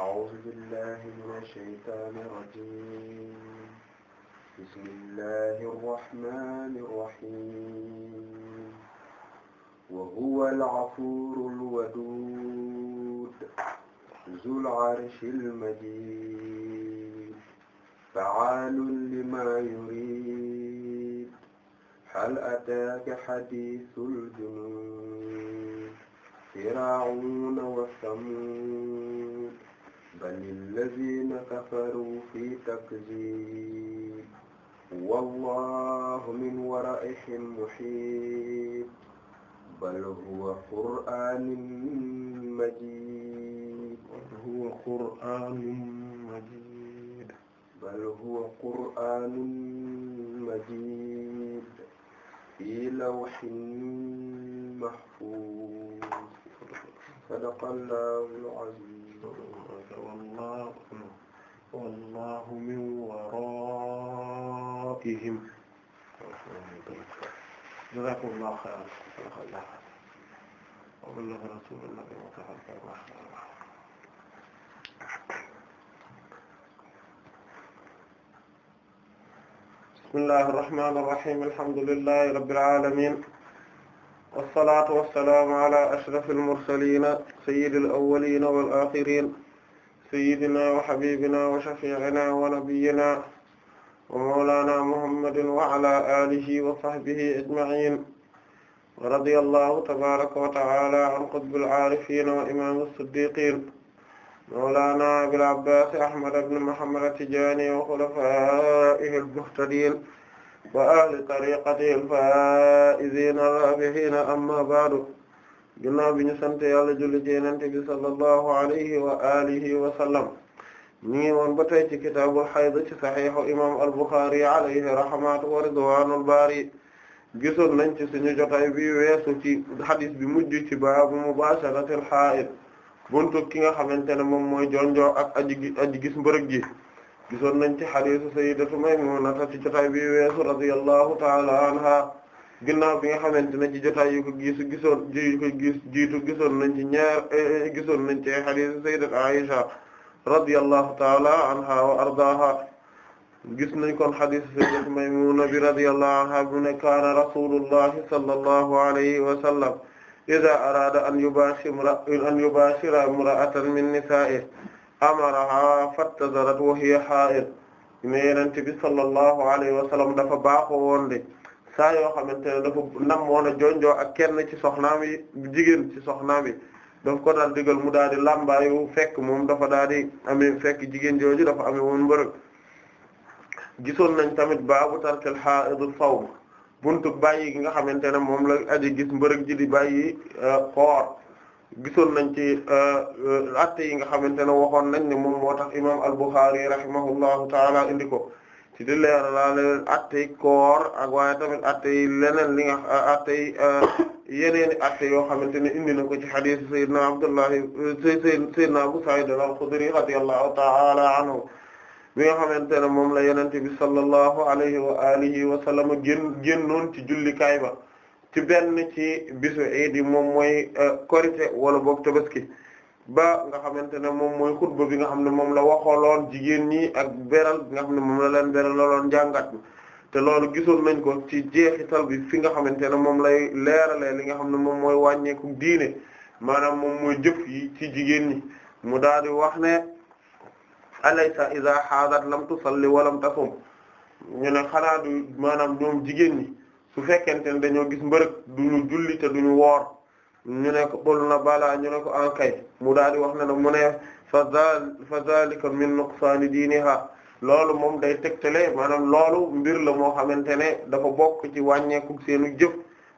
أعوذ بالله من الشيطان الرجيم بسم الله الرحمن الرحيم وهو الغفور الودود ذو العرش المجيد فعال لما يريد هل أتاك حديث الجنود فرعون وثمود بل الذين كفروا في تكذيب والله من ورائهم محيط بل هو قرآن مجيد بل هو قرآن مجيد بل هو قرآن مجيد في لوح محفوظ sadaqallaahul aziim wallaahu min waraa'ihim jazaakumullaahu xayran bismillahir rahmanir rahim alhamdulillahi rabbil alamin wasalaatu wasalaamu ala ashrafil mursaliina sayyidil awwaliina wal aaxiriina sayyidinaa wa habiibinaa wa shafii'inaa wa nabiyinaa wa mawlaanaa muhammadin wa ala aalihi wa sahbihi ajma'iin wa radiyallaahu tabaaraka wa ta'aalaa an qutbil aarifiina wa imaamil siddiiqiin mawlaanaa abil abbaas ahmad ibn muhammad at-tijaani wa xulafaa'ihil muhtadiin wa ahli tariqatihi al-faa'iziina ar-raabihiina amma ba'du ginnaaw bi ñu sant yàlla julli ci Yonent bi sallallahu alayhi wa alihi wa sallam ñu ngi woon ba tey ci kitaabul hayd ci saxiixu imaam al-Buxaari alayhi rahmatu wa ridwaanul baari gisoon nañ ci suñu jotaay bi weesu ci hadis bi mujj ci baabu mubaasharatil haa'id buntu ki nga xamante ne moom mooy jonjoo ak aji aji gis mbërëg ji gisoon nañ ci hadiisu sayyidatu Maymuna ta ci jotaay bi weesu radiyallahu ta'ala anha ginnaaw bi nga xamante ne ci jotaay yu ko gisu gisoon ji ko gis jiitu gisoon nañ ci ñaar eh, eh, gisoon nañ ci hadiisu sayyidatu Aisha radiyallahu ta'ala anha wa ardaaha gis nañ kon hadiisu sayyidatu Maymuna bi radiyallahu anha bu ne kaana rasulullahi sallallahu alayhi wa sallam idaa araada an yubashira an yubashira imra'atan min nisaa'ihi amaraha fattazarat wa hiya haa'id ne Yonent bi sallallahu alayhi wa sallam dafa baaxoo woon de saa yoo xamante ne dafa namoon a jonjoo ak kenn ci soxnaam yi jigéen ci soxnaam yi daf ko daal digal mu daal di lambaayu fekk moom dafa daal di amee fekk jigéen jooju dafa amee woon mbërëg gisoon nañ tamit baabu tarkil haa'id sawm buntu bàyyi gi nga xamante ne moom la aji gis mbërëg ji di bàyyi eh, koor gisoon nañ ci euh, euh, atte yi nga xamante ne waxoon nañ ne moom moo tax imam al-Bukhari rahimahullahu taala indi ko ci di leeralaale attey koor ak waaye tamit attey leneen li nga euh, attey yeneeni atte yoo xamante ne indi na ko ci hadith sayyidina Abdullah sayyidina Abu Sa'id al-Khudri radiyallahu taala anhu bi nga xamante ne moom la yenente bi sallallahu alayhi wa alihi wa sallam génn génnoon ci julli kaay ba ci benn ci bisu iid moom mooy euh, korite wala boog tabaski ba nga xamante ne moom mooy xutba bi nga xam ne moom la waxooloon jigéen ñi ak beral bi nga xam ne moom la leen beral looloon jàngat bi te loolu gisoon nañ ko ci jeexital bi fi nga xamante ne moom lay leeralee li nga xam ne moom mooy wàññeeku diine maanaam moom mooy jëf yi ci jigéen ñi mu daal di wax ne alaysa iza haadat lam tusalli wa lam tasum ñu ne xanaa du maanaam ñoom jigéen ñi su fekkente ne dañoo gis mbërëg duñu julli te duñu woor ñu ne ko qul na balaa ñu ne ko ankay mu daal di wax ne nag mu ne fa zal fa zalika min nuqsaani diiniha loolu moom day tegtale maanaam loolu mbir la moo xamante ne dafa bokk ci wàññeeku seenu jëf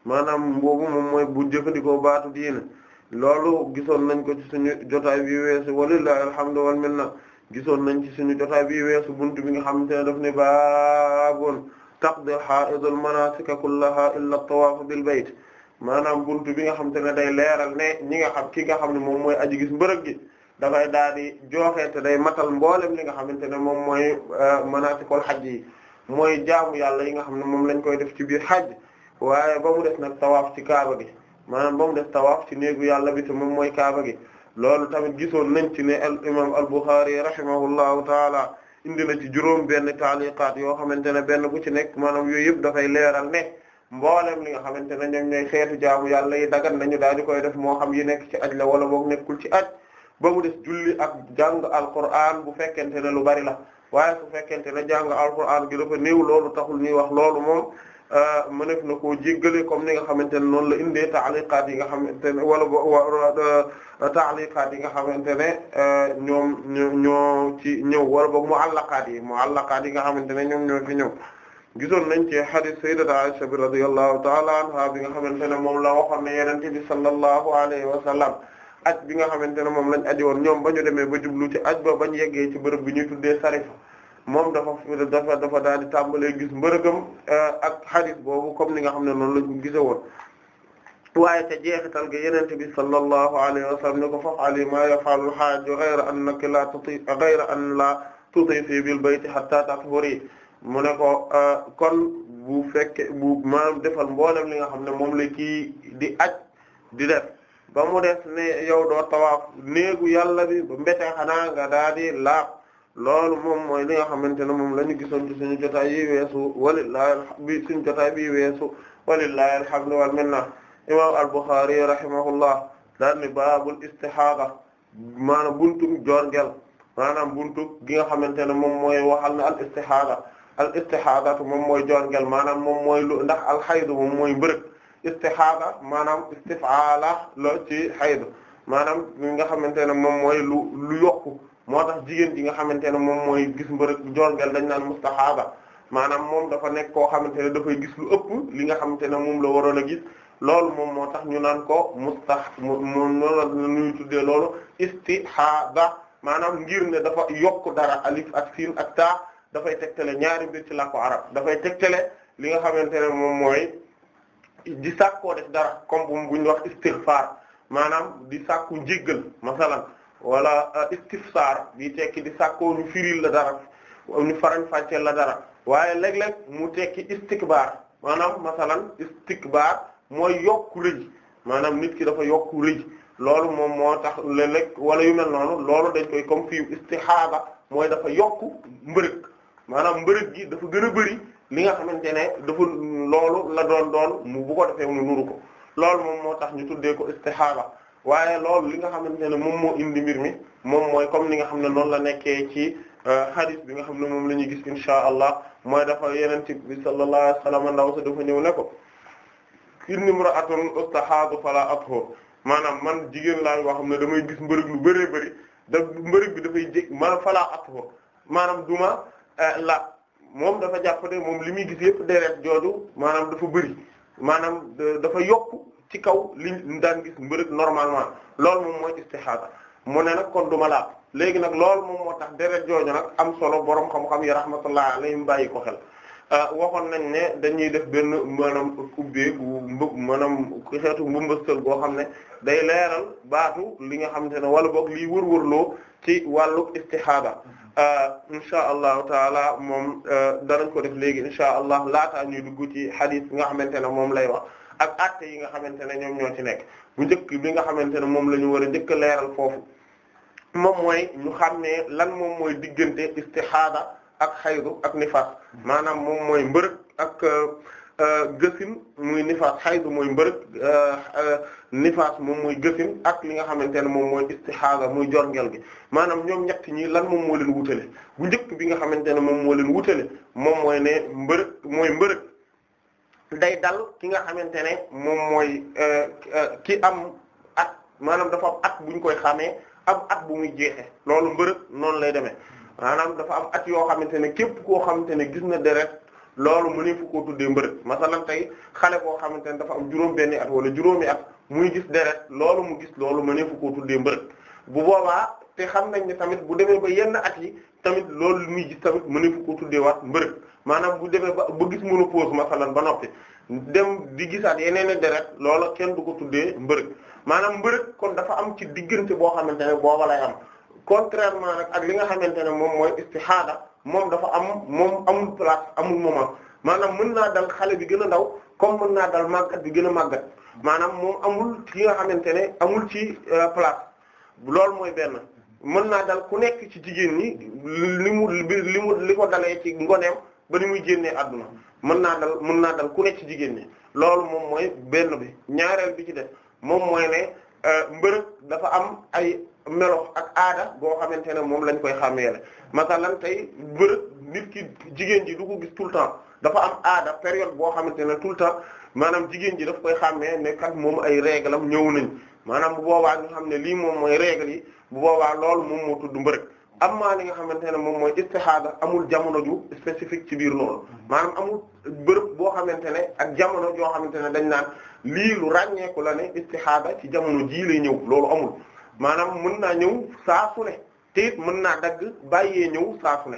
maanaam boobu moom mooy bu jëfandikoo baatu diina loolu gisoon nañ ko ci suñu jotaay bi weesu walillahi alhamdu wal minna gisoon nañ ci suñu jotaay bi weesu bunt bi nga xamante ne daf ne baaboon taqdi al-haa'id al-manaasika kullahaa illa at-tawaaf bil bayt maanaam buntu bi nga xam te ne day leeral ne ñi nga xam ki nga xam ne moom mooy aji gis mbërëg gi dafay daal di joxe te day matal mboolem li nga xamante ne moom mooy euh, manaasikul xaj yi mooy jaamu yàlla yi nga xam ne moom lañ koy def ci biir xaj waaye ba mu des nag tawaaf ci kaaba gi maanaam ba mu des tawaaf ci néegu yàlla bi te moom mooy kaaba gi loolu tamit giso nañ ci ne al imam al Bukhari rahimahullahu taala indi na ci juróom benn taaliqaat yoo xamante ne benn bu ci nekk maanaam yooyu yëpp dafay leeral ne mboolem li nga xamante ne ñoom ñooy xeetu jaamu yàlla yi daga nañu daal di koy def moo xam yi nekk ci aj la wala boog nekkul ci aj ba mu des julli ak jàng al alquran bu fekkente ne lu bari la waaye su fekkente ne jàng alquran gi dafa néew loolu taxul ñuy wax loolu moom Euh, mëneef na ko jéggale comme ni nga xamante ne noonu la indee taaliqaat yi nga xamante ne wala wa euh, taaliqaat yi nga xamante ne euh, ñoom ñoo ci ñëw wala ba muallaqaat yi muallaqaat yi nga xamante ne ñoom ñoo fi ñëw gisoon nañ ci hadith sayyidata Aisha bi radiyallahu ta'ala anha bi nga xamante ne moom la waxoon ne yenente bi sallallahu alayhi wa sallam aj bi nga xamante ne moom lañ aji woon ñoom ba ñu demee ba jublu ci aj ba bañ yeggee ci bërëb bi ñu tuddee Sarifa moom dafa dafa dafa daal di tàmbalee gis mbërëgam eh, ak hadith boobu comme li nga xam ne noonu la ko gisee woon waaye te jeexital ga yenente bi sallallahu alayhi wa sallam ne ko faf'ali ma yaf'alu la tuti ghayra an la tutifi bil bayti hatta tahuri mu ne ko eh, kon bu fekke bu maanaam defal mboolem li nga xam ne moom la kii di aj di def ba mu des ne yow doo tawaaf néegu yàlla bi ba mbete xanaa nga daal di loolu moom mooy li nga xamante ne moom la ñu gisoon ci suñu jotaay yi weesu walillahi bi suñu jotaay bi weesu walillahi alhamdu wal minna imam al-Bukhari rahimahullah daan ni baabul istihaada maanaam buntu jorgel maanaam buntu gi nga xamante ne moom mooy waxal na al istihaada al istihaadatu moom mooy jorgel maanaam moom mooy lu ndax alxaydu moom mooy mbërëg istihaada maanaam istifaala la ci xaydu maanaam li nga xamante ne moom mooy lu lu yokku moo tax jigéen ji nga xamante ne moom mooy gis mbërëg jorgel dañ naan mustahaaba maanaam moom dafa nekk koo xamante ne dafay gis lu ëpp li nga xamante ne moom la waroon a gis loolu moom moo tax ñu naan ko mustah moom loolu ñuy tuddee loolu istihaaba maanaam ngir ne dafa yokk dara alif ak siin ak taa dafay tegtale ñaari mbir ci làkku arab dafay tegtale li nga xamante ne moom mooy di sàkkoo def dara comme bu buñ wax istighfar maanaam di sàkku njéggal masalan wala euh, istifsar bi tekki di sàkkoo ñu firil la dara nu farañ fàcceel la dara waaye léeg-léeg mu tekki istikbar maanaam masalan istikbar mooy yokku rëj maanaam nit ki dafa yokku rëj loolu moom moo tax léeg-léeg wala yu mel noonu loolu dañ koy comme fii istihaba mooy dafa yokku mbërëg maanaam mbërëg gi dafa gën a bëri li nga xamante ne dafa loolu la doon doon mu bu ko defee mu nuru ko loolu moom moo tax ñu tuddee ko istihaba waaye loolu li nga xamante ne moom moo indi mbir mi moom mooy comme li nga xam ne noonu la nekkee ci euh, hadith bi nga xam ne moom la ñuy gis inshaa allah mooy dafa yeneen ci bi sallallahu alayhi wasallam ndaw sa dafa ñëw ne ko innimra'atun ustahaadu fala athur maanaam man jigéen laa yoo xam ne damay gis mbërëg lu bëree bëri da mbërëg bi dafay jég maanaam fala athur maanaam duma euh, la moom dafa jàpp ne moom li muy gis yëpp deret jooju maanaam dafa bëri maanaam euh, dafa yokk ci kaw li ñu daan normalement loolu moom mooy istihada mu ne nag kon du ma laab léegi nag loolu moom moo tax deret jooju nag am solo borom xam-xam yi rahmatullah alayhim bàyyi ko xel euh, waxoon nañ ne dañuy def benn maanaam ubbeegu mbë maanaam xeetu mbëmbëstal goo xam ne day leeral baatu li nga xamante ne wala boog liy wërwërloo ci wàllu istihada euh, insha allahu taala moom euh, danañ ko def léegi insha allah laataa ñuy dugg ci hadith nga xamante ne moom lay wax ak actes yi nga xamante ne ñoom ñoo ci nekk bu njëkk bi nga xamante ne moom la ñu war a njëkk a leeral moom mooy ñu xam ne lan moom mooy diggante istihada ak xaydu ak nifaas maanaam moom mooy mbërëg ak euh, euh, gësin muy nifaas xaydu mooy mbërëg euh, nifaas moom mooy gësin ak li nga xamante ne moom mooy istihada muy jorngel gi maanaam ñoom ñett ñi lan moom moo leen wutale bu njëkk bi nga xamante ne moom moo leen wutale moom mooy ne mbërëg mooy mbërëg day dal ki nga xamante ne moom mooy euh, euh, ki am at maanaam dafa am at bu ñu koy xamee am at bu muy jeexe loolu mbërëg noonu lay demee maanaam dafa am at yoo xamante ne képp koo xamante ne gis na deret loolu mu ne fu koo tuddee mbërëg masalan tey xale boo xamante ne dafa am juróom benni wala juróomi at muy gis deret loolu mu gis loolu mu ne koo tuddee mbërëg bu boobaa te xam nañ ne tamit bu demee ba yenn at yi tamit loolu muy gis tamit mu ne fu koo tuddee waat mbërëg maanaam bu demee ba bu gis ménopause masalan ba noppi dem di gisaat yeneen deret loola kenn du ko tuddee mbërëg maanaam mbërëg kon dafa am ci diggante boo xamante ne booba lay am contrairement ak li nga xamante ne moom mooy istihada moom dafa am moom amul place amul moment maanaam mën naa dal xale bi gën a ndaw comme mën naa dal màggat bi gën a màggat maanaam moom amul ci nga xamante ne amul ci euh, place loolu mooy benn mën naa dal ku nekk ci jigéen ñi li mu li mu li ko dalee ci ngoneem ba ni muy génnee àdduna mën naa dal mën naa dal ku nekk ci jigéen ñi loolu moom mooy benn bi ñaareel bi ci def moom mooy ne euh, mbërëg dafa am ay melo ak aada boo xamante ne moom lañ koy xàmmeele masalan tey mbërëg nit ki jigéen ji du ko gis tout temps dafa am aada période boo xamante ne tout le temps maanaam jigéen ji daf koy xàmmee ne kat moom ay règle am ñëw nañ maanaam bu boobaa ñu xam ne lii moom mooy règle yi bu boobaa loolu moom moo tudd mbërëg amma li nga xamante ne moom mooy istihada amul jamono ju spécifique ci biir loolu mm-hmm. maanam amul bërëb boo xamante ne ak jamono joo xamante ne dañ naan lii ràññeeku la ne istihada ci jamono jii lay ñëw loolu amul maanaam mën naa ñëw saa su ne mën naa dagg bàyyee ñëw saa su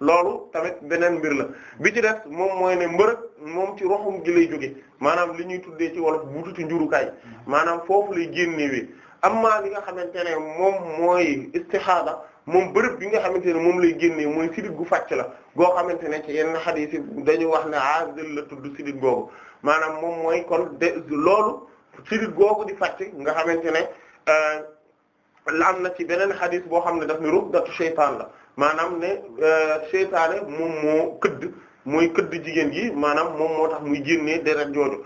loolu tamit beneen mbir la bi ci des moom mooy ne mbërëg moom ci roxum gi lay jóge maanaam li ñuy tuddee ci wolof bututi njurukaay mm-hmm. maanaam foofu lay génnee wi amma li nga xamante ne moom mooy istihada moom bërëb bi nga xamante ne moom lay génnee mooy sidit gu fàcc la goo xamante ne ci yenn xadiis yi dañu wax ne azil ah la tudd sidit googu maanaam moom mooy kon de loolu sidit googu di fàcc nga xamante ne euh, la am na ci beneen xadiis boo xam ne daf ni rukdatu seytaan la maanaam ne euh, seytaane moom moo këdd mooy këdd jigéen gi maanaam moom moo tax muy génnee deret jooju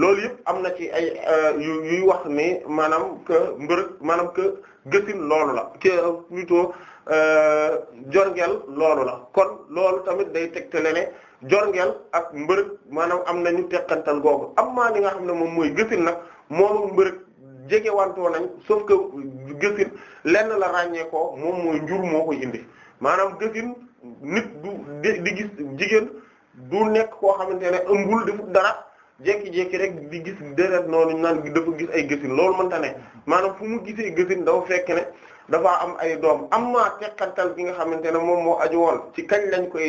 loolu yëpp am na ci ay euh, yuy wax ni maanaam que mbërëg maanaam que gësin loolu la ke plutôt euh, jorngeel loolu la kon loolu tamit day tegtale ne jorngeel ak mbërëg maanaam am nañu teqantal googu am maa li nga xam ne moom mooy gësin nag moom mbërëg jegewantoo nañ sauf que gësin lenn la ràññeekoo ko moom mooy njur moo koy indi maanaam gësin nit du di gis jigéen du nekk koo xamante ne ëmbul defut dara jékki-jékki rek di gis deret noonu naan dafa gis ay gësin loolu mënta ne maanaam fu mu gisee gësin dafa fekk ne dafa am ay doom am naa tekkantal bi nga xamante ne moom moo aju woon ci kañ lañ koy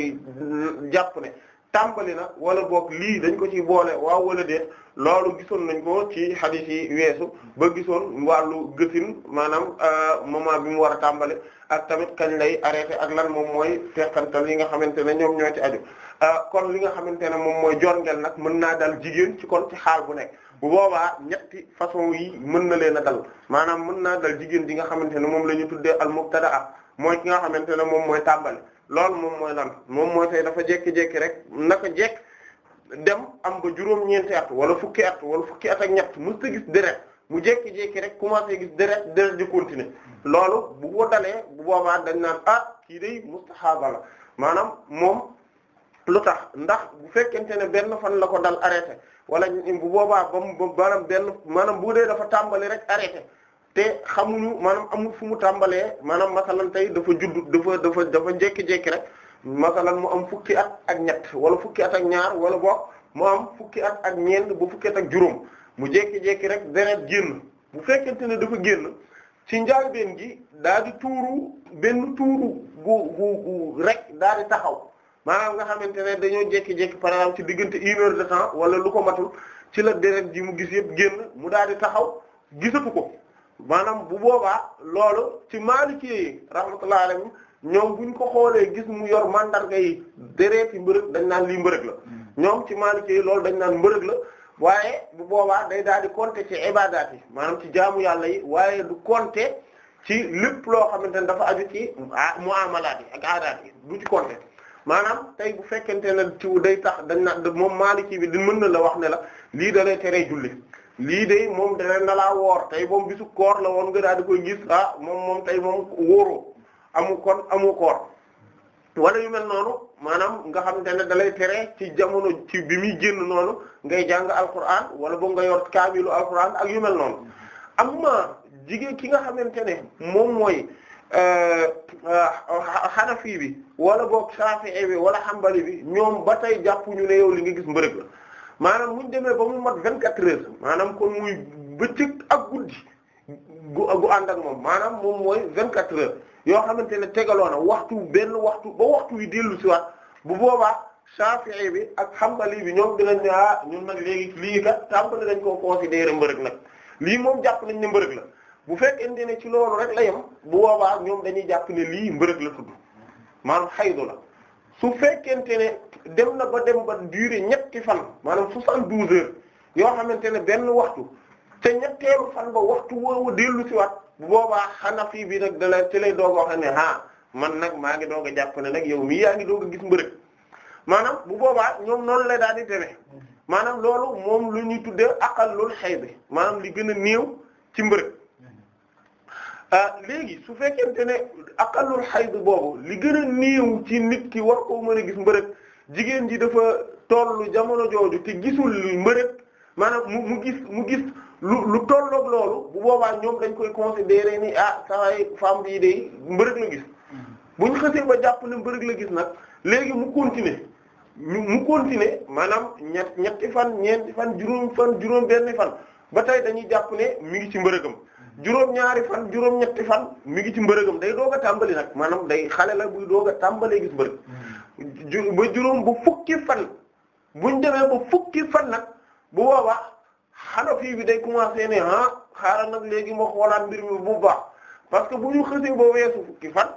jàpp ne tàmbali na wala boog lii dañ ko ci boole waaw wala déet loolu gisoon nañ ko ci hadith yi weesu ba gisoon wàllu gësin maanaam euh, moment bi mu war a tàmbale ak tamit kañ lay arrêté ak lan moom mooy teqantal yi nga xamante ne ñoom ñoo ci aju euh, kon li nga xamante ne moom mooy jorngel nag mën naa dal jigéen ci kon ci xaal bu nekk bu boobaa ñetti façon yi mën na leen a dal maanaam mën naa dal jigéen ji nga xamante ne moom la ñu tuddee al a mooy ki nga xamante ne moom mooy tàmbali loolu moom mooy lan moom mooy tey dafa jékki-jékki rek naka jekk dem am ba juróom-ñeenti at wala fukki at wala fukki at ak ñett mës ta gis deret mu jékki-jékki rek commencé gis deret deret di continuer loolu bu ko dalee bu boobaa dañ naan ah kii day mustahaaba la maanaam moom lu tax ndax bu fekkente ne benn fan la ko dal arrêté wala bu boobaa ba mu maanaam benn maanaam bu dee dafa tàmbali rek arrêté te xamuñu maanaam amul fu mu tàmbalee maanaam masalan tey dafa juddu dafa dafa dafa jékki-jékki rek masalan mu am fukki at ak ñett wala fukki at ak ñaar wala boog mu am fukki at ak ñeen ba fukki at ak juróom mu jékki-jékki rek deret génn bu fekkente ne dafa génn ci njaalbeen gi daa di tuuru benn tuuru gu gu rek daa di taxaw maanaam nga xamante ne dañoo jékki-jékki par ci diggante une heure de temps wala lu ko matul ci la deret ji mu gis yëpp génn mu daal di taxaw gisatu ko maanaam bu boobaa loolu ci Maliki yi rahmatullahi alayhim ñoom buñ ko xoolee gis mu yor mandarga yi deret yi mbërëg dañ naan lii mbërëg la hmm. ñoom ci Maliki yi loolu dañ naan mbërëg la waaye bu boobaa day daal di compter ci ibadaat yi maanaam ci jaamu yàlla yi waaye du compter ci lépp loo xamante ne dafa aju ci mu yi ak aadaat yi du ci compter maanaam tey bu fekkente ne ci day tax dañ naan moom Maliki bi di mën na la wax ne la lii da lay teree lii de moom danañ la laa woor tey moom bisu koor la woon nga daal di koy gis ah moom moom tay moom wóoroo amu kon amu koor walla yu mel noonu maanaam nga xam ne da lay tere ci jamono ci bi muy génn noonu ngay jàng alquran wala boog nga yor kaamilu alquran ak yu mel noonu amma jigéen ki nga xamante ne moom mooy xanafi euh, bi wala boog saafi'i bi wala xambali bi ñoom ba tey jàppuñu ne yow li nga gis mbërëg la. maanaam muñ demee ba mu mag vingt quatre heures maanaam kon muy bëccëg ak guddi gu gu ànd ak moom maanaam moom mooy vingt quatre heures yoo xamante ne tegaloo na waxtu benn waxtu ba waxtu wi dellu si waat bu boobaa Shafi'i bi ak Hanbali bi ñoom dinañ ne ah ñun nag léegi lii kat tàmbali dañ koo considérer mbërëg nag lii moom jàpp nañ ne mbërëg la bu fekkente ne ci loolu rek la yem bu boobaa ñoom dañuy jàpp ne lii mbërëg la tudd maanaam xaydu la su fekkente ne dem na ba dem ba durée ñetti fan maanaam soixante-douze heures yoo xamante ne benn waxtu te ñetteelu fan ba waxtu woowu dellu ci waat bu boobaa Hanafi bi nag da la ci lay doog a ne ah man nag maa ngi doog a jàpp na nag yow mii yaa ngi doog a gis mbërëg maanaam bu boobaa ñoom noonu lay daal di demee maanaam loolu moom lu ñuy tuddee aqallul hayd maanaam li gën a néew ci mbërëg ah, léegi su fekkente ne aqallul hayd boobu li gën a néew ci nit ki war koo mën gis mbërëg jigéen ji dafa tollu jamono jooju te gisul mbërëg maanaam mu mu gis mu gis lu lu tolloog loolu bu boobaa ñoom dañ koy considérer ni ah saa femme bii day mbërëg la gis mm-hmm. bu ñu xasee ba jàpp ne mbërëg la gis nag léegi mu continuer ñu mu continuer maanaam ñett ñetti fan ñeenti fan juróom fan juróom benn fan ba tey dañuy jàpp ne mi ngi ci mbërëgam juróom ñaari fan juróom ñetti fan mu ngi ci mbërëgam day doog tàmbali nag maanaam day xale la buy doog a tàmbalee gis mbërëg mm-hmm. ba juróom bu fukki fan buñ demee ba fukki fan nag bu boobaa Hanafi bi day commencé ne ah xaaral nag léegi ma xoolaat mbir mi bu baax parce que bu ñu xësee boo weesu fukki fan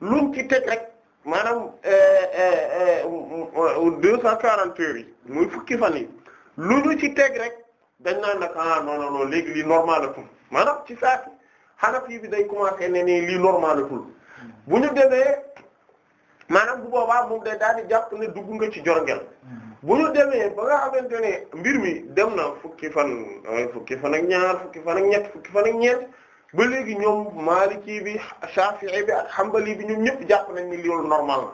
luñ ci teg rek maanaam eh, eh, eh, deux cent quarante heures yi muy fukki fan yi lu ñu ci teg rek dañ naan nag ah non non non léegi lii normal atul maanaam ci saaki Hanafi bi day commencé ne ne lii normal atul bu demee maanaam bu boobaa moom day daal jàpp ne dugg nga ci jorngel bu ñu demee ba nga xamante mbir mi dem na fukki fan fukki fan ak ñaar fukki fan ak ñett fukki fan ak ñeent ba léegi ñoom Maliki bi a bi ak Hanbali bi ñu ñëpp jàpp nañ ni loolu normal na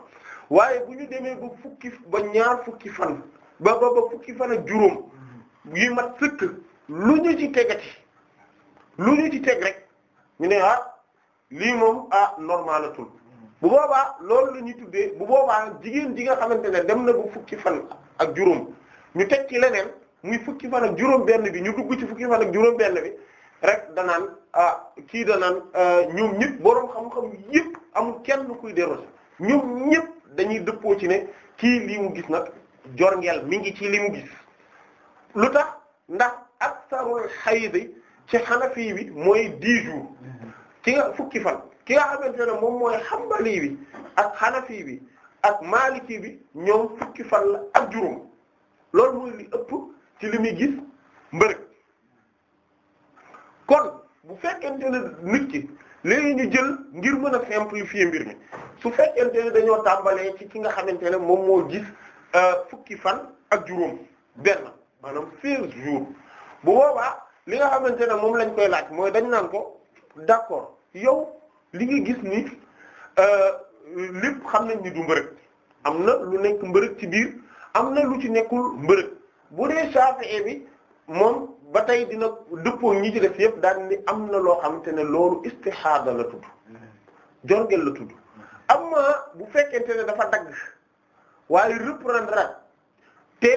waaye bu ñu demee ba fukki ba ñaar fukki fan ba ba ba fukki fan ak juróom yi mat sëkk lu ñu ci tegati lu ñu ci teg rek ñu ne ah lii moom ah normalatul bu boobaa loolu la ñuy tuddee bu boobaa jigéen ji nga xamante ne dem na bu fukki fan ak juróom ñu teg ci leneen muy fukki fan ak juróom benn bi ñu dugg ci fukki fan ak juróom bi rek danaan ah kii danaan euh, ñoom ñëpp boroom xam-xam yëpp amul kenn kuy déroger ñoom ñëpp dañuy dëppoo ci ne kii lii mu gis nag jorngeel mi ngi ci li mu gis lu tax ndax aksarul xaydi ci xanafi bi mooy dix jours ci mm-hmm. nga fukki fan ki nga xamante na moom mooy xambali bi ak xanafi bi ak maliki bi ñoom fukki fan la ak juróom loolu mooy li ëpp ci li muy gis mbërëg kon bu fekkente ne nit ki léegi ñu jël ngir mën a simplifier mbir mi su fekkente ne dañoo tàmbalee ci ki nga xamante ne moom moo gis euh, fukki fan ak juróom benn maanaam seize jours boobaa li nga xamante ne moom lañ koy laaj mooy dañ naan ko d'accord yow li nga gis ni euh, lépp xam nañ ni du mbërëg am na lu nekk mbërëg ci biir am na lu ci nekkul mbërëg bu dee Shafi'i bi moom ba tey dina dëppoo ñi ci def yëpp daal ni am na loo xamante ne loolu istihada la tudd jorgel la tudd amma bu fekkente ne dafa dagg waaye reprendre te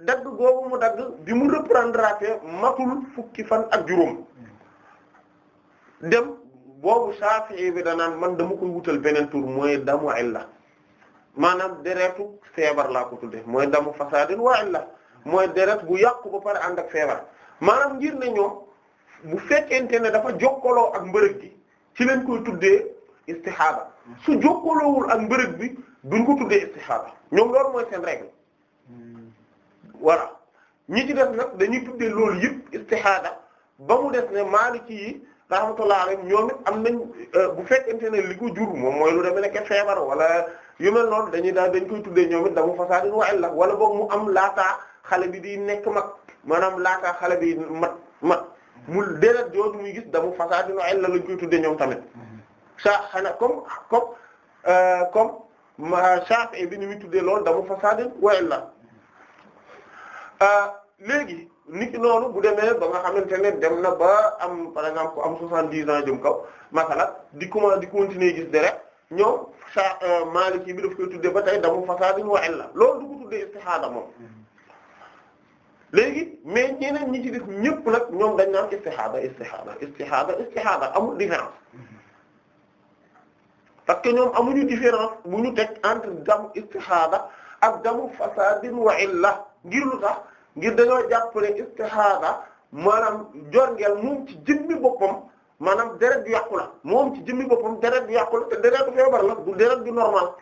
dagg googu mu dagg bi mu reprendre matul fukki fan ak juróom dem boobu Shafi'i bi danaan man dama koy wutal beneen tur mooy damu illa maanaam deretu feebar laa ko tudde mooy damu fasadin wa illa mooy deret bu yàqu ba pare ànd ak feebar maanaam ngir ne ñoom bu fekkente ne dafa jokkaloo ak mbërëg gi ci leen koy tuddee istihaba su jokkaloowul ak mbërëg bi duñ ko tuddee istihaba ñoom loolu mooy seen règle voilà ñi ci def nag dañuy tuddee loolu yëpp istihada ba mu des ne maaliki yi rahmatullah alayhim rek it am nañ euh, bu fekkente ne li ko jur moom mooy lu deme nekk feebar wala yu mel noonu dañuy daal dañ koy tuddee ñoom it damu fasaadin wa illa wala boog mu am laataa xale bi di nekk mag maanaam laataa xale bi mat mat mu dérat jooju muy gis damu fasaadin wa illa lañ koy tuddee ñoom tamit sa xanaa comme comme euh, comme Shafi'i bi ni muy tuddee loolu damu fasaadin wa illa euh, léegi nit noonu bu demee ba nga xamante ne dem na ba am par exemple am soixante-dix ans jëm kaw masala di commencé di continuer gis deret ñoom sa euh, Maliki bi daf koy tuddee ba tey damu fasadin wa illa loolu du ko tuddee istihada moom mm-hmm. léegi mais ñeneen ñi ci def ñëpp nag ñoom dañ naan istihada istihada istihada istihada amul différence mm-hmm. parce que ñoom amuñu différence bu ñu teg entre damu istihada ak damu fasadin wa illa ngir lu tax ngir dañoo jàpp ne istihaada maanaam jorngeel moom ci jëmmi boppam maanaam deret du yàqu la moom ci jëmmi boppam deret du yàqu la te deret du feebar la du deret du normal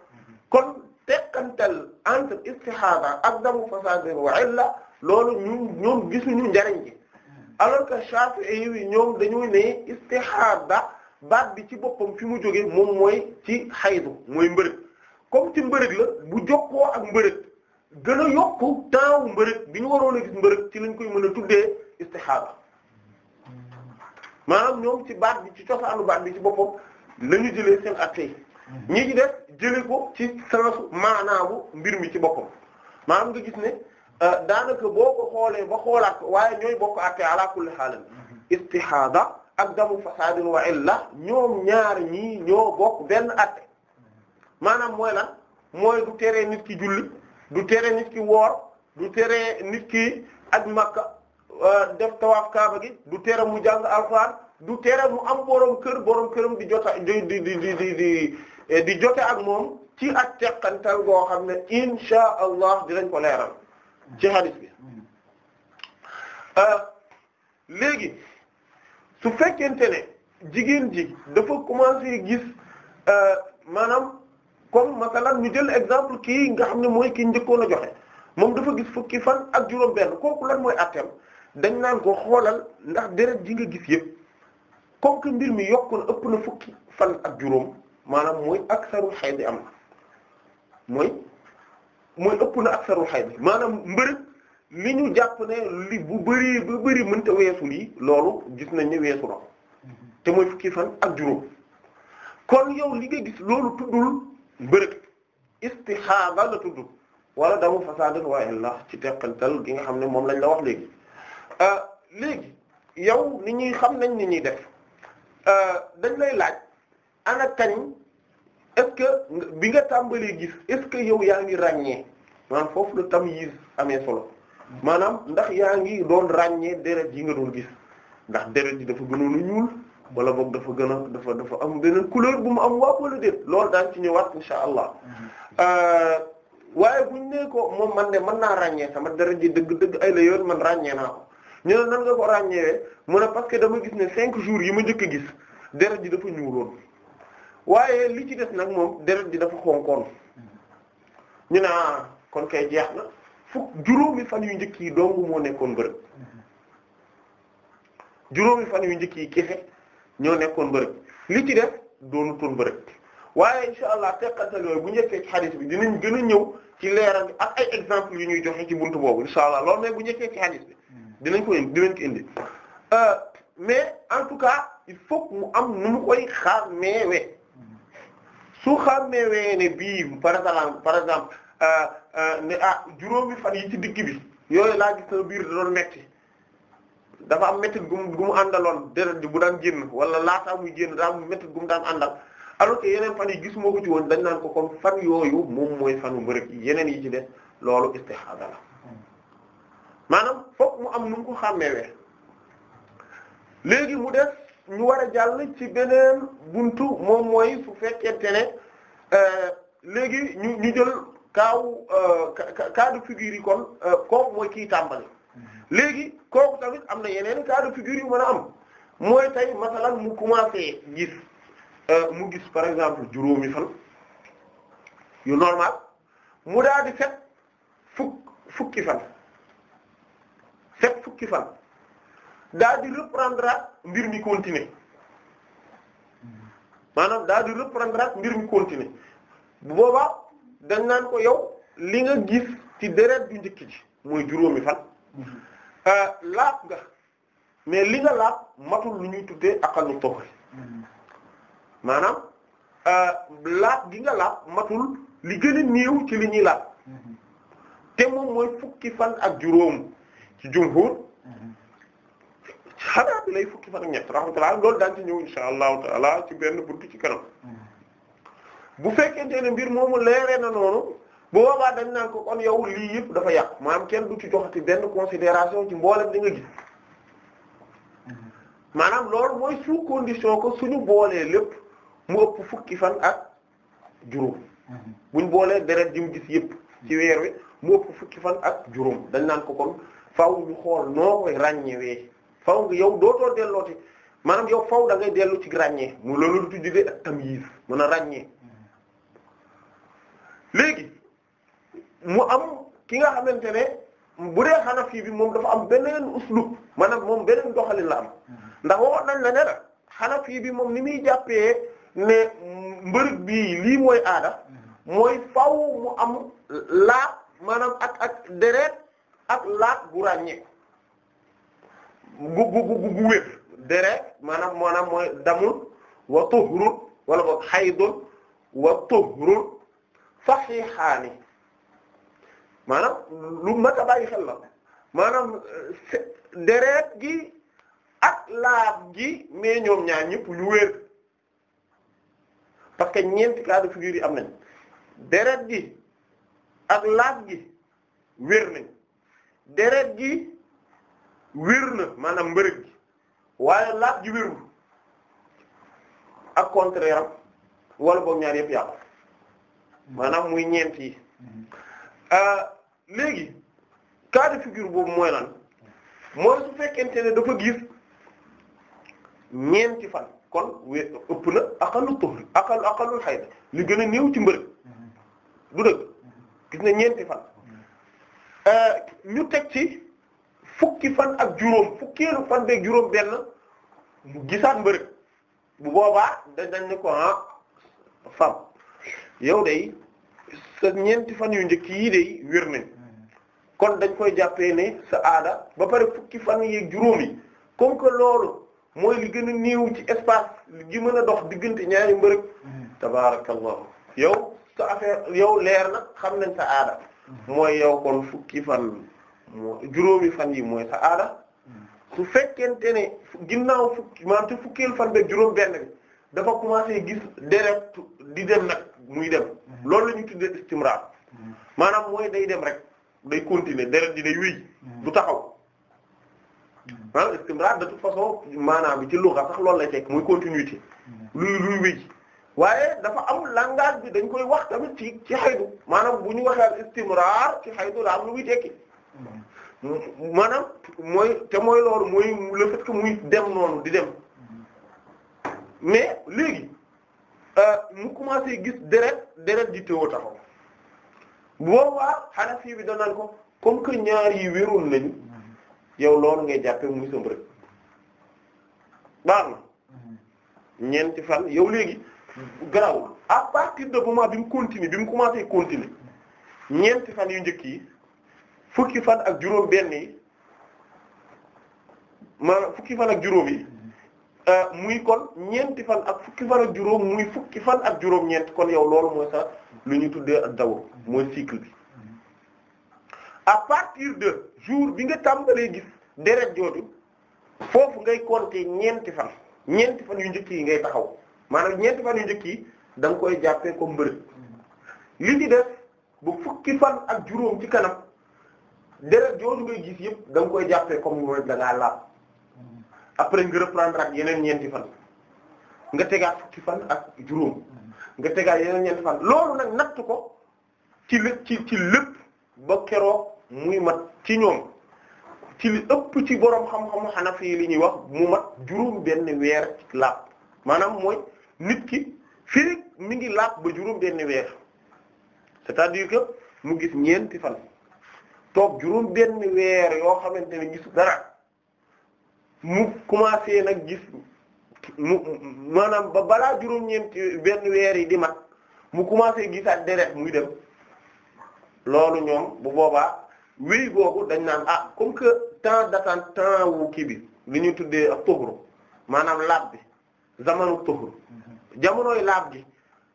kon tekkantal entre istihaada ak damu fasadin wa illa loolu ñu ñoom gisuñu njariñ ji alors que Shafi'i yi ñoom dañuy ne istihaada baat bi ci boppam fi mu jóge moom mooy ci xaydu mooy mbërëg comme ci mbërëg la bu jokkoo ak mbërëg gën a yokku temps mbërëg bi ñu waroon a gis mbërëg ci lañ koy mën a tuddee istixaara maanaam ñoom ci baat bi ci cosaanu baat bi ci boppam la ñu jëlee seen atte yi ñi ci ko ci sensu maanaamu mbir mi ci boppam maam nga gis ne euh, daanaka boo ko xoolee ba xoolaat ko waaye ñooy bokk atte ala kulli xaalan istixaada ak damu fasaadin wa illa ñoom ñaar ñii ñoo bokk benn atte maanaam mooy na mooy du teree nit ki julli du tere nit ki woor du tere nit ki aj Makka euh, def tawaaf kaaba gi du tere mu jàng alxuraan du tere mu am borom kër borom këram di jot di di jote ak moom ci ak teqantal goo xam ne insha allah dinañ ko leeral ci hadith bi euh, léegi su fekkente ne jigéen ji dafa commencé gis euh, maanaam comme masalan ñu jël exemple kii nga xam ne mooy kii njëkkoon a joxe moom dafa gis fukki fan ak juróom-benn kooku lan mooy atteem dañ naan ko xoolal ndax deret ji nga gis yëpp comme que mbir mi yokku na ëpp na fukki fan ak juróom maanaam mooy aksarul xayd am mooy mooy ëpp na aksarul xayd maanaam mbërëg li ñu jàpp ne li bu bëri bu bëri mënta weesu loolu gis nañ ne weesu mooy fukki fan ak juróom kon yow li nga gis loolu tuddul. mbërëg istixaada la tudd wala damu fasadan waaye la ci teqantal gi nga xam ne moom lañ la wax léegi euh, léegi yow ni ñuy xam nañ ni ñuy def euh, dañ lay laaj ana kañ est-ce que bi nga tàmbalee gis est-ce que yow yaa ngi ràññee maanaam foofu la tamyiz amee solo maanaam ndax yaa ngi doon ràññee deret yi nga doon gis ndax deret yi dafa gënoon a ñuul wala boog dafa gën a dafa dafa am beneen couleur bu mu am waa wala déet loolu daan ci ñëwaat insha allah mhm. euh, waaye buñ ne ko moom man de mën naa ràññee sama dara ji dëgg-dëgg ay la yoon man ràññee naa ko ñu ne nan nga ko ràññee mu ne parce que dama gis ne cinq jours yi ma njëkk a gis deret ji dafa ñuuloon waaye li ci des nag moom deret ji dafa xonkoon mhm. ñu ne ah kon kay jeex na fukk juróomi fan yu njëkk yi dong moo nekkoon bërëb mhm. juróomi fan yu njëkk yi ñoo nekkoon bërëb li ci def doonu toon bërëb waaye insha allah te teqatal yooyu bu njëkkee ci xadis bi dinañ gën a ñëw ci leeral bi ak ay exemple yu ñuy joxe ci bunt boobu insha allah loolu mais bu njëkkee ci xadis bi dinañ ko dinañ ko indi euh, mais en tout cas il faut mu am nu mu koy xàmmeewee su xàmmeewee ne bii par exemple par exemple euh, euh, ne ah juróomi fan yi ci digg bi yooyu laa gis na biir da doon metti dafa am métit gum gu mu àndaloon deret ji bu daan génn wala laataa muy génn daa am métit gu mu daan àndal alors yeneen fan yi gis ko ci woon dañ naan ko kon fan yooyu moom mooy fanu mbërëg yeneen yi ci def loolu istihada la maanaam fokk mu am nu mu ko xàmmeewee léegi mu def ñu war a jàll ci beneen bunt moom mooy su fekkente ne euh, léegi ñu ñu jël kaaw euh, cas de figure yi kon euh, kooku mooy kii tàmbali Mm-hmm. léegi kooku tamit am na yeneen cas de figure a am mooy tey masalan mu commencé gis euh, mu gis par exemple juróomi fan yu normal mu daal di set fukk fukki fan set fukki fan daal di reprendre mbir mi continuer mm-hmm. maanaam daal di reprendre mbir mi continuer bu boobaa dañ naan ko yow li nga gis ci deret bu njëkk ji mooy juróomi fan Euh, laab nga mais li nga laab matul lu ñuy tuddee aqallu tuhri maanaam euh, laab gi nga laab matul li gën a néew ci li ñuy laab te moom mooy fukki fan ak juróom ci jumhur xanaa bi lay fukki fan ak ñett rahmatullah loolu daan ci ñëw insha allahu taala ci benn buntu ci kanam mm-hmm. bu fekkente ne mbir moomu leeree na noonu bu boobaa dañ naan ko kon yow lii yëpp dafa yàqu maanaam kenn du ci ti benn considération ci mboolem li nga gis maanaam loolu mooy sous condition que suñu boolee lépp mu ëpp fukki fan ak juróom buñ boolee deret ji yëpp ci weer wi mu fukki fan ak juróom dañ naan ko kon faw ñu xool noo koy ràññewee faw nga yow dootoo dellooti maanaam yow faw da ngay dellu ci ràññee mu loolu lu tuddee ak tamyiz mën a ràññee léegi mu am ki nga xamante ne bu dee xanafi bi moom dafa am beneen uslub maanaam moom beneen doxalin la am mm-hmm. ndax waxoon nañ la ne la xanafi bi moom ni muy jàppee ne mbërëg bii lii mooy aada mm-hmm. mooy faw mu am laab maanaam ak ak deret ak laab bu ràññee gu gu gu gu wér deret maanaam maanaam mooy damul wa tuhrun wala boog xaydun wa tuhrun saxiixaani maanaam lu mat a bàyyi xel la maanaam deret gi ak laab gi mais ñoom ñaar ñëpp ñu wér parce que ñeenti cas de figure yi am nañ deret gi ak laab gi wér nañ deret gi wér na maanaam mbërëg gi waaye laab gi wérul ak contraire am wala boog ñaar yëpp yàqu maanaam muy ñeent yi. Mm-hmm. Euh, léegi cas de figure boobu mooy lan mooy su fekkente ne dafa gis ñeenti fan kon we ëpp na aqallu tuhri aqal aqallul xayda li gën a néew ci mbërëg du dëgg gis na ñeenti fan euh, ñu teg ci fukki fan ak juróom fukkeelu fan beeg juróom benn mu gisaat mbërëg bu boobaa dañ dañ ne ko ah fam yow day sa ñeenti fan yu njëkk yii day wér nañ kon dañ koy jàppee ne sa aada ba pare fukki fan yeeg juróom yi comme que loolu mooy li gën a néew ci espace ji mën a dox diggante ñaari mbërëg tabarakallahu yow sa affaire yow leer na xam nañ sa aada mooy yow kon fukki fan juróomi fan yi mooy sa aada su fekkente ne ginnaaw fukki maanaam te fan beeg juróom benn dafa commencé gis deret di dem nag muy dem mm-hmm. loolu la ñu tuddee istimrar mm-hmm. maanaam mooy day dem rek day continuer deret ji day wéy hmm. du taxaw hmm. ah istimrar de toute façon maanaam bi ci lugha sax loolu lay tekk muy continuité hmm. lu luy wéy waaye dafa am langage bi dañ koy wax tamit ci ci xaydu maanaam bu ñu waxee istimrar ci xaydu la am lu muy tekki maanaam mooy te mooy loolu mooy le fait que dem noonu di dem mais léegi euh, mu commencé gis deret deret ji téwo taxaw boobaa Hanafi bi danaan ko comme que ñaar yi wéroon nañu yow loolu ngay jàppe muy sëmb rek baax na ñeenti fan yow léegi gaaw à partir de moment bi mu continue bi mu commencé continue ñeenti fan yu njëkk yi fukki fan ak juróom benn yi maanaam fukki fan ak juróom yi Euh, muy kon ñeenti fan ak fukki fan ak juróom muy fukki fan ak juróom-ñeent kon yow loolu mooy sax lu ñu tuddee ak dawr mooy cycle bi à partir de jour bi nga tàmbalee gis deret jooju foofu ngay compter ñeenti fan ñeenti fan yu njëkk yi ngay taxaw maanaam ñeenti fan yu njëkk yi da koy jàppee comme mbërëg li ci def bu fukki fan ak juróom ci kanam deret jooju ngay gis yëpp da koy jàppee comme mooy da ngaa laal. après nga reprendre ak yeneen ñeenti fan nga tegaat fukki fan ak juróom nga tegaat yeneen ñeenti fan loolu nag natt ko ci lépp ci ci lépp ba keroog muy mat ci ñoom ci li ëpp ci boroom xam-xamu Hanafi yi li ñuy wax mu mat juróom benn weer laab maanaam mooy nit ki fii mi ngi laab ba juróom benn weer c'est-à-dire que mu gis ñeenti fan toog juróom benn weer yoo xamante ne gisu dara mu commencé nag gis mu maanaam ba balaa juróom-ñeenti benn weer yi di mat mu commencé gisaat deret muy dem loolu ñoom bu boobaa wéy googu dañ naan ah comme que temps d'attente temps wu kii bi li ñuy tuddee ak tuhru maanaam laab bi zamanu tuhru jamonooy laab gi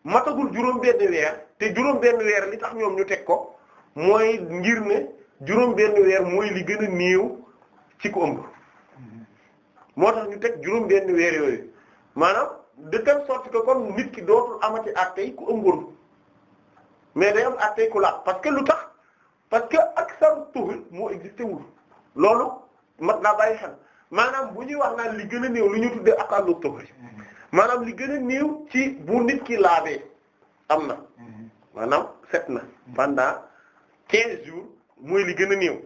matagul juróom benn weer te juróom benn weer li tax ñoom ñu teg ko mooy ngir ne juróom benn weer mooy li gën a néew ci ko ëmb moo tax ñu teg juróom benn weer yooyu maanaam de telle sorte que kon nit ki dootul amati attey ku ëmboon mais day am attey ku laab parce que lu tax parce que ak saru tuhur moo existé loolu mat naa bàyyi xel maanaam bu ñuy wax naan li gën néew lu ñu tuddee ak àllu tuhur maanaam li gën a néew ci bu nit ki laabee am na maanaam set na pendant quinze jours mooy li gën a néew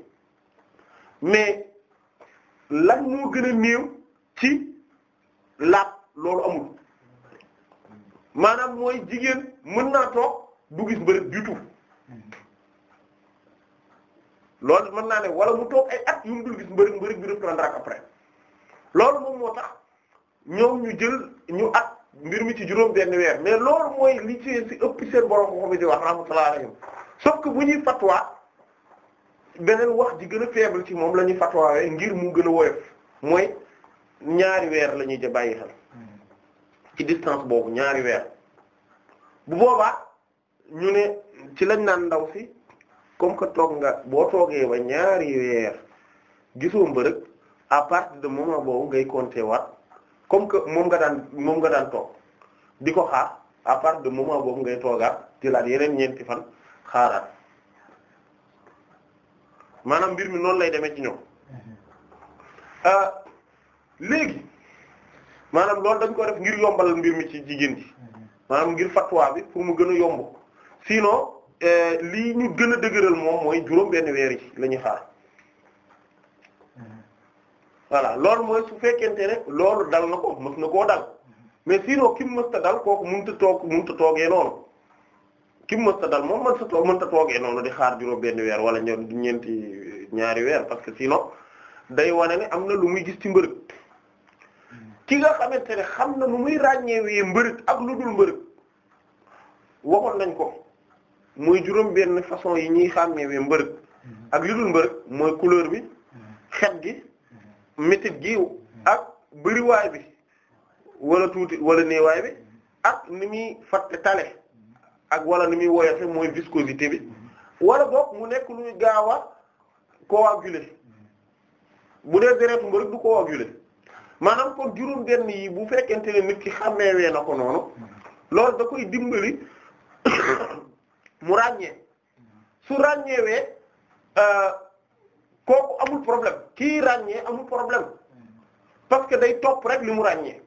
mais lan moo gën a néew ci laab loolu amul maanaam mooy jigéen mën naa toog du gis mbërëb du tout loolu mën naa ne wala mu toog ay at yu mu dul gis mbërëb mbërëb bi reprendre ak après loolu moom moo tax ñoom ñu jël ñu at mbir mi ci juróom benn weer mais loolu mooy li ci ëpp seen borom ko xam di wax rahmatullahi alayhim sauf que bu ñuy fatwa beneen wax ji gën a faible ci moom la ñuy fatwaawee ngir mu gën a woyof mooy ñaari weer lañuy ñuy bàyyi xel ci distance boobu ñaari weer bu boobaa ñu ne ci lañ naan ndaw si comme que toog nga boo toogee ba ñaari weer gisoo mbërëg à partir de moment boobu ngay compter waat comme que moom nga daan moom nga daan toog di ko xaar à partir de moment boobu ngay toogaat di yeneen ñeenti fan xaaraat maanaam mbir mi noonu lay demee ci ñoom mm-hmm. euh, léegi maanaam loolu dañ ko def ngir yombal mbir mi ci jigéen ji maanaam ngir fatwa bi pour mu gën a yomb sinon euh, lii ñu gën a dëgëral moom mooy juróom benn weer yi lañuy ñuy xaar voilà loolu mooy su fekkente ne loolu dal na ko mës na koo dal mais sinon kim mësta dal kooku mënut a toog mënut a toogee noonu kim mësta dal moom mënut a toog mënut a toogee noonu di xaar juróom benn weer wala ñeenti ñaari weer parce que sinon day wane ne am na lu muy gis ci mbërëg ki nga xamante ne xam na nu muy ràññeewee mbërëg ak lu dul mbërëg waxoon nañ ko muy juróom benn façon yi ñuy xàmmeewee mbërëg ak lu dul mbërëg mooy couleur bi xet gi métit gi ak bëriwaay bi wala tuuti wala néewaay bi ak ni muy fatte tale ak wala ni muy woyofe mooy viscosité bi wala boog mu nekk luy gaaw a coagulé bu dee deretu mbërëg du coagulé maanaam kon juróom benn yi bu fekkente ne nit ki xàmmeewee na ko noonu loolu da koy dimbali mu ràññee su ràññeewee euh, kooku amul problème kii ràññee amul problème parce que day topp rek li mu ràññee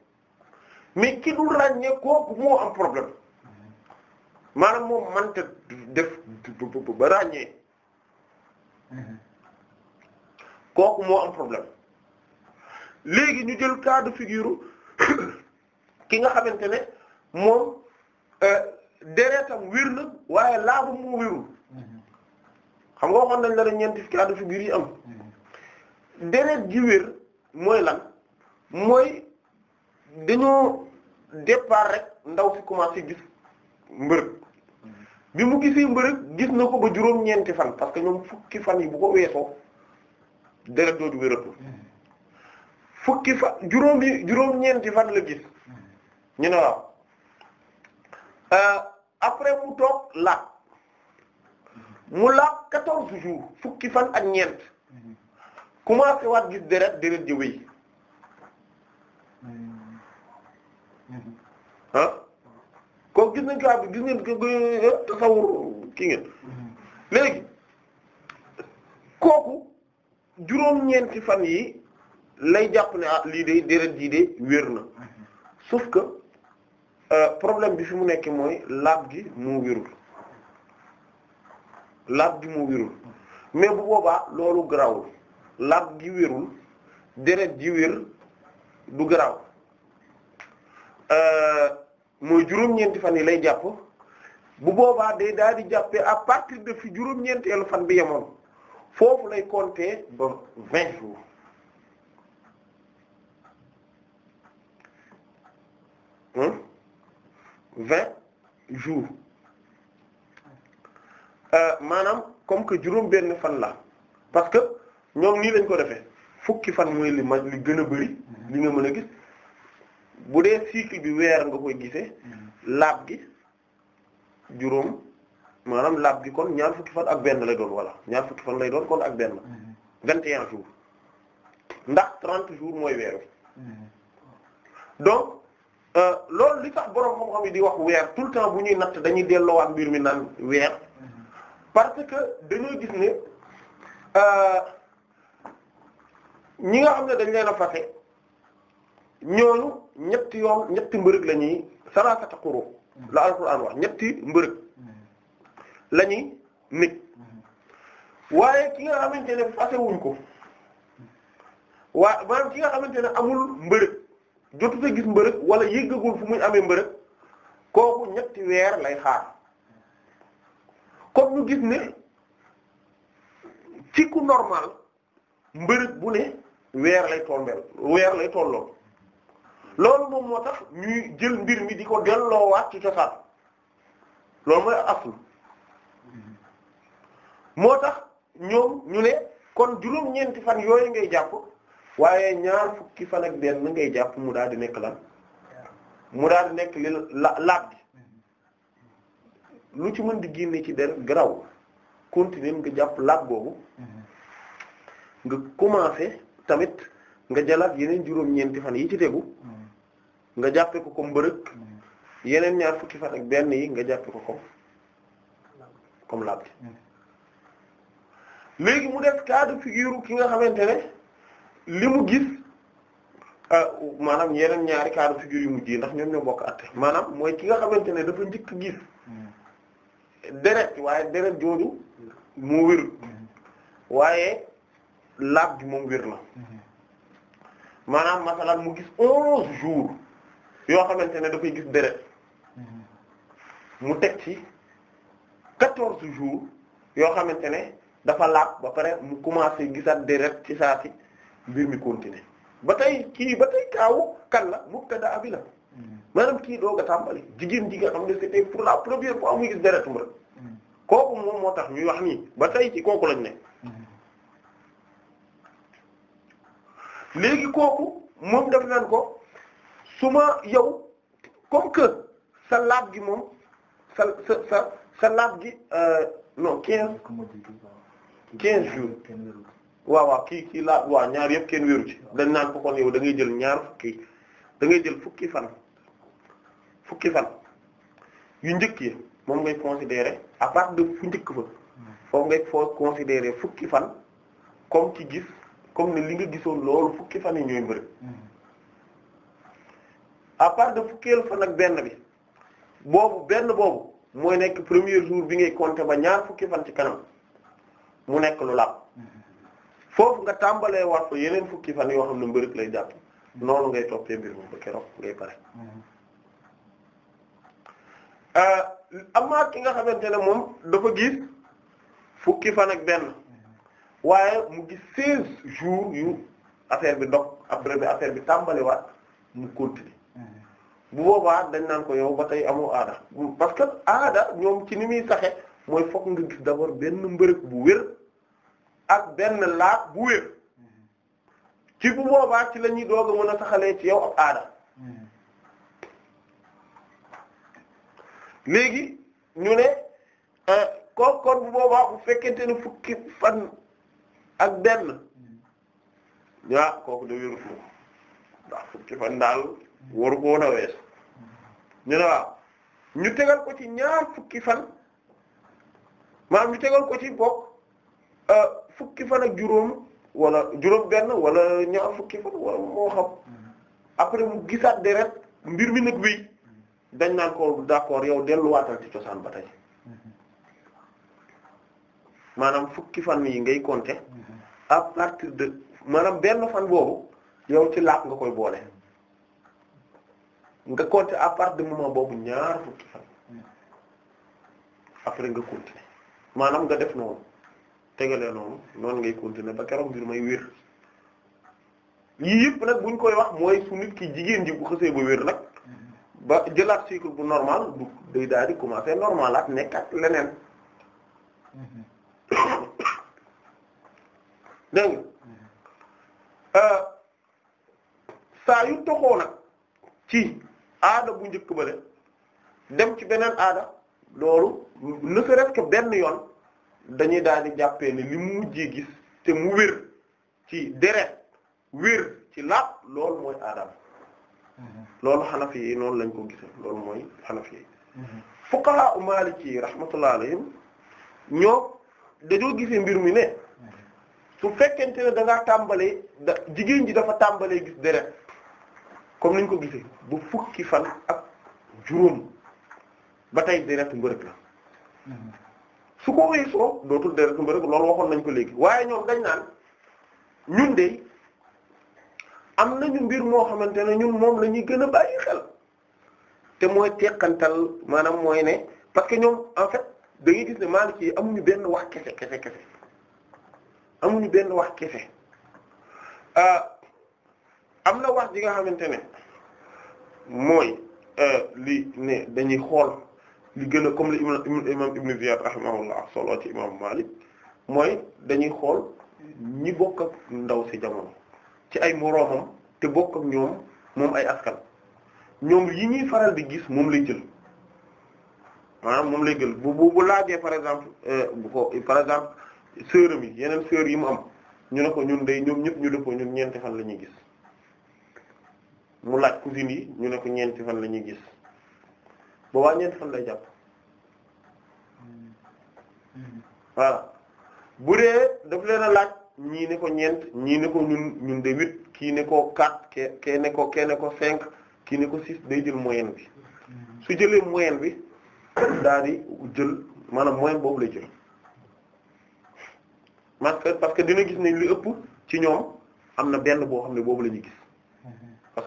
mais ki dul ràññee kooku moo am problème maanaam moom mënta def ba ràññee mm-hmm. kooku moo am problème léegi ñu jël cas de figure ki nga xamante ne moom euh, deretam wir na waaye laabum mu wirul mm-hmm. xam nga waxoon dañ la ne ñeenti cas de figure yi am mm-hmm. deret ji wir mooy lan mooy dañoo départ rek ndaw si commencé gis mbërëg mm-hmm. bi mu gisee mbërëg gis na ko ba juróom-ñeenti fan parce que ñoom fukki fan yi bu ko weesoo deret jooju wératul fukki fa juróomi juróom-ñeenti fan la gis ñu waaw euh, après mu toog la mu la quatorze jours fukki fan ak ñeent commencé waat gis deret deret ji wéy ah kooku gis nañ ko bi gis ngeen ko tasawur ki ngeen léegi kooku juróom-ñeenti fan yi lay jàpp ne ah, lii de deret jii de wér na sauf que euh, problème bi fi mu nekk mooy laab gi mu wérul laab gi mu wérul mais bu boobaa loolu garawul laab gi wérul deret ji wér du garaw euh, mooy juróom-ñeenti fan yi lay jàpp bu boobaa day daal di jàppee à partir de fi juróom-ñeenteelu fan bi yemoon foofu lay compter ba vingt jours vingt jours euh, maanaam comme que juróom benn fan la parce que ñoom nii lañ ko defee fukki fan mooy li ma li gën a bari li nga mën a gis bu dee cycle bi weer nga koy gisee mm-hmm. laab gi juróom maanaam laab gi kon ñaar fukki fan ak benn lay doon walla ñaar fukki fan lay doon kon ak benn mm-hmm. vingt et un jours ndax trente jours mooy weer wi mm-hmm. donc Euh, loolu li tax borom xam-xam yi di wax weer tout temps bu ñuy natt dañuy delloowaat mbir mi naan weer parce que dañoo gis ne euh, ñi nga xam ne dañ leen a fase ñooñu ñetti yoon ñetti mbërëg lañuy ñuy salaasata quru la alquran wax ñetti mbërëg la ñuy nekk waaye ki nga xamante ne fase ko waaye maanaam ki nga xamante ne amul mbërëg. jotut a gis mbërëg wala yëggagul fu muy amee mbërëg kooku ñetti weer lay xaar comme ñu gis ne ci ku normal mbërëg bu ne weer lay tombeel weer lay tolloo loolu moom moo tax ñuy jël mbir mi di ko delloowaat ci cosaan loolu mooy aslu moo tax ñoom ñu ne kon juróom-ñeenti fan yooyu ngay jàpp waaye ñaar fukki fan ak benn ngay jàpp mu daal di nekk la mu daal di nekk li la laab lu ci mën di génne ci der garaw continuer nga jàpp laab boobu nga commencé tamit nga jëlaat yeneen juróom-ñeenti fan yi ci tegu nga jàppe ko comme bërëg yeneen ñaar fukki fan ak benn yi nga jàppe ko comme comme laab léegi mu def cas de figure ki nga xamante ne li mu gis ah, maanaam yeneen ñaari cas de figure yu mujj yi ndax ñoom ñoo bokk at maanaam mooy ki nga xamante ne dafa njëkk gis deret waaye deret jooju moo wér waaye laab bi moom wir na maanaam masalan mu gis onze jours yoo xamante ne dafay gis deret mu teg ci quatorze jours yoo xamante ne dafa laab ba pare mu commencé gisaat deret ci saa si mbir mi continuer ba tey kii ba tey kaawu kan la mubtada bi la mm. maanaam kii doog a tàmbali jigéen ji nga xam ne c'était pour la première fois muy gis deretum rek mm. kooku moom moo tax ñuy wax nii ba tey ci kooku lañ ne mm. léegi kooku moom def nan ko suma yow comme que salaat gi moom sa sa sa sa gi euh, non quinze quinze jours waaw waaw kii kii laat waaw ñaar yëpp kenn wéeru ci dañ naan ko kon yow da jël ñaar fukki dangay jël fukki fan fukki fan yu njëkk yi moom ngay considérer à partir fu njëkk fa foofu ngay foo considérer fukki fan comme ci gis comme ne li nga gisoon loolu fukki fan yi ñooy mbëri à part de fan ak benn bi boobu benn boobu mooy nekk premier jour bi ngay compter ba ñaar fukki fan ci kanam mu nekk lu laab foofu nga tàmbalee war fa yeneen fukki fan yoo xam ne mbërëg lay jàpp noonu ngay toppee mbir moom ba keroog ngay pare euh, amaa ki nga xamante ne moom dafa gis fukki fan ak benn waaye mu gis seize jours yu affaire bi dog après bi affaire bi tàmbaliwaat mu continuer bu boobaa dañ naan ko yow ba tey amu aada parce que aada ñoom ci ni muy saxe mooy fokk nga gis d'abord benn mbërëg bu wér ak benn laat bu wér ci bu boobaa ci lañuy doog a mën a saxalee ci yow ab aada léegi ñu ne ko euh, kon bu boobaa bu fekkente ne fukki fan ak benn ñaa ah, kook da wérut moom ndax fukki fan daal waru ko woon a wees ñu ne waaw ñu tegal ko ci ñaar fukki fan maanaam ñu tegal ko ci bokk euh, fukki fan ak juróom wala juróom benn wala ñaar fukki fan wala moo xam après mu gisaat deret mbir mi nag wéy dañ naan ko d'accord yow delluwaatal ci cosaan ba tey maanaam fukki fan yi ngay compter à partir de maanaam benn fan boobu yow ci laap nga koy boole nga compter à partir de moment boobu ñaar fukki fan après nga continuer maanaam nga def noonu tegalee noonu noonu ngay continuer ba keroog mbir may wér yii yëpp nag buñ koy wax mooy su nit ki jigéen ji bu xësee ba wér nag ba jëlaat cycle bu normal du day daal di commencer leneen dégg euh, saa yu toxoo nag ci aada bu njëkk ba dem ci beneen aada loolu ne serait benn yoon dañuy daal di jàppee ni li mu mujjee gis te mu wér ci deret wér ci lapp loolu mooy aadam mm-hmm. loolu xanafi yi noonu lañ ko gise loolu mooy xanafi yi mm-hmm. fuqaha u maliki yi rahmatullah alayhim ñoo dañoo gisee mbir mi ne mm-hmm. su fekkente ne da ngaa tàmbalee da jigéen ji dafa tàmbalee gis deret comme niñ ko gisee bu fukki fan ak juróom ba tey deret mbërëg la su ko weesoo dootul deretu mbërëg loolu waxoon nañ ko léegi waaye ñoom dañ naan ñun de am nañu mbir moo xamante ne ñun moom la ñuy gën a bàyyi xel te mooy teqantal maanaam mooy ne parce que ñoom en fait da ngay gis ne ci yi amuñu benn wax kese kese kese amuñu benn wax kese euh, am na wax ji nga xamante ne mooy euh, li ne dañuy xool li gën a comme li imam ibn Ziyad rahimahullah solo ci imam Malik mooy dañuy xool ñi bokk ak ndaw ci jamono ci ay moroomam te bokk ak ñoom moom ay askan ñoom yi ñuy faral di gis moom lay jël maanaam moom lay jël bu bu bu laajee par exemple euh, bu ko par exemple sœuram yi yeneen sœur yi mu am ñu ne ko ñun dey ñoom ñëpp ñu def ñun ñeenti fan la ñuy gis mu laaj cousine yi ñu ne ko ñeenti fan la ñuy gis boobaa ñeenti fan lay jàpp voilà bu dee daf leen a laaj ñii ne ko ñeent ñii ne ko ñun ñun de huit kii ne ko quatre ke kee ko kee ko cinq kii ne ko six day jël moyen bi su jëlee moyenne bi daal di jël maanaam moyenne boobu lay jël parce que parce que dina gis ne li ëpp ci ñoom am na benn boo xam ne boobu la ñuy gis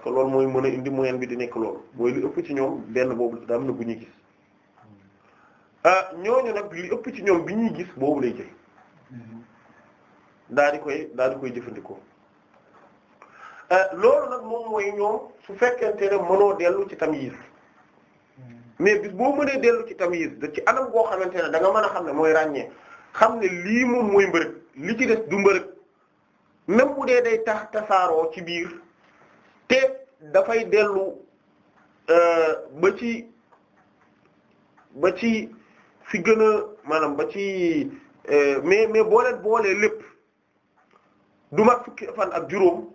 que loolu mooy mën a indi moyen bi di nekk loolu mooy li ëpp ci ñoom benn boobu daa am na bu ñuy gis hmm. ah, ñooñu nag li ëpp ci ñoom bi ñuy gis boobu lay jël hmm. daal koy daal di koy jëfandikoo ah, loolu nag moom mooy ñoom su fekkente ne mënoo dellu ci tamyiz hmm. mais bis boo mënee dellu ci tamyiz da ci anam boo xamante ne da mën a xam ne mooy ràññee xam ne lii moom mooy mbërëg li ci des du mbërëg même bu dee day tax tasaaroo ci biir te dafay dellu euh, ba ci ba ci fi gën a maanaam ba ci euh, mais mais boo lépp du mat fukki fan ak juróom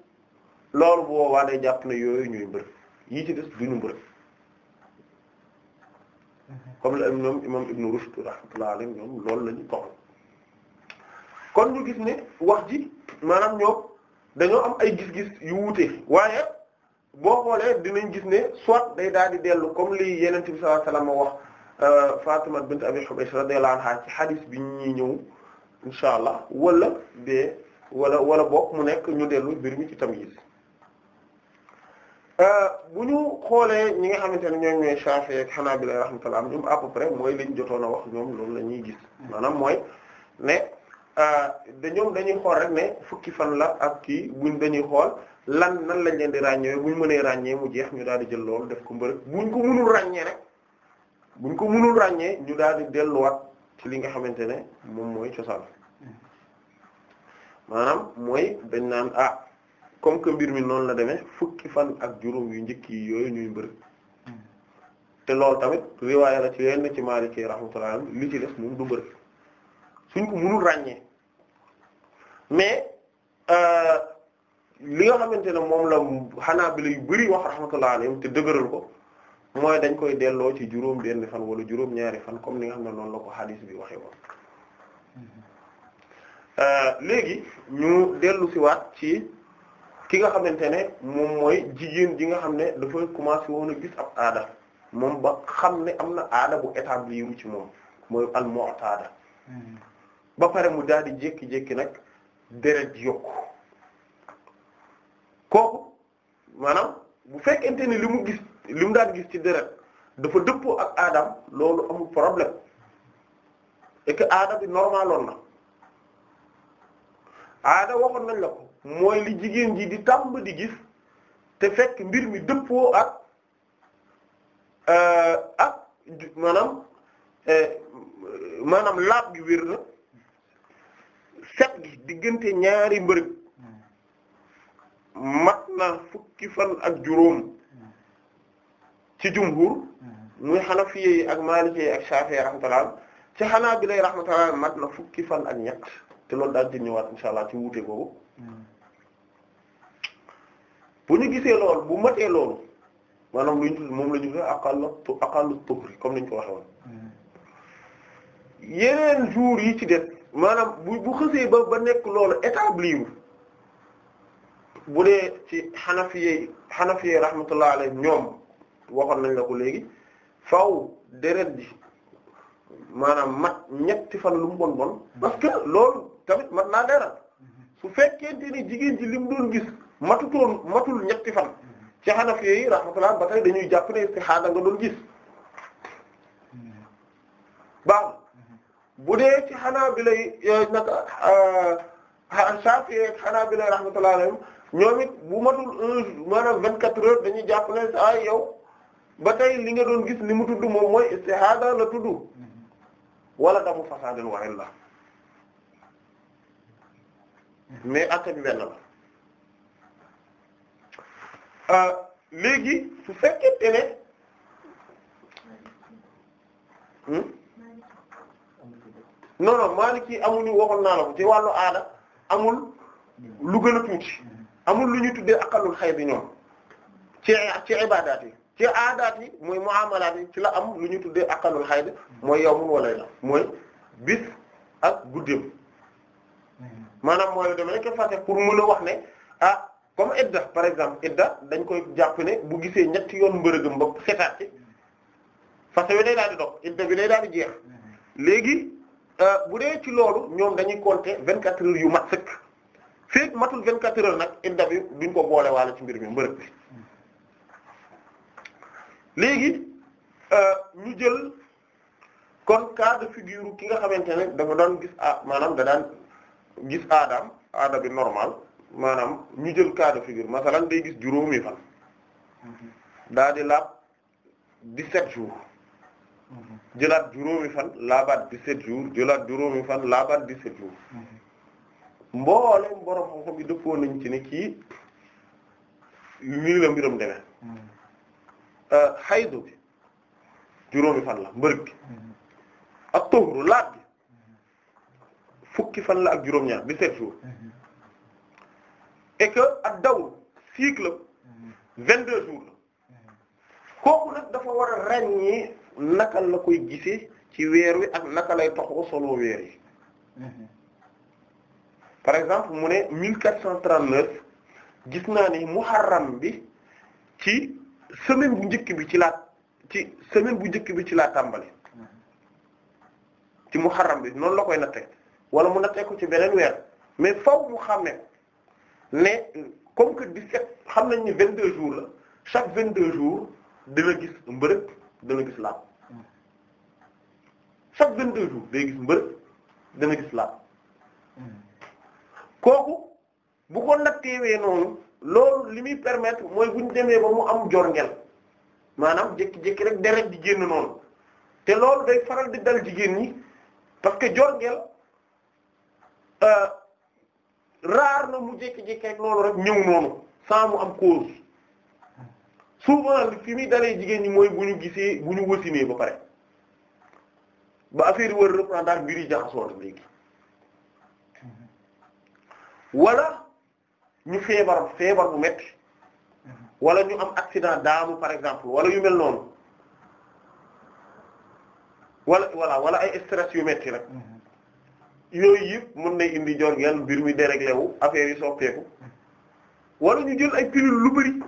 loolu boo day jàpp na yooyu ñuy mbër yi ci des duñu mbër comme la ñoom imam Ibn Rushd rahmatullahi alayhi ñoom loolu la ñu kon ñu gis ne wax ji maanaam ñoom dañoo am ay gis-gis yu wuute waaye boo xoolee dinañ gis ne soit day daal di dellu comme lii Yonent bi sallallahu alayhi wa sallam wax euh, Fatima bint Abi Hubaysh radiyallahu anha ci hadith bi ñuy ñëw insha allah wala de wala wala mu nekk ñu dellu mbir mi ci tamyiz euh, bu ñu xoolee ñi nga xamante ne ñoom ñooy Shafi'i ak Hanabila rahmatullah am ñoom à peu près mooy liñ jotoon wax ñoom loolu la ñuy gis maanaam mooy ne euh, dañoom dañuy xool rek ne fukki fan la ak kii buñ dañuy xool lan nan lañ leen di ràññee bu mënee ràññee mu jeex ñu daal di jël lool def ko mbërëg buñ ko mënul ràññee rek buñ ko mënul ràññee ñu daal di delluwaat ci li nga xamante ne moom mooy cosaan maanaam mooy dañ naan ah comme mbir mi noonu la demee fukki fan ak juróom yu njëkk yi yooyu ñuy mbërëg te loolu tamit riwaaya la ci yenn ci Maliki rahmatullah li ci def moom du mbërëg suñ ko mënul ràññee mais. Euh, li nga xamante ne moom la Hanaabila yu bari wax rahmatullahi alayhim te dëgëral ko mooy dañ koy delloo ci juróom benn fan wala juróom ñaari fan comme ni xam ne noonu la ko hadith bi waxee woon euh, léegi ñu dellu ci ki nga xamante ne moom mooy jigéen ji nga xam ne dafa commencé woon a gis ab aada moom ba xam ne am na aada bu établir ci moom mooy al mu'tada hmm. ba pare mu daal di jékki nag deret yokk kooku maanaam bu fekkente ni li gis li mu daan gis ci deret dafa dëppoo ak aadam loolu amul problème et que aada bi normaloon na aada waxoon nañ la ko mooy li jigéen ji di tàmb di gis te fekk mbir mi dëppoo ak euh, ak maanaam euh, maanaam laab gi wér na set gi diggante ñaari mbërëg mat na fukki fan ak juróom ci jumhur muy xanafiye yi ak maaliki yi ak saafi rahmatullah ci xanaabila yi rahmatullah mat na fukki fan ak ñett te loolu daal di ñëwaat insha allah ci wuute boobu bu ñu gisee lool bu matee loolu maanaam lu ñu moom la ñu gisee aqallu aqallu comme ni ko waxee woon yeneen yi ci def maanaam bu bu xësee ba ba nekk loolu établi bu dee ci xanafiyey xanafiyey rahmatullah alayhi ñoom waxoon nañ la ko léegi faw deret ji maanaam mat ñetti fan lu bon bon parce que loolu tamit mat naa leeral su fekkente ni jigéen ji li mu doon gis matutoon matul ñetti fan ci xanafiyey rahmatullah ba tey dañuy jàpp ne istihaada nga doon gis baax bu dee ci xanaa bi lay eh, nag xanaa eh, bi lay rahmatullah alayhim ñoom it bu matul un maanaam vingt quatre heures dañuy jàpp ne ah yow ba tey li nga doon gis ni mu tudd moom mooy istihaada la tudd wala damu fasaadal waxen la mais ak bi benn la euh, léegi su fekkente ne hmm? non non Maliki amuñu waxoon naa la ko ci wàllu aada amul lu gën a tuuti amul lu ñu tuddee aqalul xay bi ñoom ci ci ibaadaat yi ci aadaat yi mooy muamalaat yi ci la am lu ñu tuddee aqalul xay bi mooy yawmun wa layla mooy bis ak guddeem maanaam mooy dama nekk fàtte pour mën a wax ne ah comme idda par exemple idda dañ koy jàpp ne bu gisee ñetti yoon mbërëgëm ba xetaat ci fase bi day daal di dox idda bi day daal di jeex mm-hmm. léegi euh, bu dee ci loolu ñoom dañuy compter vingt quatre heures yu mat sëkk fekk matul 24 heures nag idda bi duñ ko boole waale ci mbir mi mbërëg bi léegi euh, ñu jël kon cas de figure ki nga xamante ne dafa doon gis a maanaam da daan gis aadaam aada bi normal maanaam ñu jël cas de figure masalan day gis juróomi fan mm-hmm. daa di laab 17 mm-hmm. jours jëlaat juróomi fan laabaat 17 jours jëlaat juróomi fan laabaat 17 jours mbooleem borom xam-xam yi dëppoo nañ ci ne kii lii la mbiram demee mm. euh, xaydu bi juróomi fan la mbërëg bi mm. ak tuhru laat bi mm. fukki fan la ak juróom-ñaar dix-sept jours mm-hmm. et que ak daw cycle mm-hmm. vingt-deux jours la mm-hmm. kooku nag dafa war a ràññee naka la koy gisee ci weer wi ak naka lay taxoo solo weer yi par exemple mu ne 1439 gis naa ni muharram bi ci semaine bu njëkk bi ci la ci semaine bu njëkk bi ci laa tàmbali ci muharram bi noonu la koy natte wala mu natte ko ci beneen weer mais faw mu xam ne ne comme que 17 xam nañ ni 22 jours la chaque 22 jours dina gis gis laab chaque 22 jours day gis mbërëg dina gis laab. Hmm. kooku bu ko natteewee noonu loolu li muy permettre mooy bu ñu demee ba mu am jorngel maanaam jékki-jékki rek deret di génn noonu te loolu day faral di dal jigéen ñi parce que jorngel euh, raar na mu jékki-jékki rek loolu rek ñëw noonu sans mu am cause souvent fi muy dalee jigéen ñi mooy bu ñu gisee bu ñu wasinee ba pare ba affaire wër reprendre mbir yi jaxasoo léegi wala ñu feebar feebar bu metti mm-hmm. wala ñu am accident daanu par exemple wala yu mel noonu wala wala wala ay stress yu metti rek mm-hmm. yooyu yëpp mën na indi joor gi yàlla mbir mi déréglé wu affaire yi soppeeku mm-hmm. wala ñu jël ay pilule lu bari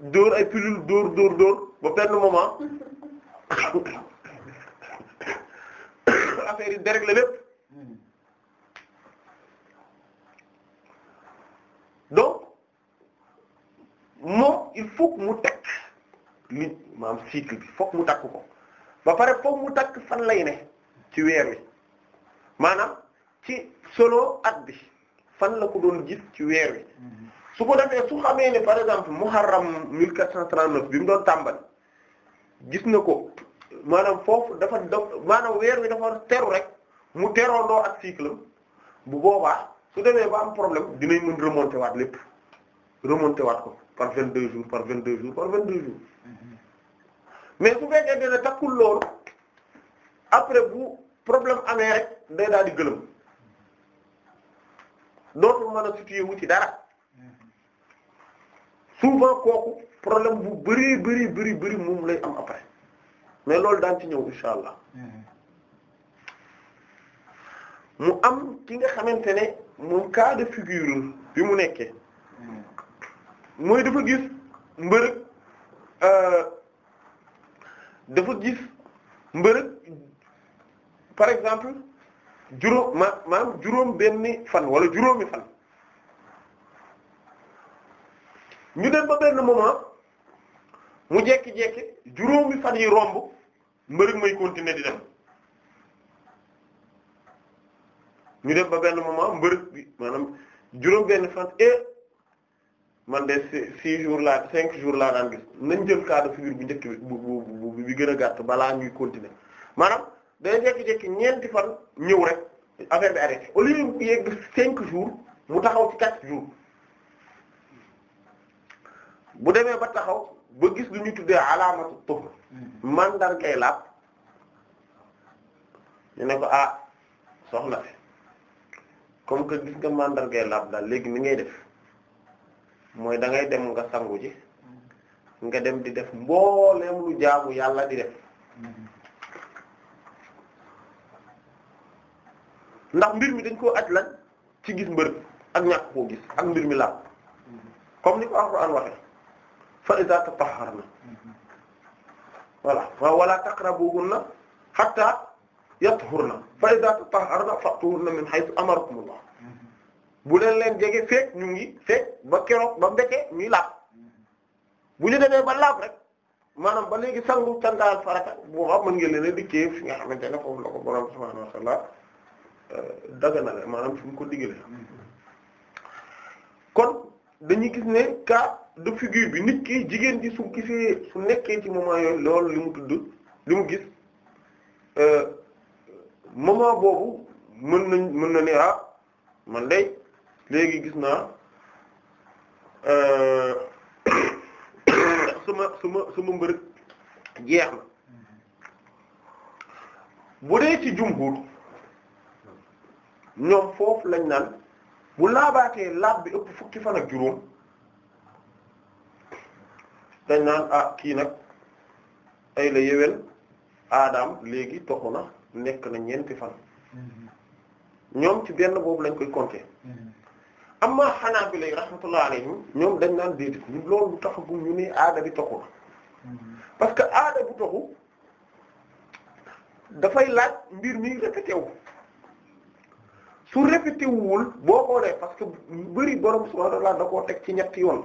dóor ay pilule dóor dóor dóor ba benn moment affaire yi déréglé lépp moom il faut que mu takk nit maam cycle bi fokk mu takk ko ba pare fokk mu takk fan lay ne ci weer wi maanaam ci solo at bi fan la ko doon gis ci weer wi mhm. su ko defee su xamee ne par exemple muharram 1439 bi mu doon tàmbal gis na ko maanaam foofu dafa da maanaam weer wi dafa teru rek mu teroondoo ak cycle bu boobaa su demee ba am problème dinañ mën remonter waat lépp remonter waat ko par vingt deux jours par vingt deux jours par vingt deux jours mm-hmm. mais su fekkee dina takkul loolu après bu problème amee rek day daal di gëlëm dootul mën a situé wu ci dara mm-hmm. souvent kooku problème bu bëri bëri bëri bëri moom lay am après mais loolu daan ci ñëw insha allah mm-hmm. mu am ki nga xamante ne moom cas de figure bi mu nekkee mooy dafa gis mbërëg euh, dafa gis mbërëg par exemple juróom ma maam juróom benni fan wala juróomi fan ñu dem ba benn moment mu jekki-jekki juróomi fan yi romb mbërëg may continuer di dem ñu dem ba benn moment mbërëg bi maanaam juróom benn fan et man de six jours laa cinq jours laa daan gis nañ jël cas de figure bu njëkk bi bi gën a gàtt balaa ñuy continuer maanaam day jekki-jekki ñeenti fan ñëw rek affaire bi arrêté au lieu yegg cinq jours mu taxaw ci quatre bu demee ba taxaw ba gis lu ñuy tuddee alaamatu tuhr mandargay laab ñu ne ko ah soxna fi comme que gis nga mandargay laab daal léegi ni ngay def mooy da ngay dem nga sangu ji nga dem di def mbooleem lu jaamu yàlla di def ndax mbir mi dañ ko aj lan ci gis mbër ak ñàkk koo gis ak mbir mi laal comme ni ko Alxuraan waxe fa iza tatahharna voilà waaw wala taqrabuhunna hatta yatahharna fa iza tatahharna fa'tuhunna min haythu amarakumullah bu leen leen jege fekk ñu ngi fekk ba keroog ba mbete ñuy laab bu ñu demee ba laab rek maanaam ba léegi sangu cangaal farata booba mën ngeen leen a dikkee fi nga xamante ne foofu la ko borom subhaanahu euh, maanaam fi mu dañuy gis ne cas de bi nit ki jigéen ji su gisee su nekkee yooyu loolu li mu tudd li mu gis euh, moment boobu mën nañ mën na ne ah man day léegi gis naa euh, suma suma suma mbër jeex na bu dee ci jumhur ñoom foofu lañ naan bu laabaatee laab bi ëpp fukki fan ak juróom dañ naan ah kii nag ay la yewel aadaam léegi toxu na nekk na ñeenti fan mm-hmm. ñoom ci benn boobu lañ koy compter mm-hmm. amma Hanaabila rahmatullahi alayhim ñoom dañ naan déedéet ñun loolu lu taxagum ñu ne aada bi toxu mm-hmm. parce que aada bi toxu dafay laaj mbir mi répété wu su répété wuwul boo xoolee parce que lu bari borom subhaanahu wa ta'aala da koo teg ci ñetti yoon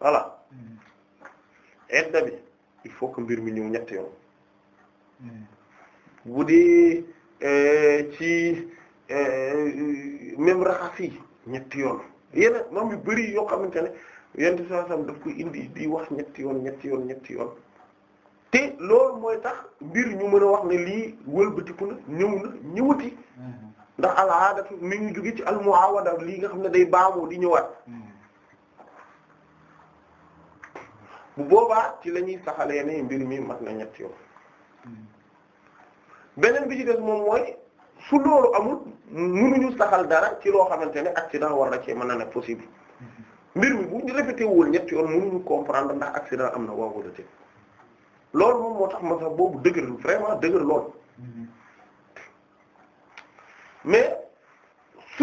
voilà mm-hmm. edda bi il faut que mbir mi ñëw ñetti yoon bu mm-hmm. dee eh, ci. Euh, même raxas yi ñetti yoon yeneen moom yu bari yoo xamante ne yenn saa sam daf koy indi di wax ñetti yoon ñetti yoon ñetti yoon te lool mooy tax mbir ñu mën a wax ni lii wëlbatiku na ñëw na ñëwati ndax alaadatu ni ñu jóge ci almuawada lii nga xam ne day baamoo di ñëwaat boobaa ci lañuy ñuy saxalee ne mbir mi mat na ñetti yoon beneen bi ci des moom mooy su loolu amul mënuñu saxal dara ci loo xamante ne accident war na cee mën a nekk possible mbir mi bu ñu répété wul ñett yoon mënuñu comprendre ndax accident am na waaw wala déet loolu moom moo tax ma sax boobu dëgër vraiment dëgër lool mais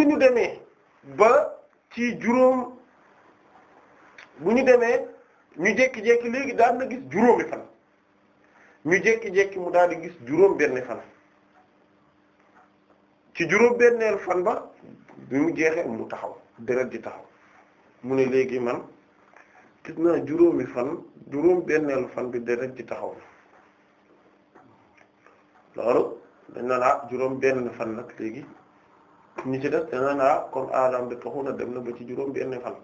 ñu demee ba ci juróom bu ñu demee ñu jékki-jékki léegi daan na gis juróomi fan ñu jékki-jékki mu daal di gis juróom benn fan ci juróom-benneelu fan ba bi mu jeexee mu taxaw deret ji taxaw mu ne léegi man gis naa juróomi fan juróom-benneelu fan bi deret ji taxaw loolu dañ naan ah juróom-benn fan nag léegi ñi ci def dañ naan ah kon aadam de taxu na dem na ba ci juróom-benn fan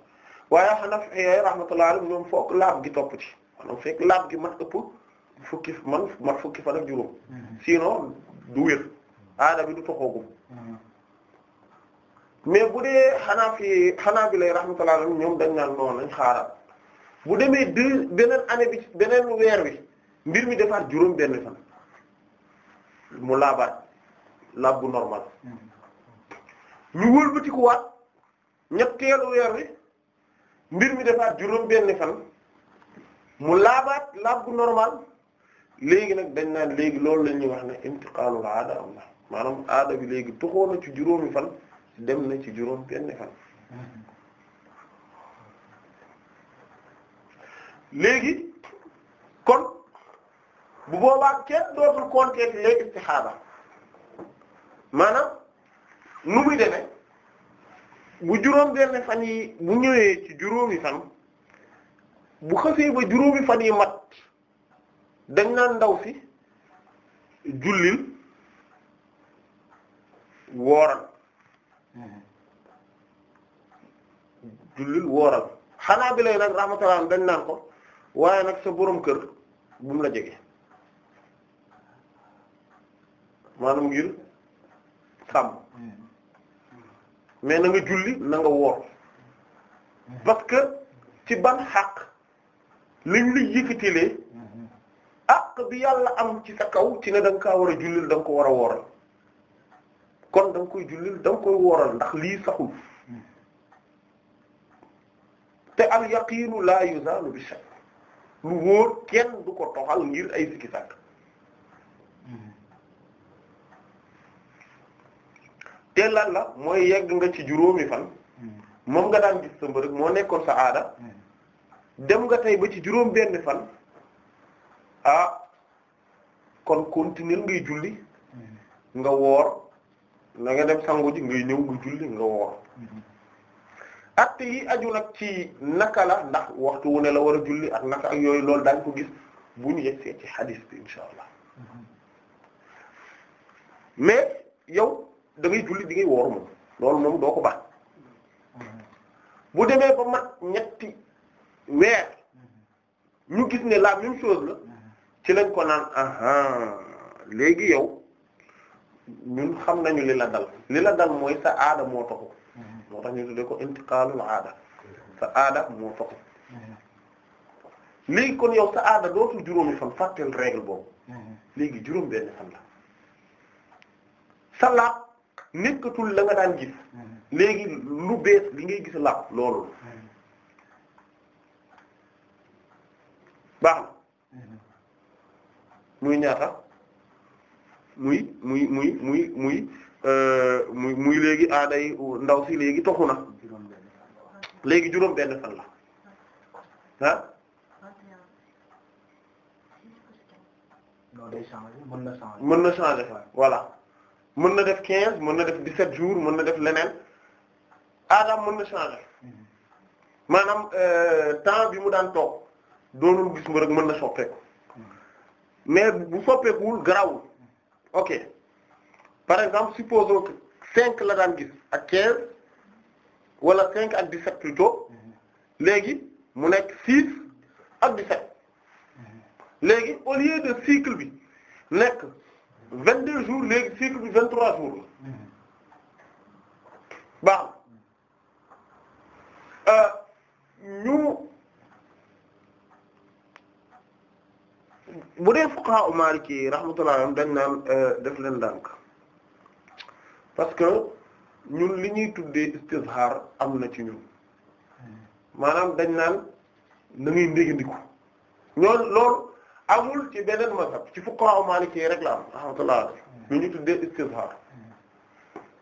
waaye Hanafi yi rahmatullah alayhim ñoom foog laab gi topp ci maanaam fekk laab gi mat ëpp fukki mat fukki fan ak juróom mm-hmm. sinon du aada bi du toxoogum hmm. mais bu dee xanaa fi xanaa bi lay rahmatullah alayhim ñoom dañ naan noon lañ xaaral bu demee deux beneen année bi beneen weer wi mbir mi defaat juróom benn fan mu laabaat laab bu normal hmm. ñu wëlbatikuwaat ñetteelu weer wi mbir mi defaat juróom benn fan mu laabaat laab normal léegi nag dañ naan léegi loolu la ñuy wax ne intiqaalul aada am na maanaam aada bi léegi toxoo ci juróomi fan dem na ci juróom benn fan léegi kon bu boobaa kenn dootul compter léegi istixaada maanaam nu muy demee bu juróom benn fan yi bu ñëwee ci juróomi fan bu xasee ba juróomi fan yi mat dañ naan ndaw si jullil wooral jullil wooral xanaa bi lay nag rahmatullah dañ naan ko waaye nag sa boroom kër bu mu la jege maanaam ngir sàmm mais nanga julli nanga nga woor parce ci ban xaq lañ la yëkkatilee mhm. àq bi yàlla am ci sa kaw ci ne da ka war a jullil da nga ko war a wooral kon da koy jullil da nga koy wooral ndax lii saxul te al yaqiinu la yuzalu bi shakk lu wóor kenn du ko toxal ngir ay sikki sàkk te lan la mooy yegg nga ci juróomi fan moom nga daan gis sa mbërëg moo nekkoon sa aada dem nga tey ba ci juróom benn fan ah kon continuer ngay julli nga woor na nga dem sangu ji ngay ñëw nga julli nga woor acte yi aju nag ci naka la ndax waxtu wu ne la war a julli ak naka ak yooyu loolu daañ ko gis bu ñu yegsee ci xadis bi insha allah mais yow da ngay julli di ngay woor moom loolu moom doo ko baax bu demee ba mat ñetti weer ñu gis ne laa même chose la ci lañ ko naan aha léegi yow ñun xam nañu li la dal li la dal mooy sa aada moo taxu moo tax ñu tuddee ko intiqaalul aada sa aada moo taxu léegi kon yow sa aada dootul juróomi fan fàtteel règle boobu léegi juróom benn fan la sa laab nekkatul la nga daan gis léegi lu bees li ngay gis laab loolu baax na muy ñaata muy muy muy muy muy euh, muy muy léegi aaday ndaw si léegi toxu na léegi juróom benn fan la ah. mën na changer mën na changer voilà mën na def quinze mën na def dix-sept jours mën na def leneen aadaam mën na changer maanaam euh, temps bi mu daan toog doonul gis rek mën na soppeeku hmm. mais bu soppeekuwul garawul ok par exemple supposons que cinq la daan gis ak quinze wala cinq ak dix-sept plutôt mm-hmm. léegi mu nekk six ak dix-sept mm-hmm. léegi au lieu de cycle bi nekk vingt deux jours léegi cycle bi vingt trois jours mm-hmm. baax euh, ñu bu dee fuqaha u Maliki yi dañ naan euh, def leen ndànk parce que ñun li ñuy tuddee istizhar am na ci ñun maanaam dañ naan na ngay ñoo ñoon loolu amul ci beneen mazhab ci fuqaha u ki rek la am rahmatullah lu ñuy tuddee istizhar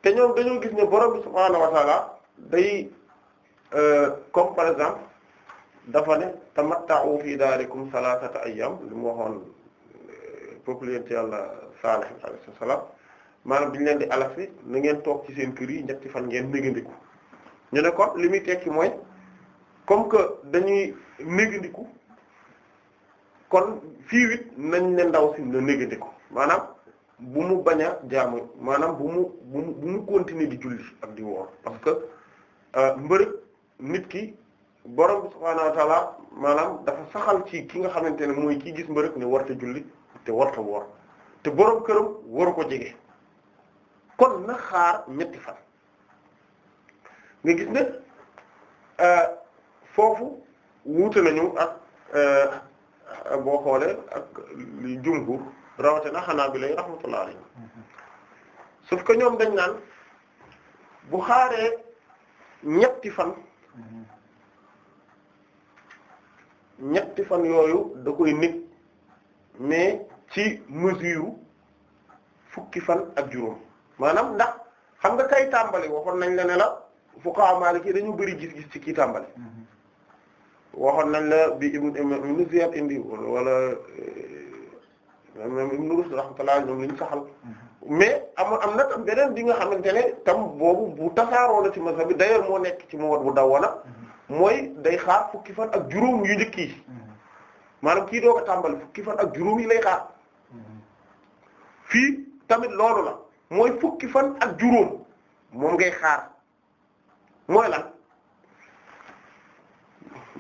te ñoom dañoo gis ne borom bi subhaanahu day euh, comme par exemple dafa ne tamatta'u fi daarikum salatata ayyam li mu waxoon peuple yent yàlla Salih alayhi salaam maanaam biñu leen di alaf bi na ngeen toog ci seen kër yi ci fan ngeen négandiku ñu ne kon li muy tekki mooy comme que dañuy négandiku kon fii wit nañ ne ndaw si na négandiku maanaam bu mu bañ a jaamu maanaam bu mu bu mu bu mu di julli ak di woor parce que euh, mbërëg nit ki borom bi subhaanahu dafa saxal ci ki nga xamante ne mooy ki gis mbërëk ne warte julli te warta woor te borom këram waru ko jege kon na xaar ñetti fan nga gis ne euh, foofu wuute nañu ak euh, boo xoolee ak jumhur xanaa bi lay rahmatullah alayhi sauf que ñoom dañ naan bu xaaree ñetti fan mm-hmm. ñetti fan yooyu da koy nekk mais ci mesure fukki fan ak juróom maanaam ndax xam nga kay tàmbali waxoon nañ la ne la fuqaha maliki dañu bëri gis-gis ci kii tàmbali mm-hmm. waxoon nañ la bi ibn ibn Ziyad indi wala même euh, ibn Rushd rahmatullah ñoom lañu saxal mm-hmm. mais am am na tam beneen bi nga xamante ne tam boobu bu tasaaroo la ci ma bi d'ailleurs moo nekk ci mu wat bu dawana mm-hmm. mooy day xaar fukki fan ak juróom yu njëkk yi maanaam kii doo ko tàmbali fukki fan ak juróom yi lay xaar fii tamit loolu la mooy fukki fan ak juróom moom ngay xaar mooy lan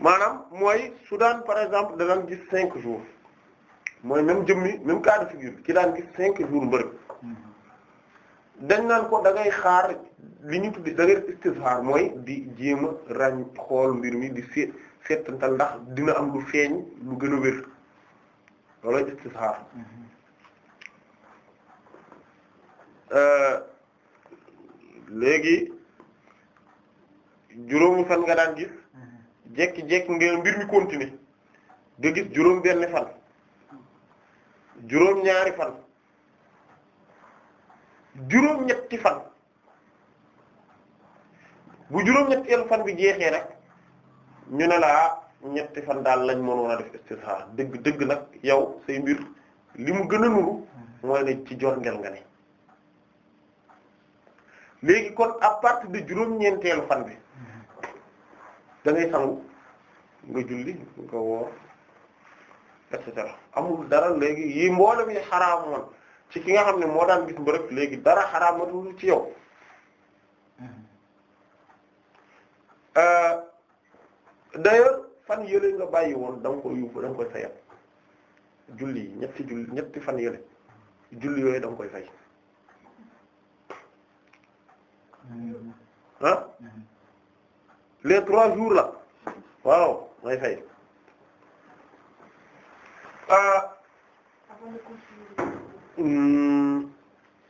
maanaam mooy su daan par exemple da daan gis cinq jours mooy même jëmmi même cas de ki daan gis cinq jours mbërëb dañ naan ko dangay xaar li ñu tuddee da mooy di jéem a ràññ xool mbir mi di seet seetantal ndax dina am lu feeñ lu gën a wér loolay istizhaar euh, léegi juróomu fan nga daan gis jekki-jekki nga mbir mi continuer nga gis juróom benn fan juróom ñaari fan juróom-ñetti fan bu juróom-ñetteelu fan bi jeexee nag ñu ne laa ñetti fan daal lañ mënoon a def istixaara dëgg dëgg nag yow say mbir li mu gën a nuru mooy ne ci jorngel nga ne léegi kon à de juróom-ñeenteelu fan bi dangay ngay sangu nga julli nga woor et cetera amul dara léegi yi mboolem yi xaraamoon ci ki nga xam ne moo daan gis mbërëg léegi dara xaraamatul ci yow euh, d'ailleurs fan yële nga bàyyi woon da nga koy yóbbu da nga koy fayal julli ñetti julli ñetti fan yële julli yooyu da nga koy fay ah les trois jours la waaw ngay fay. Euh, Hmm.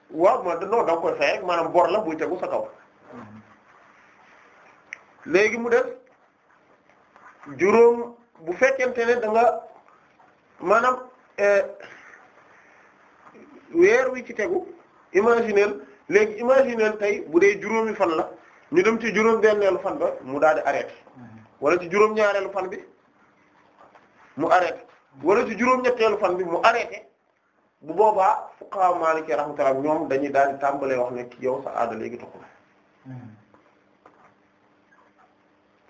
waaw ma non da nga koy fay maanaam bor la buy tegu sa kaw léegi mu def juróom bu fekkente ne da nga maanaam eh, weer wi ci tegu imaginer léegi imaginer tey bu dee juróomi fan la ñu dem ci juróom benneelu fan ba mu daal di arrêté mm-hmm. wala ci juróom ñaareelu fan bi mu arrêté wala ci juróom ñetteelu fan bi mu arrêté bu boobaa fuqaha Maliki rahmatullah ñoom dañuy daal di tàmbalee wax ne yow sa aada léegi toxu na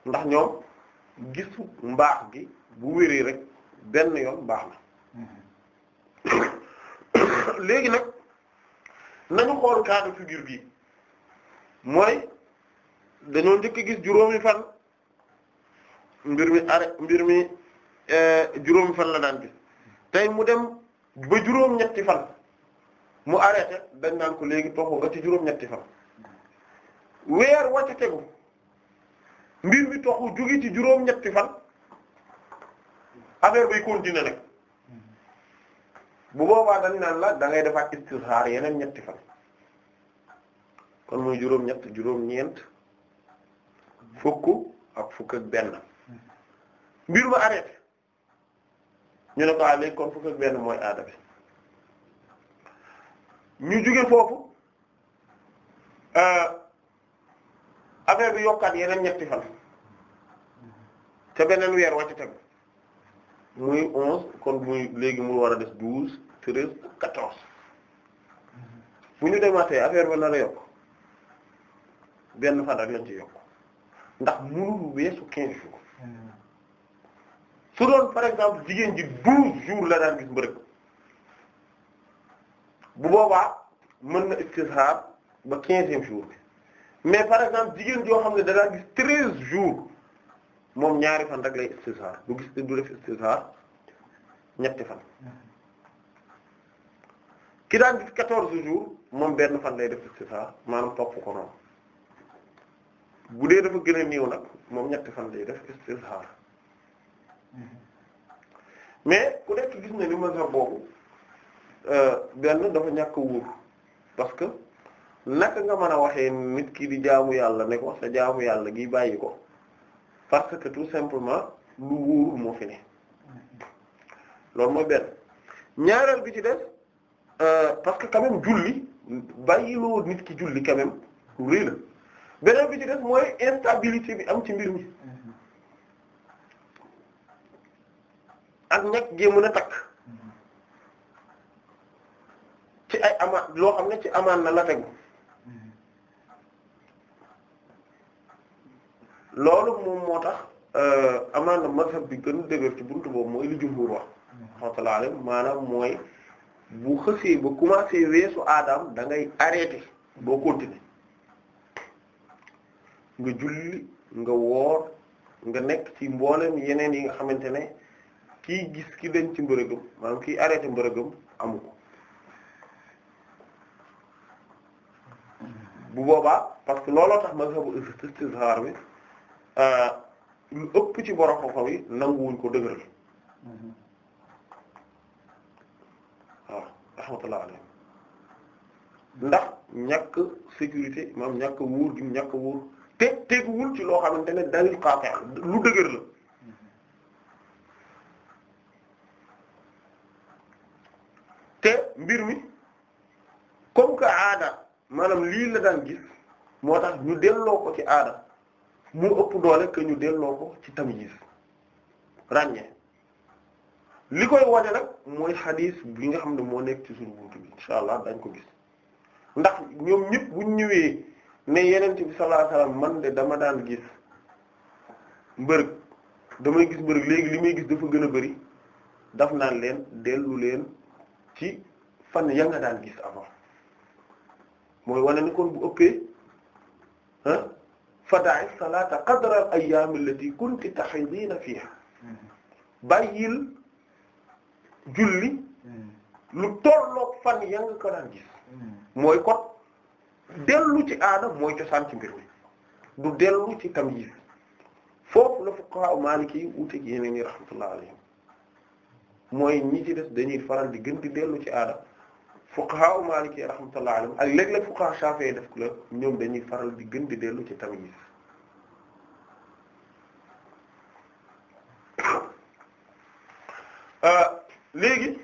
ndax ñoom gisu mbaax gi bu wéree rek benn yoon baax na léegi nag nañu xool cas de figure bi mooy dañoo njëkk gis juróomi fan mbir mi arrêt mbir mi eh, juróomi fan la daan gis tey mu dem. ba juróom-ñetti fan mu arrêté dañ naan ko léegi toxu nga ci juróom-ñetti fan weer wàcc tegu mbir mi toxu jóge ci juróom-ñetti fan affaire bay continuer nag bu boobaa dañ naan la da ngay defaat istixaar yeneen ñetti fan kon muy juróom-ñett juróom-ñeent fukk ak fukk ak mbir ma arrêté ñu ne ko ah léegi kon fukk ak benn mooy aada bi ñu jóge foofu euh, affaire bi yokkaat yeneen ñetti fan te beneen weer wàcc tegu muy onze kon muy léegi mu war a des douze treize quatorze bu ñu demaatee affaire bi nar a yokk benn fan rek lañ ci yokk ndax mënul weesu quinze jours hmm. su doon par exemple jigéen ji douze jours la daan gis mbërëg bu boobaa mën na istishab ba quinzième jour bi mais par exemple jigéen joo xam ne da daan gis treize jour moom ñaari fan rek lay istishab du gis du def istishab ñetti fan ki daan gis quatorze jours moom benn fan lay def maa maanaam topp ko noonu bu dee dafa gën a néew nag moom ñetti fan lay def istishab mais ku nekk gis na ni mazhab boobu euh, benn dafa ñàkk wóor parce que naka nga mën a waxee nit ki di jaamu yàlla ne ko sa jaamu yàlla gi bàyyi ko parce que tout simplement lu wóorul moo fi ne loolu mooy benn ñaareel bi ci def euh, parce que quand même julli bàyyiloo nit ki julli quand même lu rëy la beneen bi ci def mooy instabilité bi am ci mbir mi ak ñàkk gee mën a takk ci ay amaan loo xam ne ci amaan na la tegu loolu moom moo tax euh, amaan na mazhab bi gën a dëgër ci buntu boobu mooy li jumhur wax rahmatullahi alayhi maanaam mooy bu xësee ba commencé weesu aadaam dangay ngay arrêté boo continuer nga julli nga woor nga nekk ci mboole mboolem yeneen yi nga xamante ne kii gis ki denc ci mbërëgëm maanaam kii arrêté mbërëgëm amu ko bu boobaa parce que looloo tax mazhabu istizhar bi euh, lu ëpp ci borom xam-xam yi nanguwuñ ko dëgëral waaw rahmatullah alayhi ndax ñàkk sécurité maanaam ñàkk wóor gi ñàkk wóor te teguwul ci loo xamante ne dalil qati' lu dëgër la mbir mi comme que aada maanaam lii la daan gis moo tax ñu delloo ko ci aada mu ëpp doole que ñu delloo ko ci tamyiz ràññee li koy wane nag mooy xadiis bi nga xam ne moo nekk ci suñu buntu bi insha allah dañ ko gis ndax ñoom ñëpp buñ ñëwee ne yeneen bi sallallahu man de dama daan gis mbërëg damay gis mbërëg léegi li may gis dafa gën a bari daf naan leen dellu leen ci fan ya daan gis avant mooy wane ni kon bu ëppee ah fada'i salata qadra al ayyam allati kunti tahidina fiha bàyyil julli lu tolloog fan ya nga ko daan gis mooy kon dellu ci aada mooy cosaan ci mbir mi du dellu ci tamyiz foofu la fuqaha maliki yi wuuteeg yeneen yi rahmatullah alayhim mooy ñi ci des dañuy faral di gën di dellu ci aada fuqaha maliki rahmatullah alayhim ak léeg-léeg fuqaha shafi'i def ko ñoom dañuy faral di gën di dellu ci tamyiz euh, léegi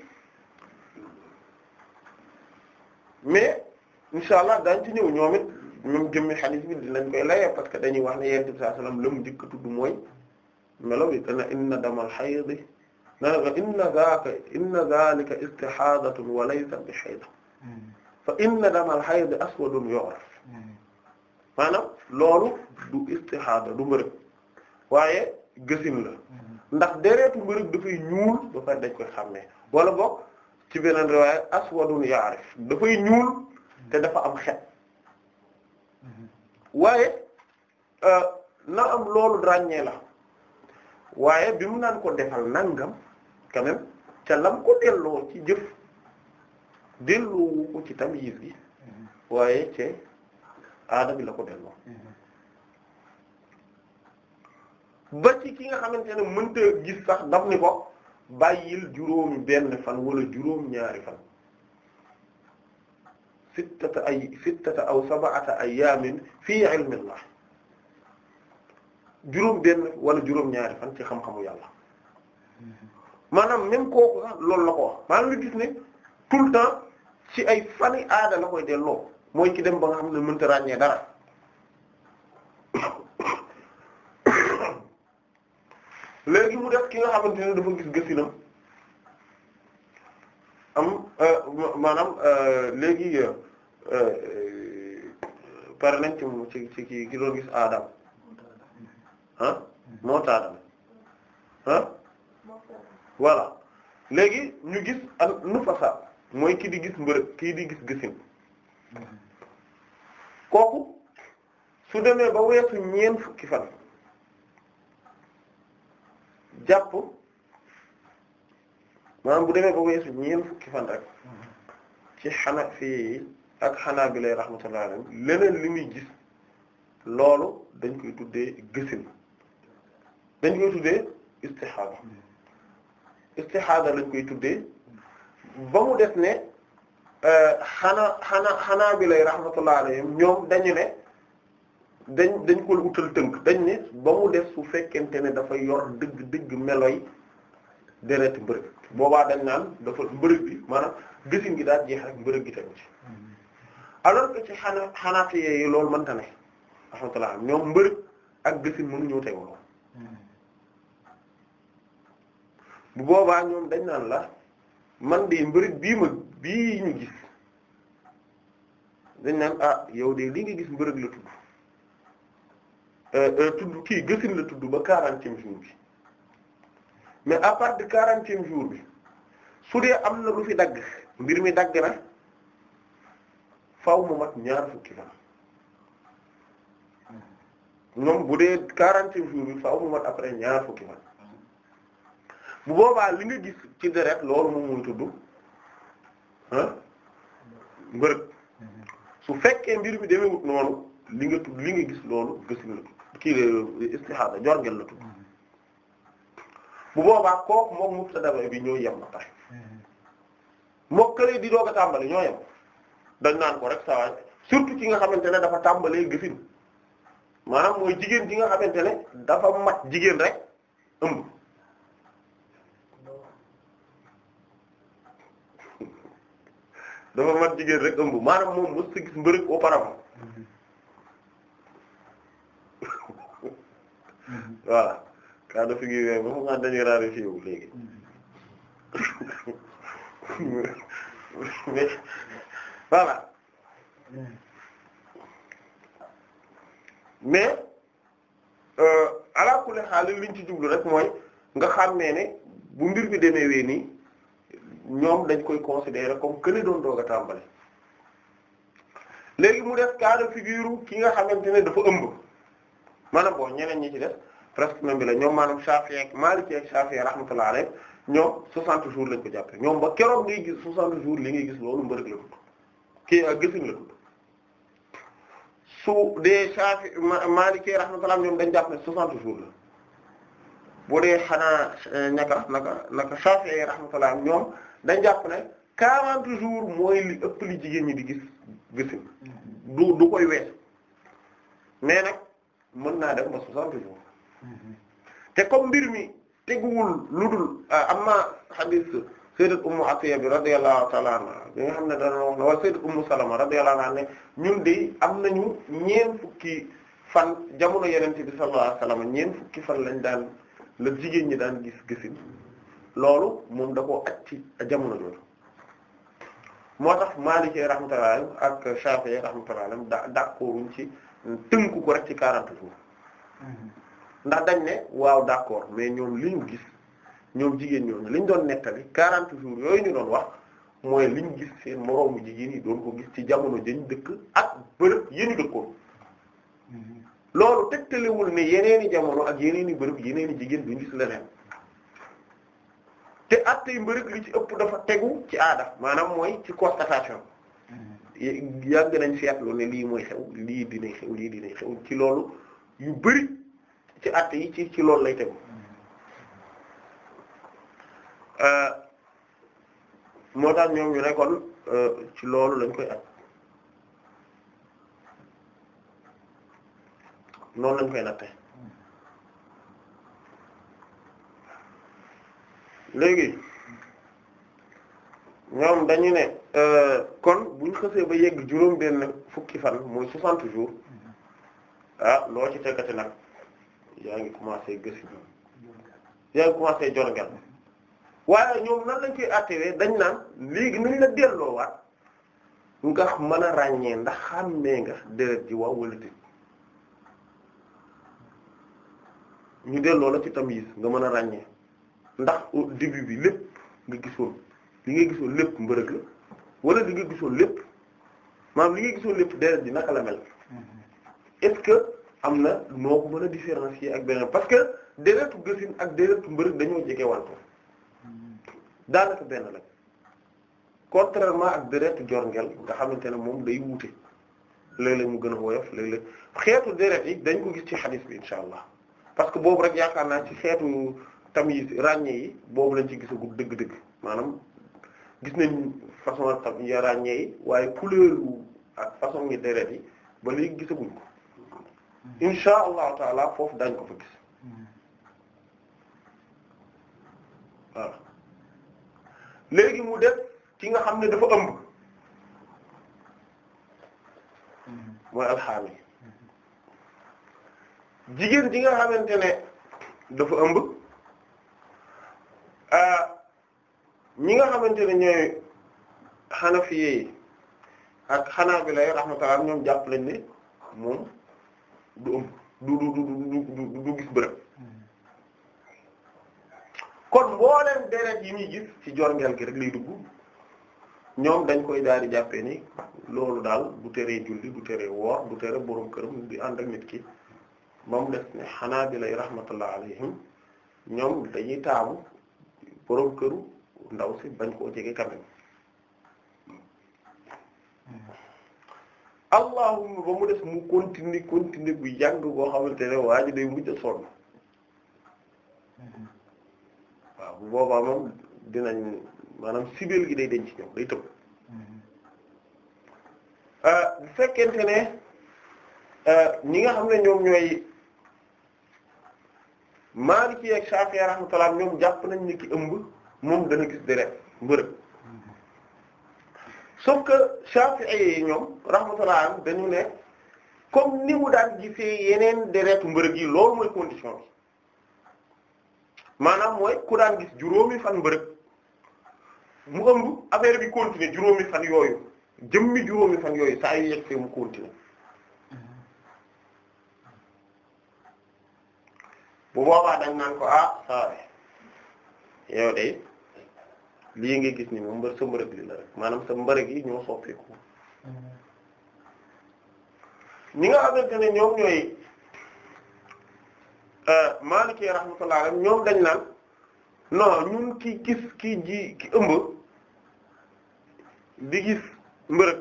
mais insha allah daañ ci ñëw ñoom it même jëmmi hadith bi dinañ koy laye parce que dañuy wax ne yent bi sallallahu mu njëkk a tudd mooy melaw bi dana inna damal hayd dana inna zaaka inna zaalika istihaadatun wa laysa bi hayd fa inna damal hayd aswadun yu'raf maanaam loolu du istihaada du mbërëg waaye gësin la ndax dereetu mbërëg dafay ñuul ba pare dañ koy xàmmee wala boog ci beneen riwaaya aswadun ya'rif dafay ñuul te dafa am xet waaye euh, na am loolu ràññee la waaye bi mu naan ko defal nangam quand même ca lam ko delloo ci jëf delloowu ko ci tamyiz bi mm-hmm. waaye ci aada bi la ko delloo mm-hmm. ba ci ki nga xamante ne mënta gis sax daf ni ko bàyyil juróomi benn fan wala juróom ñaari fan sittata ay sittata aw sab'ata ayaamin fii ilmillah juróom benn wala juróom ñaari fan ci xam-xamu yàlla maanaam même kooku sax loolu la ko wax nga gis ne tout le temps ci ay fani aada la koy delloo mooy ki dem ba nga xam ne mënta ràññee dara léegi mu def ki nga xamante ne dafa gis gëstinam am euh, maanaam euh, léegi euh, pare nañ ci ci ci ki doon gis aadam ah moo taadam ah léegi ñu gis ak nu fasa mooy kii di gis mbërëg kii di gis gisin kooku su demee ba weesu ñeent fukki fan jàpp maanaam bu demee ba weesu ñeent fukki fan rek ci xana fii ak xanaa bi lay rahmatullah leneen li muy gis loolu dañ koy tuddee gisin dañ koy tuddee istixaada istixaada lañ koy tuddee ba mu des ne euh, xanaa xanaa xanaa bi lay rahmatullah alayhim ñoom dañu ne dañ dañ ko wutal tënk dañ ne ba mu def su fekkente ne dafa yor dëgg dëgg meloy deret mbërëg boobaa dañ naan dafa mbërëg bi maanaam gisin gi daal jeex rek mbërëg gi ci alors que ci xanaa xanaate yooyu loolu mënta ne rahmatullah ñoom mbërëg ak gisin mënu ñëw teewloo bu boobaa ñoom dañ naan la man de mbërit bii ma bii ñu gis dañ naan ah yow de li nga gis mbërëg la tudd euh, euh, tudd kii gësin la tudd ba quarantième jour bi mais à partir de quarantième jour bi su dee am na lu fi dagg mbir mi dagg na faw mu mat ñaar fukki fan ñoom bu dee quarantième jour bi faaw mu mat après ñaar fukki fan bu boobaa li nga gis ci deret loolu moom muy tudd ah mbërëg su fekkee mbir mi demee wut noonu li nga tudd li nga gis loolu gis la tudd kii istihada jorngel la boobaa kooku moom mubtada bi ñoo yem na tax mokkale di doog a tàmbali ñoo yem dañ naan surtout ki nga xamante ne dafa tàmbalee gëfin maanaam mooy jigéen ji nga xamante ne dafa mat jigéen rek ëmb dafa mat jigéen rek ëmb maanaam moom mos a gis mbërëg auparavant mm-hmm. voilà cas de figure ba xam naa dañuy léegi mm-hmm. mais mais euh, alaakulli xaalis liñ ci jublu rek mooy nga xam ne ne bu mbir bi demee wee ñoom dañ koy considérer comme que ni doon doog a tàmbali léegi mu def cas de figure ki nga xamante ne dafa ëmb maanaam bon ñeneen ñi ci def presque même bi la ñoom maanaam Shafi'i ak Maliki ak Shafi'i rahmatullah alayhi ñoom 60 jours lañ ko jàppee ñoom ba keroog ngay gis 60 jours li ngay gis loolu mbërëg la tudd kii ak euh, gësin la tudd su dee Shafi'i Maliki rahmatullah ñoom dañ jàpp ne 60 jours la. boo dee xanaa euh, ñaka naka naka Shafi'i rahmatullah ñoom dañ jàpp ne quarante jours mooy li ëpp li jigéen ñi di gis gisi du koy wees mais nag mën naa def ba soixante jours te comme mbir mi teguwul lu dul euh, amma hadith sayyidat ummu atiya bi radiyallahu ta'ala anha bi nga xam ne dana wax ne wala sayyidat ummu salama radiyallahu anha ne ñun de am nañu ñeen fukki fan jamono yenente bi sallallahu alayhi wasallam ñeen fukki fan lañ daan la jigéen ñi daan gis gisin loolu moom da koo aj ci jamono jooju moo tax Maliki rahmatullahi alayhi ak Shafi'i rahmatullahi alayhi da d'accorduñ ci tënku ko rek ci 40 jours mm-hmm. ndax dañ ne waaw d'accord mais ñoom li ñu gis ñoom jigéen ñooñu li ñu doon nettali 40 jours yooyu ñu doon wax mooy li ñu gis feen moroomu jigéen yi doon ko gis ci jamono jën dëkk ak bërëb yi ñu dëkkoon mm-hmm. loolu teg tegtalewul ne yeneeni jamono ak yeneeni bërëb yeneeni jigéen duñ gis leneen te at yu mbërëg li ci ëpp dafa tegu ci aada maanaam mooy ci constatation yàgg nañ fi seetlu ne lii mooy xew lii dina xew lii dina xew ci loolu yu bëri ci at yi ci ci loolu lay tegu euh, moo tax ñoom ñu ne kon euh, ci loolu lañ koy at noonu lañ koy natte léegi ñoom dañu ne euh, kon buñ xësee ba yegg juróom benn fukki fan mooy soixante jours ah loo ci tekkati nag yaa ngi commencé gësi yaa ngi commencé jorgal waaye ñoom nan lañ koy attewee dañ naan léegi nañ la delloowaat nga mën a ràññee ndax xàmmee nga deret ji waaw wala ñu delloo la ci tamyiz nga mën a ràññee ndax au bi lépp nga gisoon li ngay gisoon lépp mbërëg la wala li nga gisoon lépp maam li nga gisoon lépp deret bi naka la mel est-ce que am na noo ko mën ak beneen parce que déretu gësin ak déretu mbërëg dañoo jege wante daanaka benn la contrairement ak déretu jorngel nga xamante ne moom day wuute léeg-léeg mu gën a woyof léeg-léeg xeetu deret yi dañ ko gis ci xadis bi insha allah parce que boobu rek yaakaar naa ci xeetu tamyiz ràññee yi boobu lañ ci gisagul dëgg-dëgg maanaam gis nañ façon tam ya ràññee yi waaye couleur ak façon ngi deret yi ba léegi gisaguñ ko insha allahu taala foofu dañ ko fa gis léegi mu def ki nga xam ne dafa ëmb hmm. mooy alxaami jigéen ji nga xamante ne dafa ëmb ah, ñi nga xamante ne ñooy Hanafi yi ak Hanabila yi rahmatullah ñoom jàpp lañ ne moom du ëmb du du du du du gis bërëb kon mbooleem deret yi ñuy gis ci jorngeel gi rek lay dugg ñoom dañ koy daal di jàppee ni loolu daal du teree julli du teree woor du teree borom kër di ànd ak nit ki moom des ne xanaabila rahmatullah alayhim ñoom dañuy taamu borom këru ndaw si bañ koo jege quand même allahumma ba mu des mu continuer continuer bu yàgg boo xamante ne waa ji day mujj a sonn waaw bu boobaa moom dinañ maanaam sibeel gi day denc ñoom day tëb ah, bu fekkente ne ah, ñi nga xam ne ñoom ñooy Maliki ak Shafi'i rahmatullah ñoom jàpp nañ ni ki ëmb moom dana gis deret mbërëg sauf que Shafi'i yi ñoom rahmatullah dañu ne comme ni mu daan gisee yeneen deretu mbërëg yi loolu mooy condition maanaam mooy ku daan gis juróomi fan mbërëg mu ëmb affaire bi continuer juróomi fan yooyu jëmmi juróomi fan yooyu saa yu yegg mu continuer bu boobaa dañ naan ko ah yow de lii nga gis ni moom mbër sa mbërëg li la rek maanaam sa mbërëg yi ñoo soppeeku ñi nga xamante ne ñoom ñooy euh, Maliki rahmatullah alayhi ñoom dañ naan non ñun ki gis ki ji ki ëmb di gis mbërëg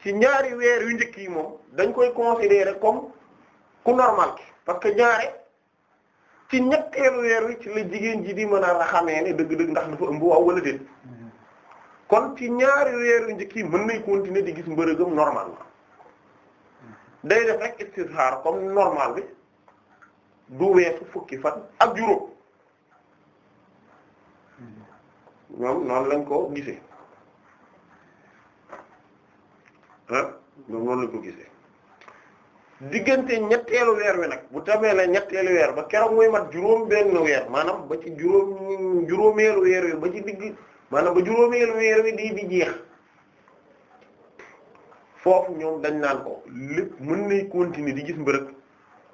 ci ñaari weer yu njëkk yi moom dañ koy considérer comme ku normal ki parce que ñaare ci ñetteelu weer wi ci la jigéen ji di mën a xamee ne dëgg-dëgg ndax dafa ëmb waaw wala déet kon ci ñaari weer yu njëkk mën nay continuer di gis mbërëgam normalement day def rek istizhar comme normal bi du weesu fukki fan ak juróom ñoom noonu lañ ko gisee ah ñoom noonu lañ ko gisee diggante ñetteelu weer wi nag bu tamee la ñetteelu weer ba keroog muy mat juróom benn weer maanaam ba ci juróom juróomeelu weer wi ba ci digg maanaam ba juróomeelu weer wi di di jeex foofu ñoom dañ naan ko lépp mën nay continuer di gis mbërëg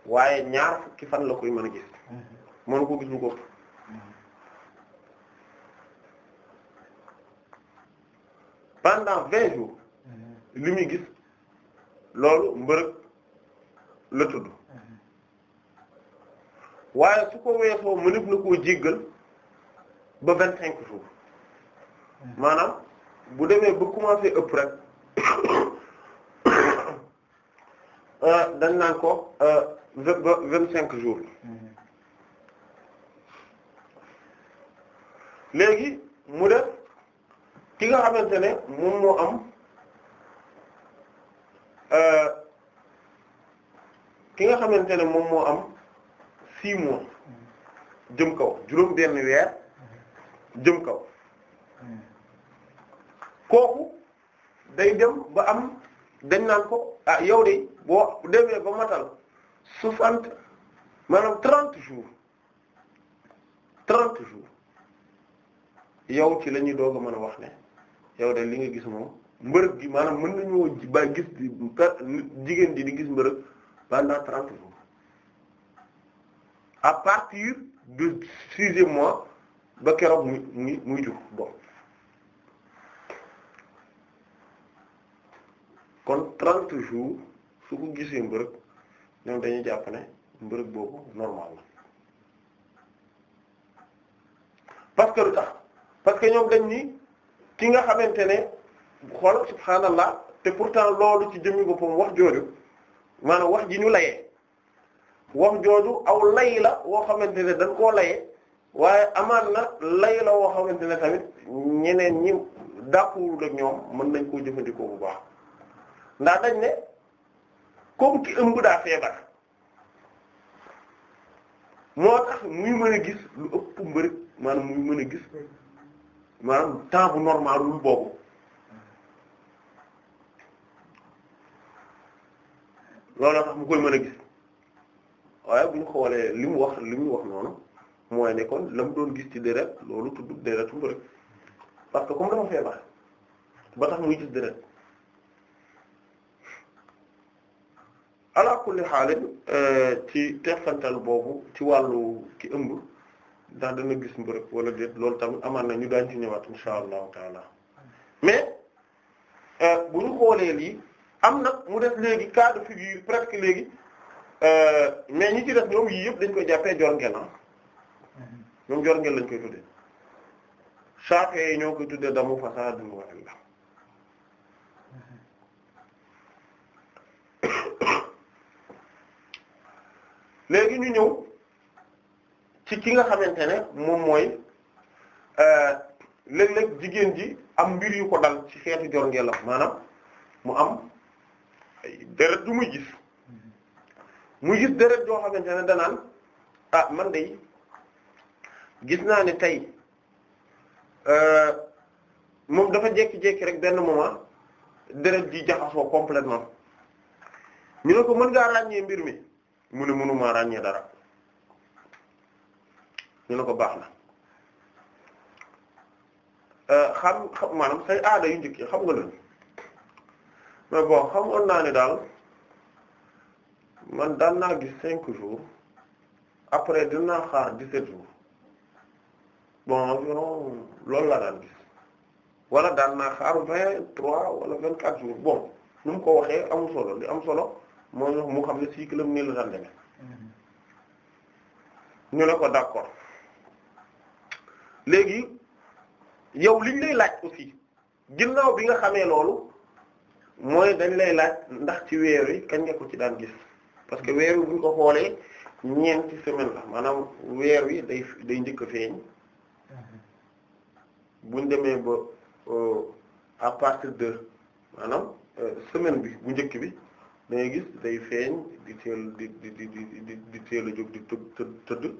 waaye ñaar fukki fan la koy mën a gis mm-hmm. mën ko gis lu ko mm-hmm. pendant vingt jours mm-hmm. gis loolu mbërëg la tudd waaye su ko weesoo mënef na koo jéggal ba vingt cinq jours maanaam bu demee ba commencé ëpp rek dañ naan ko euh, ba vingt cinq jours léegi mu def ki nga xamante ne moom moo am euh, ki nga xamante ne moom moo am six mois jëm kaw juróom benn weer jëm kaw kooku day dem ba am dañ naan ko ah yow de boo demee ba matal soixante maanaam trente jours trente jours yow ci lañuy ñuy mën a wax ne yow de li nga gis moom mbërëg gi maanaam mën nañoo ba gis nit jigéen ji di gis mbërëg pendant trente jours à partir du sixième mois ba keroog muy muy muy jur doom kon trente jours su ko gisee mbërëg ñoom dañuy jàpp ne boobu normal la parce que lu tax parce que ñoom dañ ni ki nga xamante ne xool subhaanallah te pourtant loolu ci jëmmi boppam wax jooju maanaam wax ji ñu layee wax jooju aw lay la woo xamante ne dañ koo layee waaye amaan na lay la woo xamante ne tamit ñeneen ñi dàppuwul ak ñoom mën nañ koo jëfandikoo bu baax ndax dañ ne comme ki ëmb daa feebar moo tax muy mën a gis lu ëpp mbërëg maanaam muy mën a gis maanaam temps bu normal boobu looloo tax mu xoolee li mu wax li mu wax noonu mooy ne kon doon gis ci deret loolu tudd deretu que comme dafa feebar ba euh, boobu ci wàllu ki ëmb ndax dana gis mbërëg wala déet loolu tamit amaan na ñu daan ci ñëwaat insha allahu taala mais euh, bu ñu xoolee lii am nag mu def léegi cas de figure presque léegi euh, mais ñi ci def ñoom yii yëpp dañ koy jàppee jorngel ah mm-hmm. ñoom jorngel lañ koy tuddee Shafi'i yi ñoo koy tuddee damu fasadun wa illa léegi ñu ñëw ci ki nga xamante ne moom mooy euh, léeg-léeg jigéen ji am mbir yu ko dal ci xeetu jorngel la maanaam mu am deret du muy gis muy gis deret joo xamante ne danaan ah man de gis naa ne tey euh, moom dafa jékki-jékki rek benn moment deret ji jaxasoo complètement ñu ne ko mën ngaa ràññee mbir mi mu ne mënumaa ràññee dara ñu ne ko baax na euh, xam xam maanaam say aada yu njëkk xam nga loolu mais bon xamoon naa ni daal man daan naa gis cinq jours après dinaa xaar dix-sept jours bon environ loolu laa daan gis wala daan naa xaar vingt-trois wala vingt-quatre jours bon nu mu ko waxee amul solo li am solo moo mu xam ne cycle am nii la daan demee mm-hmm. ñu ne ko d'accord léegi yow liñ lay laaj aussi ginnaaw bi nga xamee loolu mooy dañ lay laaj ndax ci weer wi kañ nga ko ci daan gis parce que weer wi bu ñu ko xoolee ñeenti semaine la maanaam weer wi day day njëkk a feeñ mm-hmm. buñ demee ba euh, à partir de maanaam euh, semaine bi bu njëkk bi da gis day feeñ di teel di di di di di teel jóg di tëdd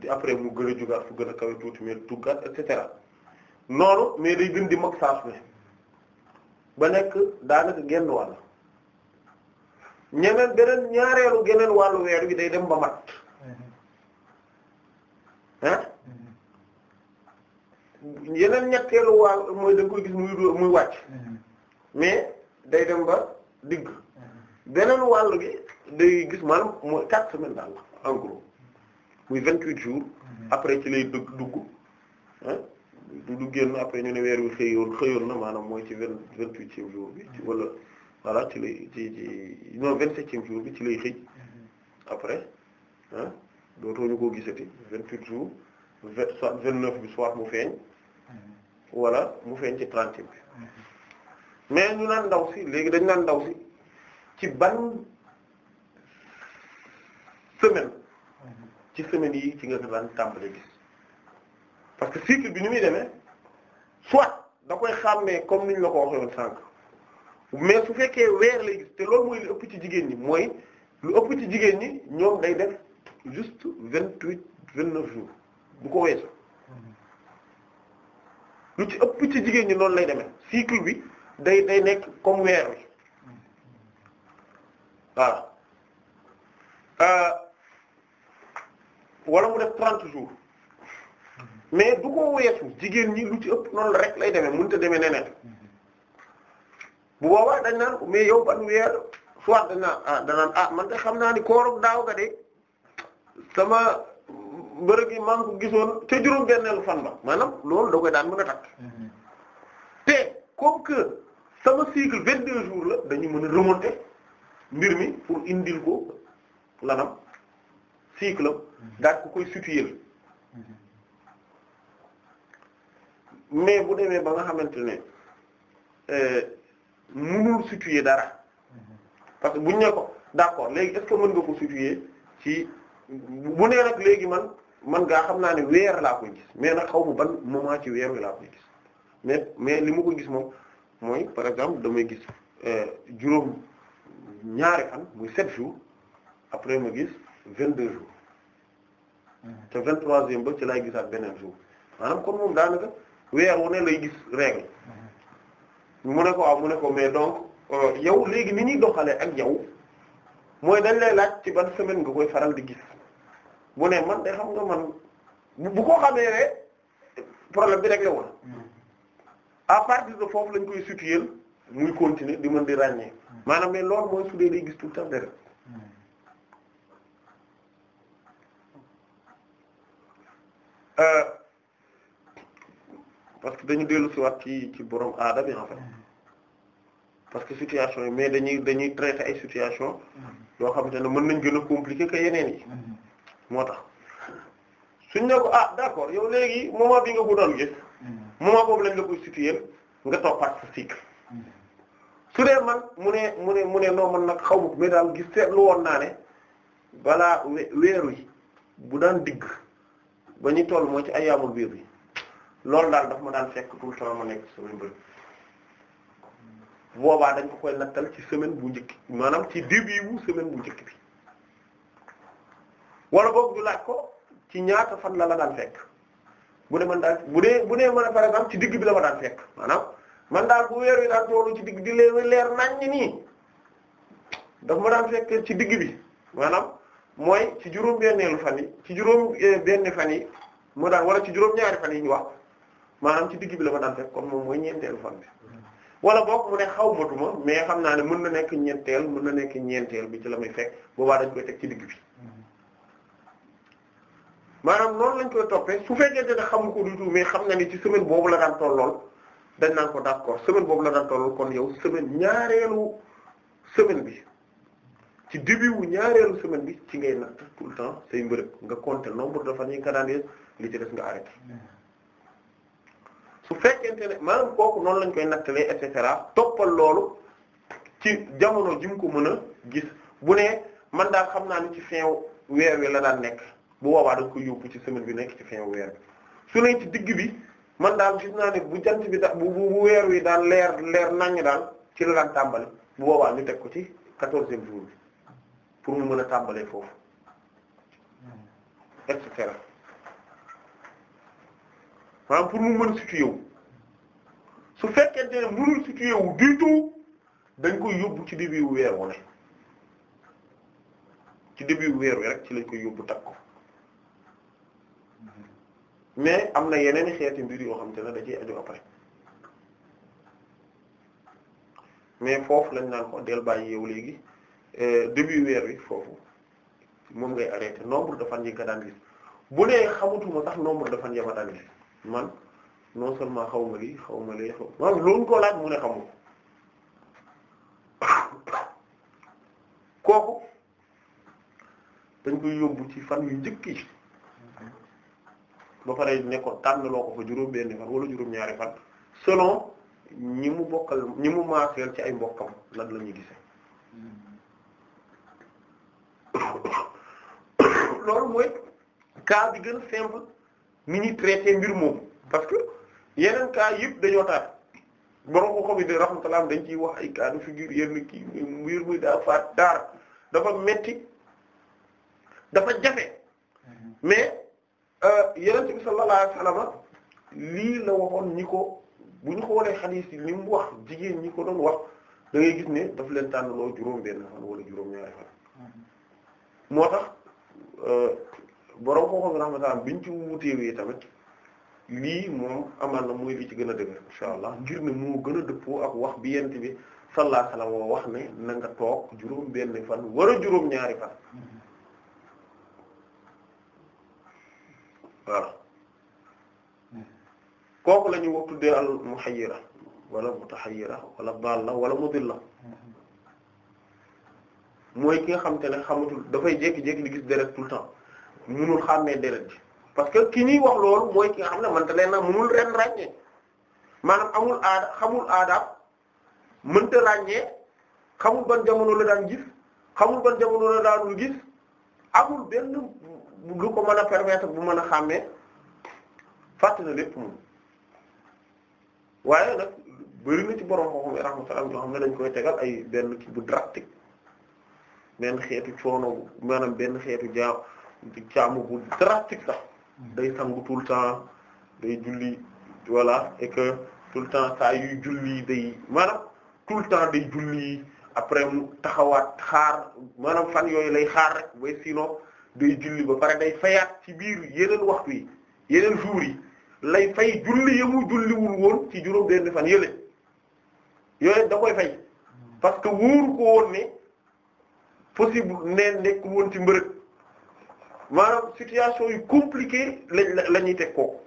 di après mu gën a jógaat fu gën a kawe tuuti mais tuggaat et cetera noonu mais day gën di mag saas bi ba nekk daanaka genn wàll ñeneen beneen ñaareelu geneen wàllu weer wi day dem ba mat ah yeneen ñetteelu wàll mooy da koy gis muy muy wàcc mais day dem ba digg beneen wàll gi day gis maanaam mooy quatre semaines daal en gros muy vingt huit jours mm-hmm. après ci lay dugg dugg du du génn après ñu ne weer wi xëyoon xëyoon na maanaam mooy ci vingt vingt huitième jour bi ci wala voilà ci lay ci ci non vingt septième jour bi ci lay xëj mm-hmm. après ah dootoo ñu ko gisati vingt huit jours vingt soit vingt neuf bi soit mu feeñ wala mm-hmm. mu feeñ ci trentième bi mm-hmm. mais ñu naan ndaw si léegi dañ naan ndaw si ci ban semaine ci semaine yi ci nga ko daan tàmbale gis parce que cycle bi ni muy demee soit da koy xàmmee comme niñ la ko waxee woon sànq mais su fekkee weer lay gis te loolu mooy lu ëpp ci jigéen ñi mooy lu ëpp ci jigéen ñi ñoom day def juste vingt huit vingt neuf jours du ko weesu lu ci ëpp ci jigéen ñi noonu lay demee cycle bi day day nekk comme weer wi voilà euh, wala mu def trente jours. mais du ko weesu jigéen ñi lu ci ëpp noonu rek lay demee mënut a demee neneen bu boobaa dañ naan mais yow ban weer soit dañ ah, naan ah man de xam naa ni kóorog daaw ga de sama bërëb yi maa ngi ko gisoon ca juróom-benneelu fan ba maanaam loolu da koy daan mën a takk te comme que sama cycle vingt deux jours la dañu mën a remonter mbir mi pour indil ko lanam cycle am daal ko koy situer. mais bu demee ba nga xamante ne euh, mënul situer dara parce que buñ ne ko d'accord léegi est-ce que mën nga ko situer ci bu nee nag léegi man man ngaa xam naa ne weer laa koy gis mais nag xaw ma ban moment ci weer wi laa koy gis mais mais li ma ko gis moom mooy par exemple damay gis euh, juróom ñaari fan muy sept jours après ma gis vingt deux jours mm-hmm. te vingt troisième ba ci laay gisaat beneen jour maanaam kon moom daanaka. weer wu ne lay gis règle mu ne ko waaw mu ne ko mais donc euh, yow léegi ni ñuy doxalee ak yow mooy dañ lay laaj ci ban semaine nga koy faral di gis mu ne man de xam nga man bu ko xamee ne problème bi rek la woon à partir de foofu lañ koy situer muy continuer di mën di ràññee hmm. maanaam mais lool mooy su dee day gis tout le parce que dañu dellu si waat ci ci borom aada bi en fait parce que situation yi mais dañuy dañuy traité ay situation yoo xamante ne mën nañ gën a compliquer que yeneen yi moo tax suñ ne ko ah d'accord yow léegi moment bi nga ko doon gis moment boobu lañ la koy situer nga toppaat sa cycle su dee man mu ne mu ne mu ne noo man nag xaw ma mais daal gis seetlu woon naa ne balaa weeru yi bu daan digg ba ñu toll moo ci ay yaamul biir bi loolu daal dafa ma daan fekk tout le ma nekk semaine bëri boobaa dañ ko koy ci semaine bu njëkk maanaam ci début bu semaine bu njëkk bi wala boog du laaj ko ci ñaata fan la la daan fekk bu dee man daal bu dee bu dee man par exemple ci digg bi la ma daan fekk maanaam man daal bu weer wi daan toolu ci digg di leer leer naññ nii daf ma daan fekk ci digg bi maanaam mooy ci juróom benneelu fan yi ci juróom eh, benn fan yi mu daan wala ci juróom ñaari fan yi ñu wax maanaam ci digg bi la ko daan fekk kon moom mooy ñeenteelu fan bi wala book mu ne xaw matuma mais xam naa ne mën na nekk ñeenteel mën na nekk ñeenteel bi ci la may fekk boobaa dañ koy teg ci digg bi maanaam noonu lañ koy toppee su fekkee ne xamu ko du tout mais xam na ni ci semaine boobu la daan tollool dañ naan ko d'accord semaine boobu la daan tollool kon yow semaine ñaareelu semaine bi ci début wu ñaareelu semaine bi ci ngay natt tout le temps say mbërëg nga compter nombre de fan yi nga daan li ci des su fekkente ne maanaam kooku noonu lañ koy nattalee et cetera toppal loolu ci jamono ji ko mën a gis bu ne man daal xam naa ni ci fin weer wi la daan nekk bu boobaa da nga koy yóbbu ci semaine bi nekk ci fin weer bi su ne ci digg bi man daal gis naa ne bu jant bi da bu bu weer wi daal leer leer naññ daal ci la daan tàmbali bu boobaa ñu teg ko ci quatorzième jour bi pour mu mën a tàmbalee foofu et cetera. maanaam pour mu mën situé wu su fekkee ne mënul situé wu du tout dañ koy yóbbu ci début weer wu ne ci début wu weer wi rek ci lañ koy yóbbu takk ko mais am na yeneen xeeti mbir yoo xam te ne da ciy aju après mais foofu lañ naan ko del bàyyi yow léegi euh, début weer wi foofu moom ngay arrêté nombre de fan yi nga daan gis bu dee xamutuma sax nombre de fan yi ma daan gis man non seulement xaw ma lii xaw loolu ko laaj mu ne xamul kooku dañ koy yóbbu ci fan yu njëkk yi ba pare ne ko tànnaloo ko fa juróom benni fan wala juróom ñaari fan selon ñi mu bokkal ñi mu maaseel ci ay mbokkam lan la ñuy gisee loolu mooy cas bi gën a ni ñuy traité mbir moomu parce que yeneen ka yëpp dañoo taat borom ko xam ne rahmatullah dañ ciy wax ay cas de figure yenn kii mbir muy daa faat daar dafa metti dafa jafe mais euh, yeneen bi sallallahu alayhi wasallam lii la waxoon ñi ko bu ñu xoolee xadiis yi li mu wax jigéen ñi ko doon wax da ngay gis ne daf leen tànn loo juróom benn fan wala juróom ñaari fan mm-hmm. moo tax euh, borom kooku bi rahmatullah biñ moom amal na mooy li ci gën a dëgg insha allah gën a dëppoo ak wax bi yent bi sallallahu alayhi wasallam woo wax ne na nga toog juróom benn war a juróom ñaari fan waaw kooku la ñu wax tuddee wala mutahayyira wala mooy ki nga xam te ne xamatul dafay jékki-jékki di gis deret tout temps mënul xàmmee deret ji parce que ki ñuy wax loolu mooy ki nga xam ne mënta leen na mënul ren ràññee maanaam amul aada xamul aadaab mënta ràññee xamul ban jamono la daan gis xamul ban jamono la daanul gis amul benn lu ko mën a permettre bu mën a xàmmee fàtt na lépp moom waaye nag bari na ci borom xooxam yi rahmatullah ñoo xam ne dañ koy tegal ay benn ki bu drastique benn xeetu coono maanaam benn xeetu jaaw di jaamu bu drastique sax mm. day sangu tout le temps day julli voilà et que tout le temps saa yuy julli day maanaam tout le temps day julli après mu taxawaat xaar maanaam fan yooyu lay xaar rek way sinon day julli ba pare day fayaat ci biir yeneen waxtu yi yeneen jours yi lay fay julli yamu julliwul woon ci juróom benn fan yële yooyu da koy fay mm. parce que wóoru ko woon ne possible ne nekk woon ci mbërëg maanaam situation yu compliqué lañ la ñuy teg kooku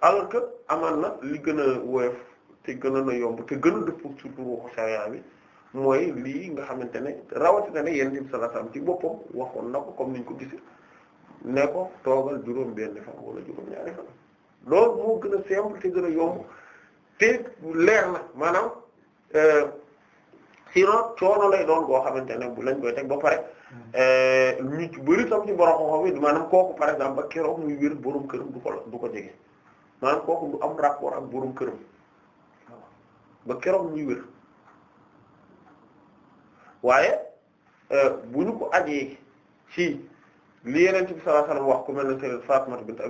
alors que amaan na li gën a woyof te gën a yomb te gën a dëppoo surtout waxu sharia bi mooy lii nga xamante ne rawatina ne yonent bi sallallahu alayhi wasallam ci boppam waxoon na ko kom niñ ko gisee ne ko toogal juróom benn fan wala juróom ñaari fan loolu moo gën a simple te gën a yomb te leer na maanaam. Euh, sinon coono lay doon goo xamante ne bu lañ koy teg ba pare ñu ci bëri ci borom xam yi maanaam kooku par exemple ba keroog muy wér borom këram du ko du ko jege maanaam kooku am rapport ak borom këram ba keroog muy wér waaye eh, bu ñu ko ajee ci li Yonent bi sallallahu alayhi wax ku mel ne sayyidatu Fatima bint ti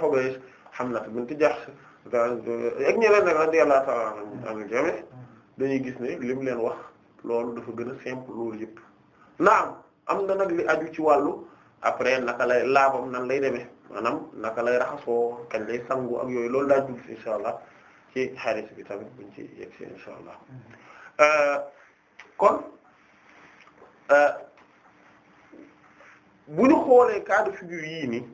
Hubaysh eh, Hamna bint Jahsh ak ñeneen nag radiyallahu ta'ala anhum dañuy gis ne lim leen wax loolu dafa gën a simple loolu yëpp naam am na nag li aju ci wàllu après naka lay laabam nan lay demee maanaam naka lay raxasoo kañ lay sangu ak yooyu loolu daal dugg insha allah ci xaalis bi tamit buñ ci yegg si insha allah kon bu ñu xoolee cas de figure yii nii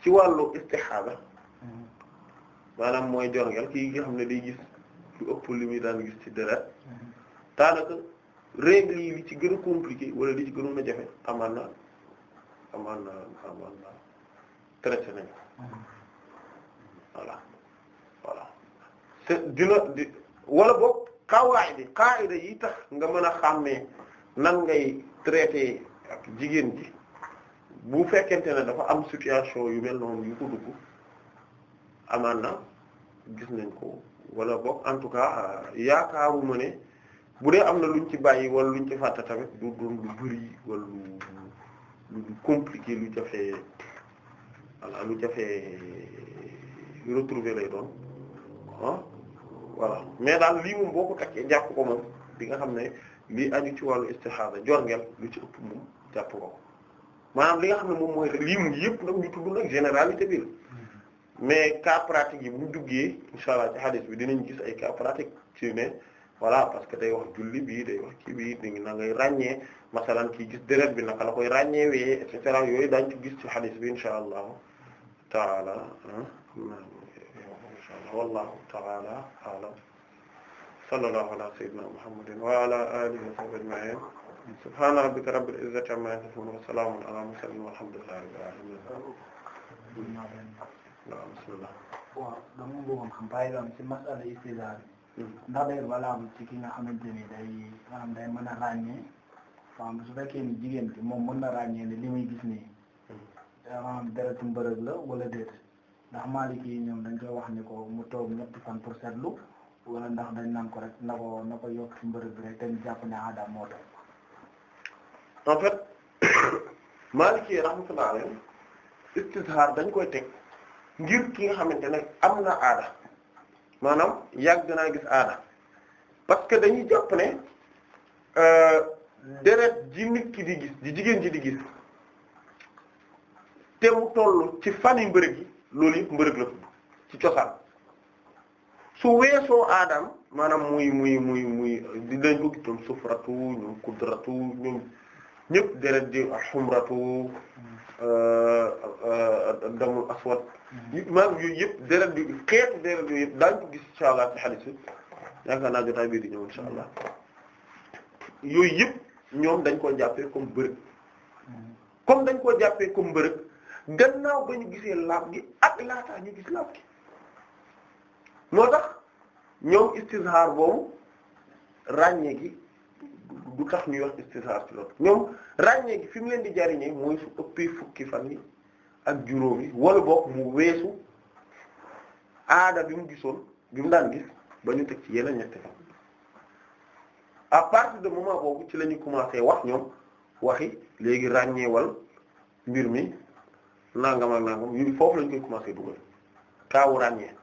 ci wàllu istihaba maanaam mooy jorngel kii nga xam ne day gis lu ëpp li muy daan gis ci deret daanaka règles yi li ci gën a compliqué wala li ci gënoon a jafe amaan na amaan na amaan traité nañ voilà voilà c'est dina di wala boog yi tax nga mën a xàmmee nan ngay traité ak jigéen ji bu fekkente ne dafa am situation yu mel noonu yu ko dugg amaan na gis nañ ko wala book en tout cas euh, yaakaaru ne bu dee am na lu luñ ci bàyyi wala luñ ci fàtte tamit du doon lu bëri wala lu lu compliqué lu jafee voilà lu jafee retrouver lay doon ah voilà mais daal lii moom boo ko takkee jàpp ko moom di nga xam ne lii aju ci wàllu istixaada jorngeel lu ci ëpp moom jàpp ko maanaam li nga xam ne moom mooy lii moom yëpp nag ñu tudd nag généralité bi la mais cas pratique yi bu ñu duggee insha allah ci hadith bi dinañ gis ay cas pratique ci ne voilà parce que day wax julli bii day wax kii bii dañu na ngay ràññee masalan deret bi naka la koy ràññeewee et cetera yooyu daañu ci gis ci hadith bi insha allahu taala insha allah taala alam sallallahu ala sayyidina muhammadin wa ala alihi wa sahbihi ajma'in subhana rabbika rabbil izzati amma yasifun wa salamun ala mursalin waaw bismillah waaw dama bëggoon xam par exemple si masala istizar bi hmm. ndax day valable ci ki nga xam xamante ni day maanaam day mën a ràññee maanaam su fekkee ni jigéen bi moom mën na ràññee ne li muy gis nii hmm. maanaam deretu mbërëg la wala déet ndax Maliki yi ñoom dañ koy wax ni ko mu toog ñetti fan pour seetlu wala ndax dañ naan ko rek na ko na ko yokk ci mbërëg bi rek te ñu jàpp ne aadaam moo tax en fait Maliki rahmatullah alayhi dañ koy teg ngir ki nga xamante ne am na aada maanaam yàgg naa gis aada parce que dañuy jàpp ne euh, deret ji nit ki di gis di jigéen ji di gis te mu toll ci fan yu mbërëg yi loolu yëpp mbërëg la ci cosaan su weesoo aadam maanaam muy muy muy muy dinañ ko gisoon sufratu ñoom kudratu ñoom ñëpp deret ji xumratu euh, euh, damul aswad maanaam mm-hmm. yooyu yëpp deret bi xeetu deret yooyu yëpp daañu ko gis insha allah ci hadith bi yaakaar naa jotaay bii di ñëw insha allah mm-hmm. yooyu yëpp ñoom dañ koo jàppee comme bërëg comme dañ koo jàppee comme bërëg gannaaw ba ñu gisee laab gi ak laataa ñu laab gi moo tax ñoom istizhaar boobu ràññee gi du tax ñuy wax istisar ci loolu ñoom ràññee gi fi mu leen di jariñee mooy su ëppee fukki fan yi ak juróom wala boog mu weesu aada bi mu gisoon bi mu daan gis ba ñu teg ci yeneen ñetti fan à de moment boobu ci lañuy ñu commencé wax ñoom waxi léegi ràññeewal mbir mi nangam ak nangam yu foofu la ñu koy commencé dugal kaawu ràññee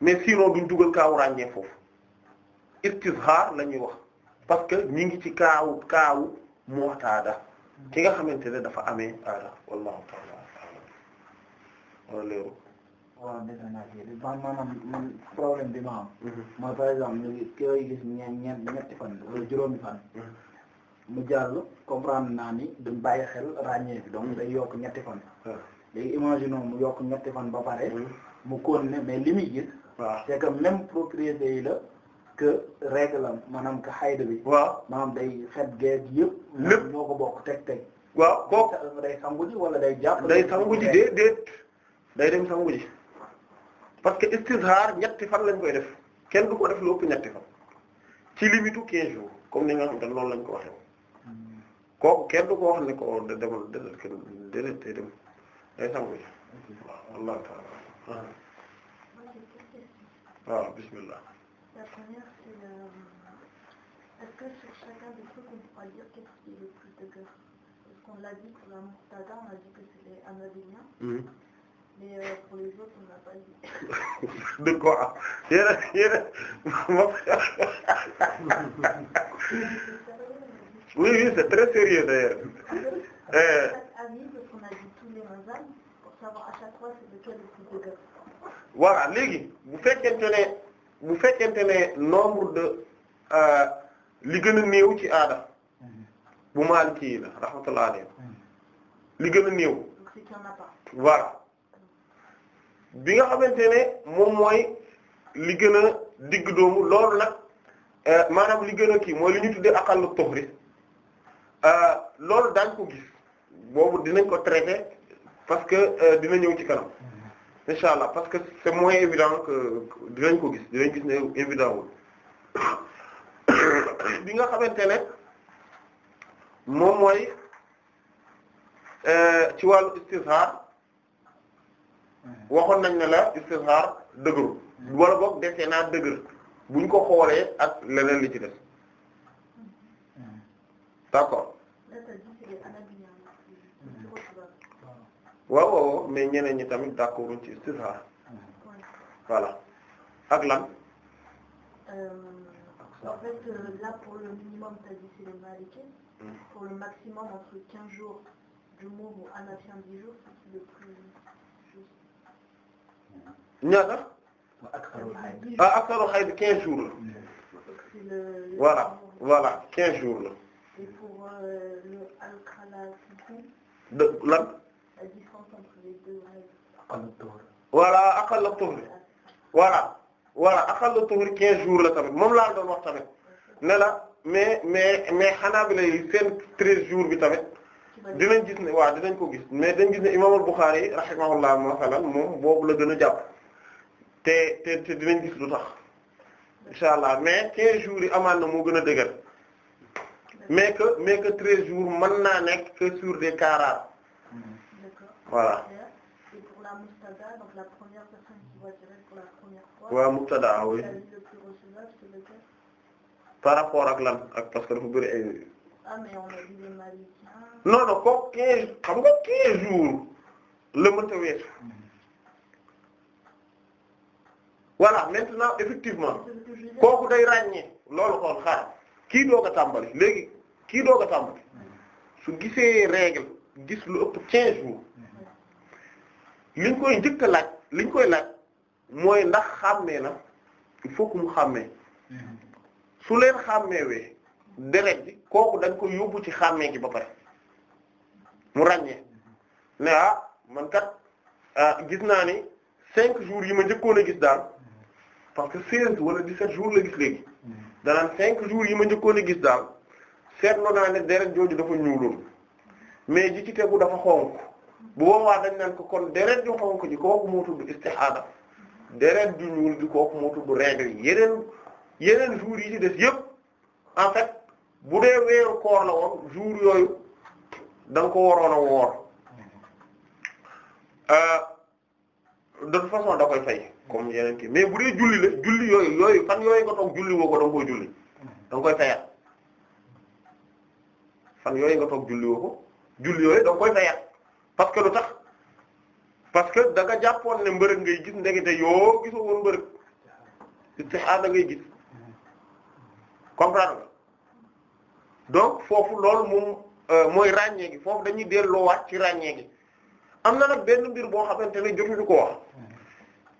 mais sinon duñ dugal kaawu ràññee foofu istizhar la ñuy wax parce que ñu ngi ci kaawu kaawu mu'tada ki nga xamante ne dafa amee aada wallahu ta'ala wala léeru waaw dégg naa ci ma am mhm. exemple ñu koy gis ñetti fan wala juróomi fan mhm. mu jàll comprendre naa ni duñ bàyyi xel ràññee bi donc day yokk ñetti fan léegi imaginons mu yokk ñetti fan ba pare mhm. mu kon ne mais li muy gis c'est que même propriété yi la que règle am maanaam que xayda bi. waaw maanaam day xet geeg yëpp. lépp ñoo ko bokk teg teg. waaw kooku day sangu ji wala day jàpp. day sangu ji déedéet day dem sangu ji parce que istizhar ñetti fan lañ koy def kenn du ko def lu ëpp ñetti fan ci limitu 15 jours comme ni nga xam te loolu lañ ko waxee hmm. kooku kenn du ko wax ne ko demal déedéet day dem day sangu ji waaw Allah ta'ala waaw ah, bismillah. La première, c'est le... Euh, est-ce que sur chacun des trucs, on pourra dire qu'est-ce qui est le plus de cœur Parce qu'on l'a dit pour la Murtada, on a dit que c'est les Anadéliens. Mm -hmm. Mais euh, pour les autres, on n'a pas dit. de quoi Yéna, yéna Oui, oui, c'est très sérieux d'ailleurs. Euh... Avis, parce qu'on a dit tous les mazans, pour savoir à chaque fois c'est lequel le plus de cœur. Voilà, léegi bu fekkente ne bu fekkente ne nombre de euh, li gën a néew ci aada mhm. bu Maliki yi la rahmatullah alayhi mhm. li gën a néew voilà bi nga xamante ne moom mooy li gën a digg doomu loolu nag euh, maanaam li gën a kii mooy li ñu tuddee aqallu tuhri euh, loolu daañ ko gis boobu dinañ ko traité parce que dina ñëw ci kanam incha allah parce que c'est moins évident que dinañ ko gis dinañ gis ne évident wul bi nga xamante ne moom mooy euh, ci wàllu istizhar waxoon nañ ne la istizhar dëgëru wala boog dese naa dëgër buñ ko xoolee ak leneen li ci def d'accord waaw waaw mais ñeneen ñi tamit d'accord ci istisqa voilà ak lan. Euh, en euh, pour le minimum t'as dit c'est hmm. pour le maximum entre quinze jours du mois ou un à dix jours le plus juste. ñaata. ah aksaru xayd quinze jours la. Hmm. voilà voilà quinze jours la. pour euh, le alqala. lan. voilà aqalla tuhri voilà voilà aqalla tuhri 15 jours la tamit moom laa doon wax tamit ne la mais mais mais xanaa bi lay seen 13 jours bi tamit dinañ gis ne waaw dinañ ko gis mais dañ gis ne imam al-Bukhari rahimahullah moom boobu la gën a jàpp te te te dinañ gis lu tax insha allah mais 15 jours yi amaan na moo gën a dëgër mais que mais que 13 jours mën naa nekk que sur des cas voilà. Et pour par rapport ak lan ak parce que dafa bëri ay. ah non non kooku quinze xam nga quinze jours la mënta weesu. voilà maintenant effectivement kooku day ràññee loolu kon xaar kii doog a tàmbali léegi kii doog a tàmbali règle gis lu ëpp quinze jours. liñ koy njëkk laaj liñ koy laaj mooy ndax xàmmee na il faut que mu xàmmee mm-hmm. su leen xàmmeewee deret bi kooku dañ ko yóbbu ci xàmmee gi ba pare mu ràññee mm-hmm. ne ah man kat ah, gis naa ni cinq jours yi ma njëkkoon a gis daal mm-hmm. parce que seize wala dix-sept jours la gis léegi danaan cinq jours yi ma njëkkoon a gis daal seetlu naa ne deret jooju dafa ñuuloon mais ji ci tegu dafa xonk bu boobaa dañ naan ko kon deret ju xonk ji kooku moo tudd istihaada deret ju ñuul ji kooku moo tudd règle yi yeneen yeneen jours yi ci des yëpp en fait bu dee weeru koor la woon jour yooyu da ko waroon a woor euh, de toute façon da koy fay comme yeneen ki mais bu dee julli la julli yooyu yooyu fan yooyu nga toog julli woo ko da nga koy julli da nga koy fayat fan yooyu nga toog julli woo julli yooyu da koy fayat parce que lu tax parce que da nga jàppoon ne mbërëg ngay gis ndekete yoo gisoo woon mbërëg istixaada ngay gis comprendre nga donc foofu lool moom euh, mooy ràññee foofu dañuy delloowaat ci ràññee am na nag benn mbir boo xamante ne jotuñu ko wax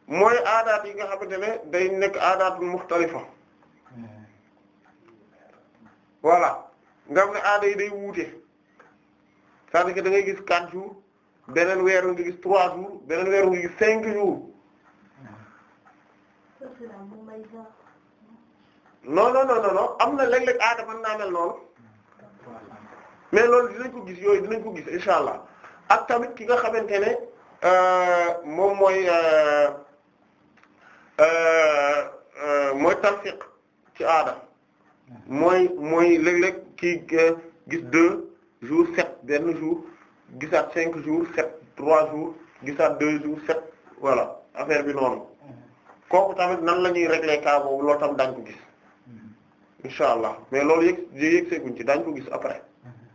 mooy aadaat yi nga xamante ne day nekk aadaat muxtalifa voilà nga xam ne aada yi day wuute c'est-à-dire que da ngay gis quatre jours beneen weer nga gis trois jours beneen weer nga gis cinq jours non non non non am na léeg-léeg aada mën naa mel noonu mais loolu dinañ ko gis yooyu dinañ ko gis insha allah ak tamit ki nga xamante ne euh, moom mooy euh, euh, mooy tarfiq ci aada mooy mooy léeg-léeg kii gis deux jours sept benn jour. gisaat cinq jours sept trois jours gisaat deux jours sept voilà affaire bi noonu mm-hmm. kooku tamit nan la ñuy régler cas boobu loolu tam daañu ko gis mm-hmm. insha allah mais loolu yëg yëg seeguñ ci daañu ko gis après mm-hmm.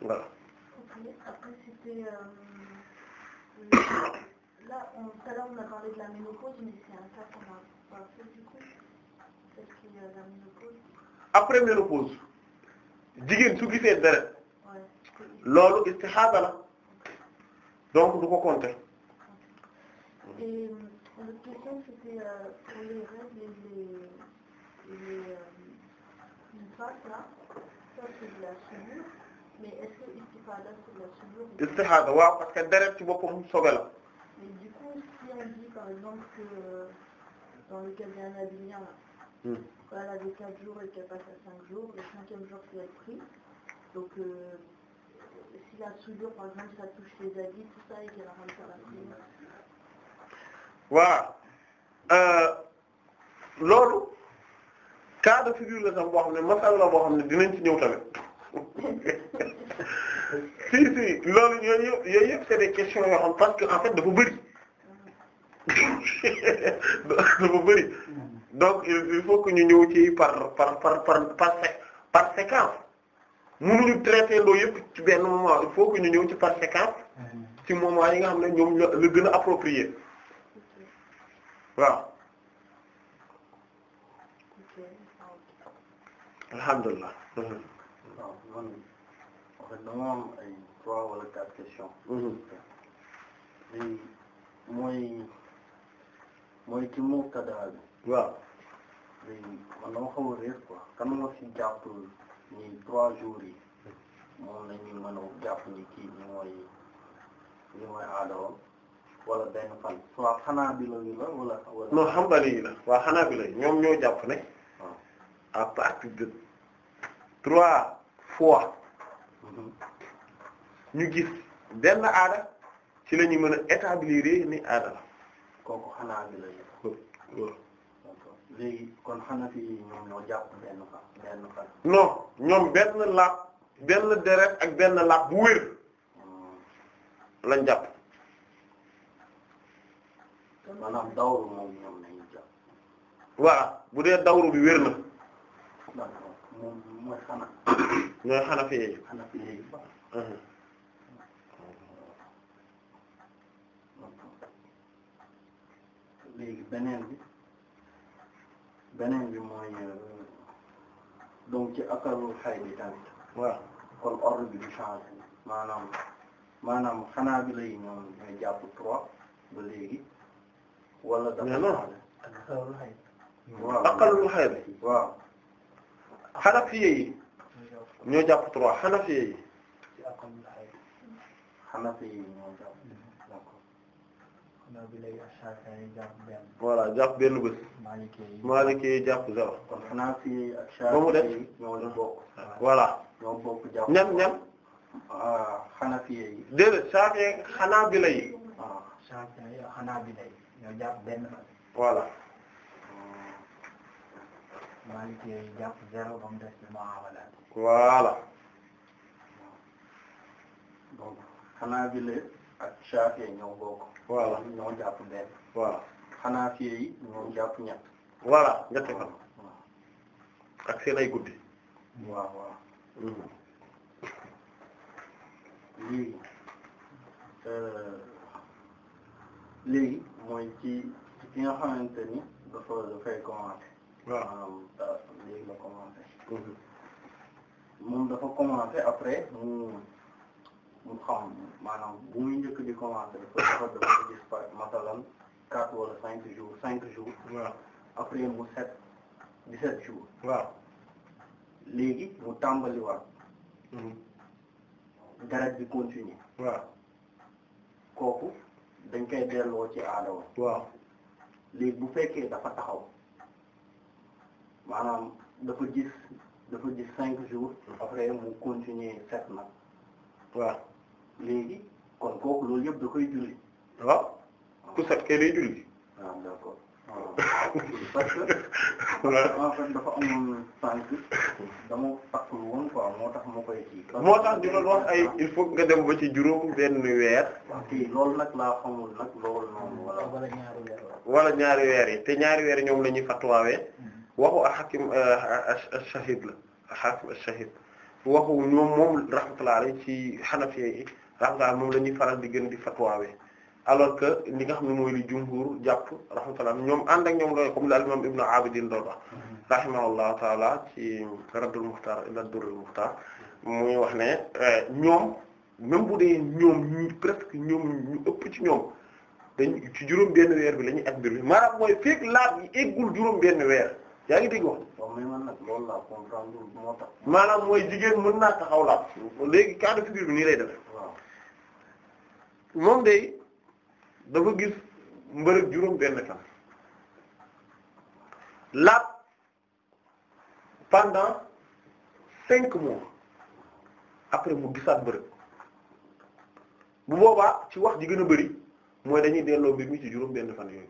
voilà. après euh, jigéen su gisee deret loolu istihada la donc du ko compter. Et euh, l'autre euh, les règles et les les faces euh, la souillure, la souillure? Istihada waaw parce que deret ci boppam sobe Mais du coup si on dit par exemple dans le cas d'un abidjan là. Hmm. Voilà, de jours et qu'elle passe à cinq jours, le cinquième jour c'est elle prie. Donc si la souillure, par exemple, euh, loolu cas de la sax boo xam ne masal la boo xam ne dinañ ci ñëw tamit si si loolu yooyu yëpp yooyu yëpp c'est des questions yoo que en fait dafa bëri dafa bëri mm-hmm. donc il faut que ñu ci par par par par par séquence mënuñu traité loolu yëpp ci benn moment il faut que ñu ci par séquence mhm. ci moment yi nga xam ne ñoom la gën a approprié waaw alhamdulilah mhm. waaw mhm. mooy mooy ci mubtada bi waaw léegi man dama xaw a réer quoi kan ni trois jours yi moom la ñu mën a jàpp ni kii ni mooy ni mooy aadawam wala benn fan. waaw xanaa bi la wala. non xam nga léegi la waaw xanaa bi la ñoom ñoo jàpp ne ah. à partir de trois fois mm-hmm. ñu gis benn aada ci la ñu mën a établir ni aada la. kooku xanaa bi la léegi kon Hanafi yi ñoom non ñoom benn laab benn deret ak benn lap bu wér hmm. lañ jàpp. waa bu dee dawru bi wér na. ñooy Hanafi yi. Hanafi yi léegi bi. beneen bi mooy donc ci akarul xay bi tamit waaw kon bi du changé maanaam maanaam xanaa bi lay ñoom ñooy jàpp trois ba léegi wala dafa changé akarul xay waaw akarul xay bi waaw xanafiye voilà jàpp benn bés. Maliki yi jàpp zéro. kon Hanafi ak Shafi'i ñoo leen bokk. voilà ñoo bokk jàpp ñan ñan. Hanafi ah, yi. déedéet Shafi'i ak Hanabila ak Shafi'i ñoo bokk. waaw ñoo jàpp benn. waaw Hanafi yi ñoo jàpp ñett. voilà ñett fan. ak seen ay guddi. waaw waaw. léegi léegi mooy ci ci nga xamante ni dafa euh, hmm. mu. mu xam maanaam bu muy njëkk di commencé dafa dafa gis par masalan quatre wala cinq jours cinq jours. waaw après mu sept dix-sept jours. waaw léegi mu tàmbaliwaat. deret hmm. bi continuer. waaw kooku dañ koy delloo ci aada wa. waaw léegi bu fekkee dafa taxaw maanaam dafa gis dafa gis cinq jours hmm. après mu continuer sept nag waaw. léegi kon kooku loolu yépp da koy julli. waaw ah, ku set kay day julli. waaw ah, ah. que. en fait dafa moo tax moo koy kii. moo tax ñu wax ay il faut nga dem ba ci juróom benn weer. kii loolu nag wala. ñaari weer yi te ñaari weer ñoom la ñuy fatwaawee. Mm-hmm. waxu al-Hakim euh, ash-Shahid la al-Hakim ash-Shahid waxu ñoom moom rahmatullah alayhi ci Hanafi yi. rahmatullah moom la faral di gën di fatwaawee alors que li nga xam ne mooy li jumhur jàpp rahmatullah ñoom ànd ak ñoom loolu comme li al-imam Ibn Abidin doon wax rahimahullahu taala ci Raddul Muxtaar ila Durrul Muxtaar muy wax ne euh, ñoom même bu ñoom presque ñoom ëpp ci ñoom ci juróom benn weer bi la ñuy at mbir maanaam mooy fekk laat eggul juróom benn weer yaa ngi dégg wax maanaam mooy jigéen mën naa taxaw laat léegi cas de bi nii lay def moom de dafa gis mbërëg juróom benn fan laab pendant cinq mois après mu gisaat mbërëg bu boobaa ci wax ji gën a bëri mooy dañuy delloo mbir mi ci juróom benn fan yooyu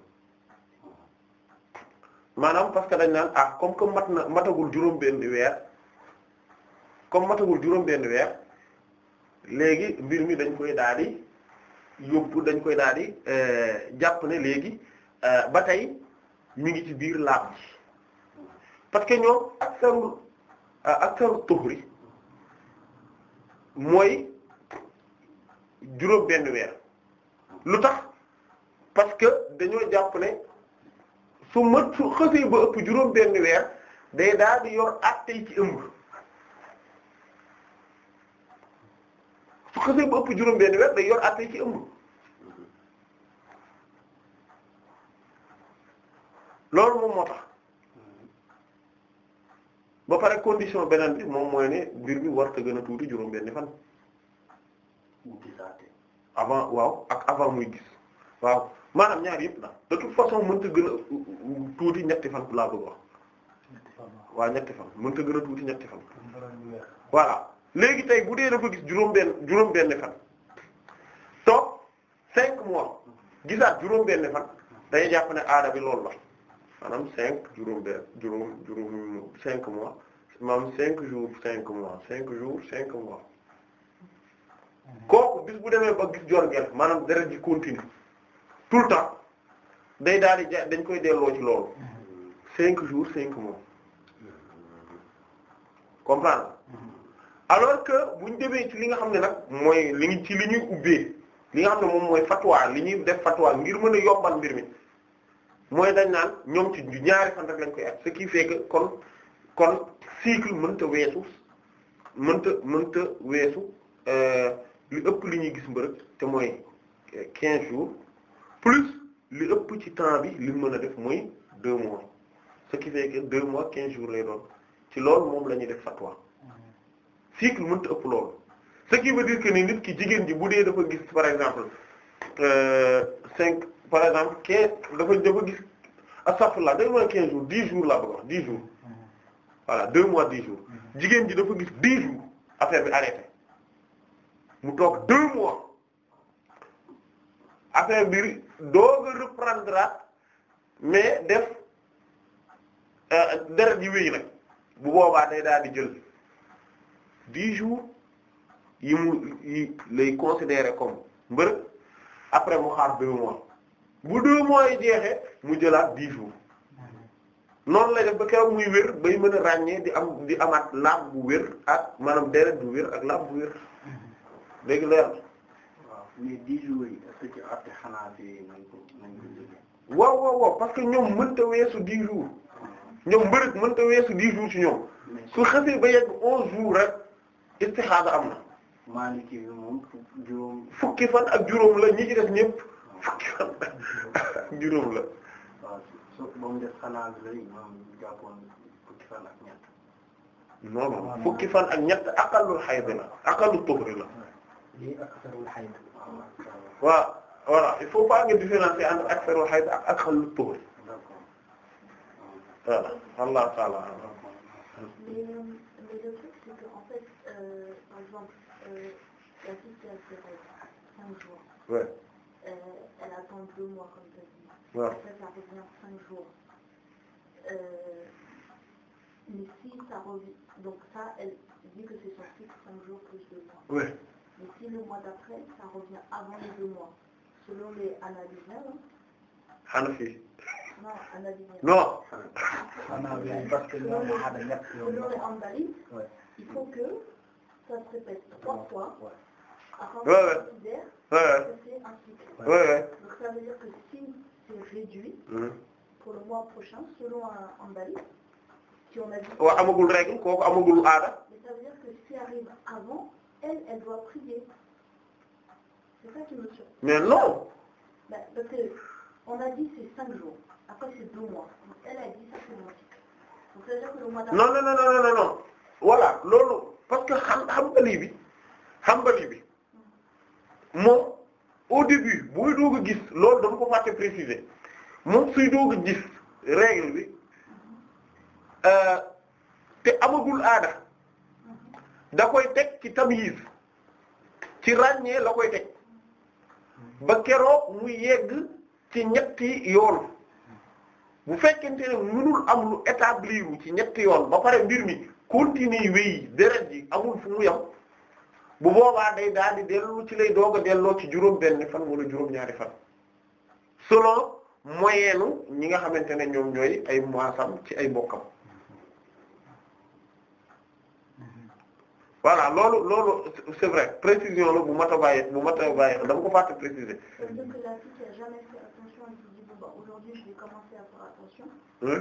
maanaam parce dañ naan ah comme que mat na matagul juróom benn weer comme matagul juróom benn weer léegi mbir mi dañ koy daal yóbbu dañ koy daal di euh, jàpp ne léegi euh, ba tey mu ngi ci biir laab bi parce que ñoom aktaru euh, aktaru tuhri mooy juróom benn weer lu tax parce que dañoo jàpp ne su mat su xësee ba ëpp juróom benn weer day daal yor attey ci ëmb su xësee ba ëpp juróom benn weer day yor attey ci ëmb loolu moom moo tax ba pare condition beneen bi moom mooy ne mbir bi war gën a tuuti juróom benni fan avant waaw ak avant muy gis waaw maanaam ñaar yëpp la de toute façon mënta gën a tuuti ñetti fan laa bëgg wax waaw ñetti fan mënta gën a tuuti ñetti fan voilà léegi tey bu dee dafa gis juróom benn juróom benn fan to cinq mois mm-hmm. gisaat juróom benn fan mm-hmm. day jàpp ne aada bi loolu la maanaam cinq juróom benn juróom juróom cinq mois maanaam cinq jours cinq mois cinq jours cinq mois mhm. kooku bis bu demee ba gis jorgeel maanaam deret ji continue tout le temps day daal di ja dañ koy delloo ci loolu mhm. cinq jours cinq mois mhm. comprendre alors que buñ demee ci li nga xam ne nag mooy li ci li ñuy ubbee li nga xam ne moom mooy fatwa li ñuy def fatwa ngir mën a mbir mi mooy dañ naan ñoom ci ñaari fan rek lañ koy at ce qui fait que kon kon cycle mënta weesu mënta mënta weesu euh, li ëpp li ñuy gis mbërëk te mooy euh, quinze jours plus li ëpp ci temps bi li mën a def mooy deux mois ce qui fait que deux mois quinze jours lay doon ci lool moom la ñuy def fatwa cycle mënta ëpp loolu ce qui veut dire que ni nit ki jigéen ji bu dee dafa gis par exemple euh, cinq par exemple quinze dafa dafa gis astafurlah day mooy quinze jours dix jours laa bëgg dix jours mhm. voilà deux mois dix jours mhm. jigéen ji dafa gis dix jours affaire bi arrêté mu toog deux mois affaire bi doog reprendre mais def euh, deret yi wéy nag bu boobaa day daal di jël dix jours yi mu yi lay considérer comme mbërëg après mu xaar deux mois bu deux mois yi jeexee mu jëlaat dix jours noonu lay def ba keroog muy wér bay mën a ràññee di am di amaat laab bu wér ak maanaam deret bu wér ak laab bu wér léegi leer waaw mais dix jours yi waaw waaw waaw parce que ñoom mënta weesu dix jours ñoom mbërëg mënta weesu dix jours ci ñoom su xasee ba yegg onze jours rek istixaada am na. Maliki moom fukki fan ak juróom la ñi ci def ñëpp. fukki fan ak juróom la. waaw fan ak ñett. non non fukki fan ak ñett aqallul hayd la aqallu tuhri la. lii aktharul hayd. waaw voilà il faut pas nga Allah ta'ala. mais elle attend deux mois comme tu as dit. Ouais. Après, ça revient cinq jours. Euh, mais si ça revient, donc ça, elle dit que c'est son cinq jours plus deux mois. Mais si le mois d'après, ça revient avant les deux mois, selon les analyseurs. Hanafi. non analyseurs. Non. Hanafi parce que selon il faut que ça se répète trois fois. Ouais. Avant ouais. ouais. Donc ça veut dire que si c'est réduit. pour le mois prochain selon un Andalus. si on a dit. waaw amagul règle kooku amagul aada. mais ça veut dire que si arrive avant elle elle doit prier. c'est ça non. Bah, parce on a dit c'est cinq jours après c'est deux mois non non non non non non voilà loolu parce que xam xambali bi xambali bi. moo au bu buy doog a gis loolu dama ko fàtte préciser moom suy doog a gis règle bi euh, te amagul aada da koy teg ci tamyiz ci ràññee la koy teg ba keroog mu yegg ci ñetti yoon bu fekkente ne mënul am lu établir ci ñetti yoon ba pare mbir mi continue wéy deret ji amul fu mu yam bu boobaa day daal di dellu ci lay doog a delloo ci juróom benn fan wala juróom ñaari fan selon moyenne ñi nga xamante ne ñoom ñooy ay moisam ci ay bokkam voilà loolu loolu c'est vrai précision la bu mat a bàyyi dama ko fàtte préciser. Euh,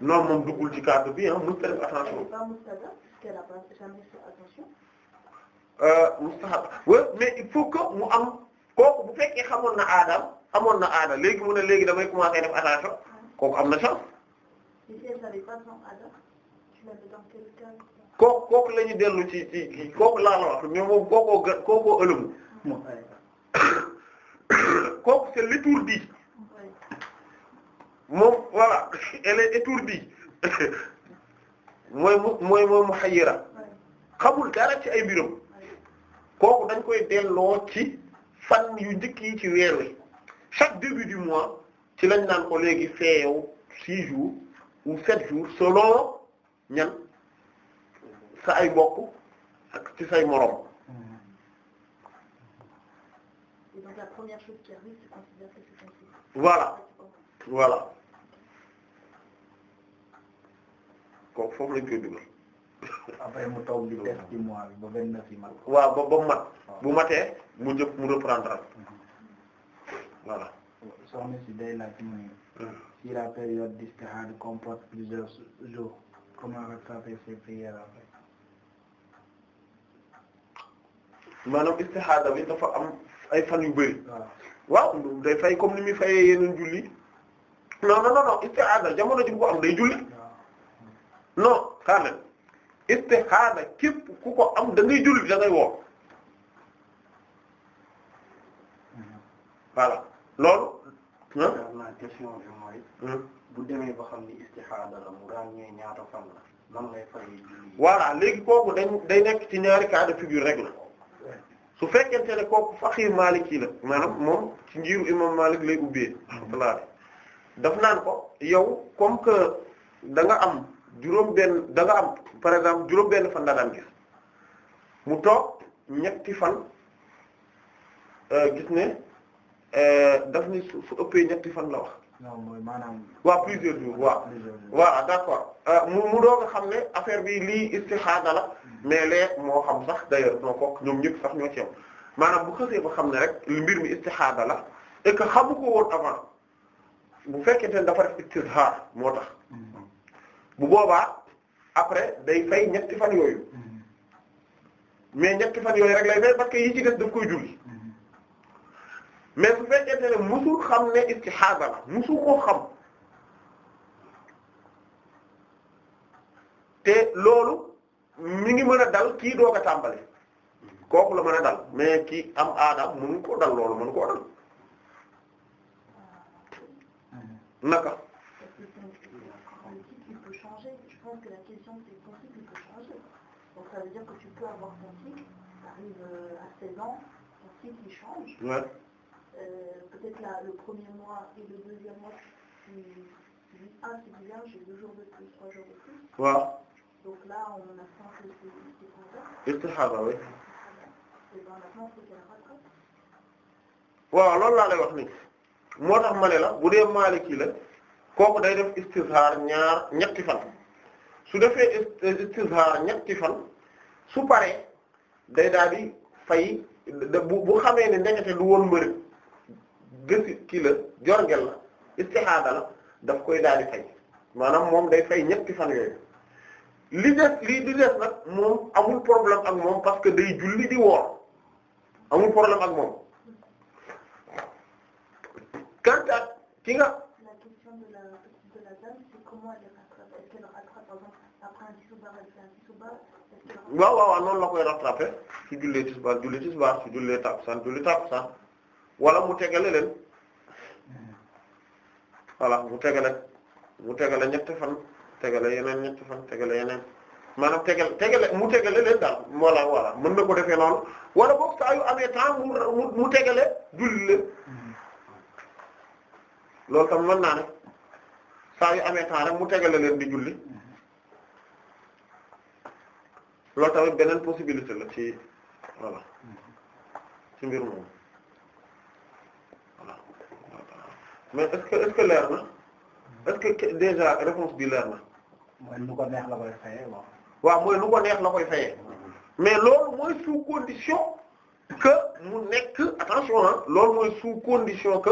non moom duggul ci cadre bi ah mënut a def attention. mustahab wa euh, mais il faut que mu am kooku bu fekkee xamoon na aadaam amoon na aada léegi mu ne léegi damay commencer def attention kooku am na chance. kooku kooku la ñu dellu ci ci ci kooku laa la wax mais moom kookoo gën kookoo ëlëmu. kooku c'est l'étourdi moom voilà elle est étourdie mooy mu mooy mooy mu xayira xamul dara ci ay mbiram kooku dañ koy delloo ci fan yu njëkk yi ci weer wi chaque début du mois ci lañ naan ko léegi feew six jours ou sept jours selon ñan sa ay bokk ak ci say morom. donc kooku foofu lañ koy dugal. après mu taw bi des ci ba vingt neuf yi ba mat bu matee mu jëpp mu reprendre mhm. voilà. soxna si day laaj mu hmm. si la période d'istihada comporte plusieurs jours comment rattraper ses prières après. maanaam istihada bi dafa am ay fan yu bëri. waaw day fay comme ni muy fayee yeneen julli. non non non istihada jamono ji bu am day julli. non xaaral istixaada képp ku ko am da ngay julli da ngay loolu. ah question bi hmm? xam ni istixaada la mu léegi kooku day nekk ci ñaari cas de rek la su fekkente ne kooku faqiir maliki la maanaam moom ci njiiru imam Malik lay ubbee. Hmm. daf naan ko yow comme que da am. juróom benn da am par exemple juróom benn fan daan gis mu toog ñetti fan euh, gis ne euh, daf ni su ëppee ñetti fan la wax. non mooy maanaam. waaw plusieurs jours waaw. waaw d'accord euh, mu doog a xam ne affaire bi lii istixaada la mm-hmm. mais lee moo xam sax d'ailleurs noo ñoom ñëpp sax ñoo ci maanaam bu xasee ba xam ne rek mbir mi istixaada la et que xamu ko woon avant bu fekkente ne dafa def istixaar moo tax. Mm-hmm. bu boobaa après day fay ñetti fan yooyu mm-hmm. mais ñetti fan yooyu rek lay fay parce yi ci des daf koy julli mm-hmm. mais su fekkente ne musul xam ne istihaada la musul koo xam te loolu mi ngi mën a dal kii doog a tàmbali kooku la mën a dal mais kii am aadam mënu koo dal loolu mënu koo dal mm-hmm. naka comprendre que la question c'est penser quelque chose. Donc ça veut dire que tu peux avoir ton cycle, tu arrives euh, à 16 ans, ton cycle il change. Ouais. Euh, peut-être là, le premier mois et le deuxième mois, tu dis ah c'est bizarre, j'ai deux jours de plus, trois jours de plus. Ouais. Donc là on apprend que c'est concept. Istihaba oui. Et bien maintenant c'est qu'elle rattrape. waaw loolu laa lay wax ni moo tax ma ne la bu dee Maliki la kooku day def istizhar ñaar ñetti fan su defee euh, istizhaar ñetti fan su paree day daal di fay bu bu xamee ne ndekete lu woon mbërëg gësi kii la jorgel la istihaada la daf koy daal di fay maanaam moom day fay ñetti fan yooyu li des li di des nag moom amul problème ak moom parce que day julli di woor amul problème ak moom quant ki nga. la question waaw waaw waaw noonu la koy rattraper su jullee tisbaar julli tisbaar su jullee takkusaan julli takkusaan wala mu tegale leen voilà mu tegale mu tegale ñetti fan tegale yeneen ñetti fan tegale yeneen maanaam tegal tegale mu tegale leen daal voilà voilà mën na ko defee noonu wala boog saa yu amee temps mu mu tegale julli leen loolu tam mën naa ne saa yu amee temps rek mu tegale leen di julli. loolu tamit beneen possibilité la ci voilà ci mbir moom voilà mais est-ce que est-ce que leer na est-ce que déjà réponse bi leer na. mooy nu la koy fayee waaw. waaw mooy nu ko neex la koy fayee mais loolu mooy sous condition que mu nekk attention ah loolu mooy sous condition que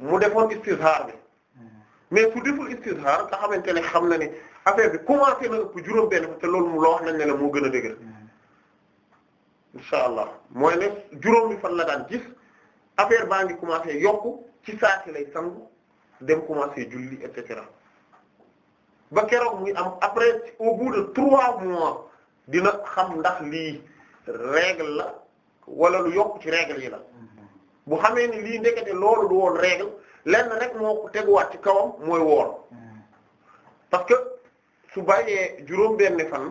mu defoon istizhar bi hmm. mais su deful istizhar nga xamante ne xam na ni. affaire bi commencé na ëpp juróom benn te loolu mu loo wax nañ ne la moo gën a dëgër insha allah mooy ne juróom bi fan la daan gis affaire baa ngi commencé yokku ci saati lay sangu dem commencé julli et cetera ba keroog muy am après au bout trois mois dina xam ndax lii règle la wala lu yokk ci règle yi la bu xamee ni lii ndekete loolu du woon règle lenn rek moo ko teguwaat ci kawam mooy woon mm. parce que su bàyyee juróom-benn fan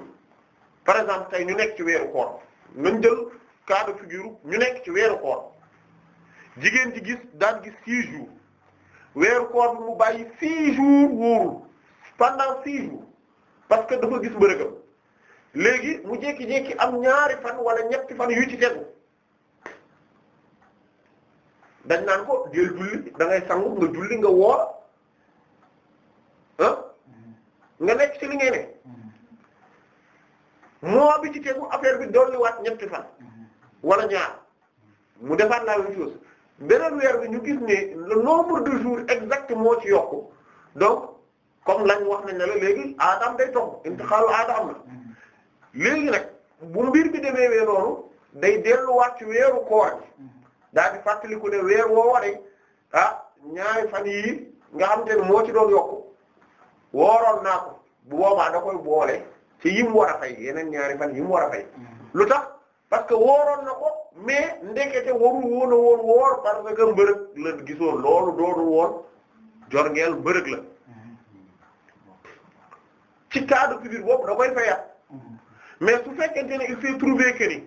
par exemple tey ñu nekk ci weeru koor nañ jël cas de ñu nekk ci weeru koor jigéen ji gis daan gis six jours weeru koor bi mu bàyyi six jours wóorul pendant six jours parce que dafa gis mbërëgam léegi mu jékki-jékki am ñaari fan wala ñetti fan yu ci tegu dañ naan ko jël julli da ngay sangu nga julli nga woor ah nga nekk ci li ngay ne mois bi ci tegu affaire bi dolliwaat ñetti fan wala ñaar mu defaat la même beneen weer bi ñu gis ne le nombre de exact moo ci yokku donc comme lañ wax nañ ne la léegi aadaam day toog intixaalu aadaam la léegi nag bu mbir bi demee wee noonu day delluwaat ci weeru koor gi daal di fàttaliku ne weer woo waree ah ñaari fan yii nga xam te ne moo ci doon yokku wooroon naa ko bu boobaa da boole ci yi mu war a fay yeneen ñaari fan yi mu war a fay mm-hmm. lu tax parce que wooroon na ko mais ndekete warul woon a woon woor parce que mbërëg la gisoon loolu doonul woon jorngeel mbërëg la mm-hmm. ci cadre ci biir boobu da koy fayat mm-hmm. mais su fekkente ne il s'est trouvé que ni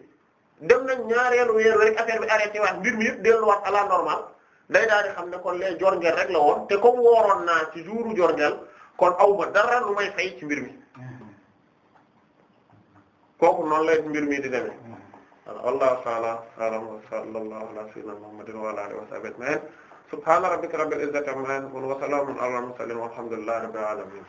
dem nañ ñaareelu weeru rek affaire bi arrêté waat mbir mi yëpp delluwaat à la normale day daal di xam ne kon les jorngeel rek la woon te comme wooroon naa ci jouru jorgel kon aw ma dara lu may fay ci mbir mi kooku noonu di demee wallahu ta'ala a'lam wa sallallahu ala sayyidina muhammadin wa ala alihi wa sahbihi ajma'in subhana rabbika rabbil izzati amma yasifun wa salamun ala alamin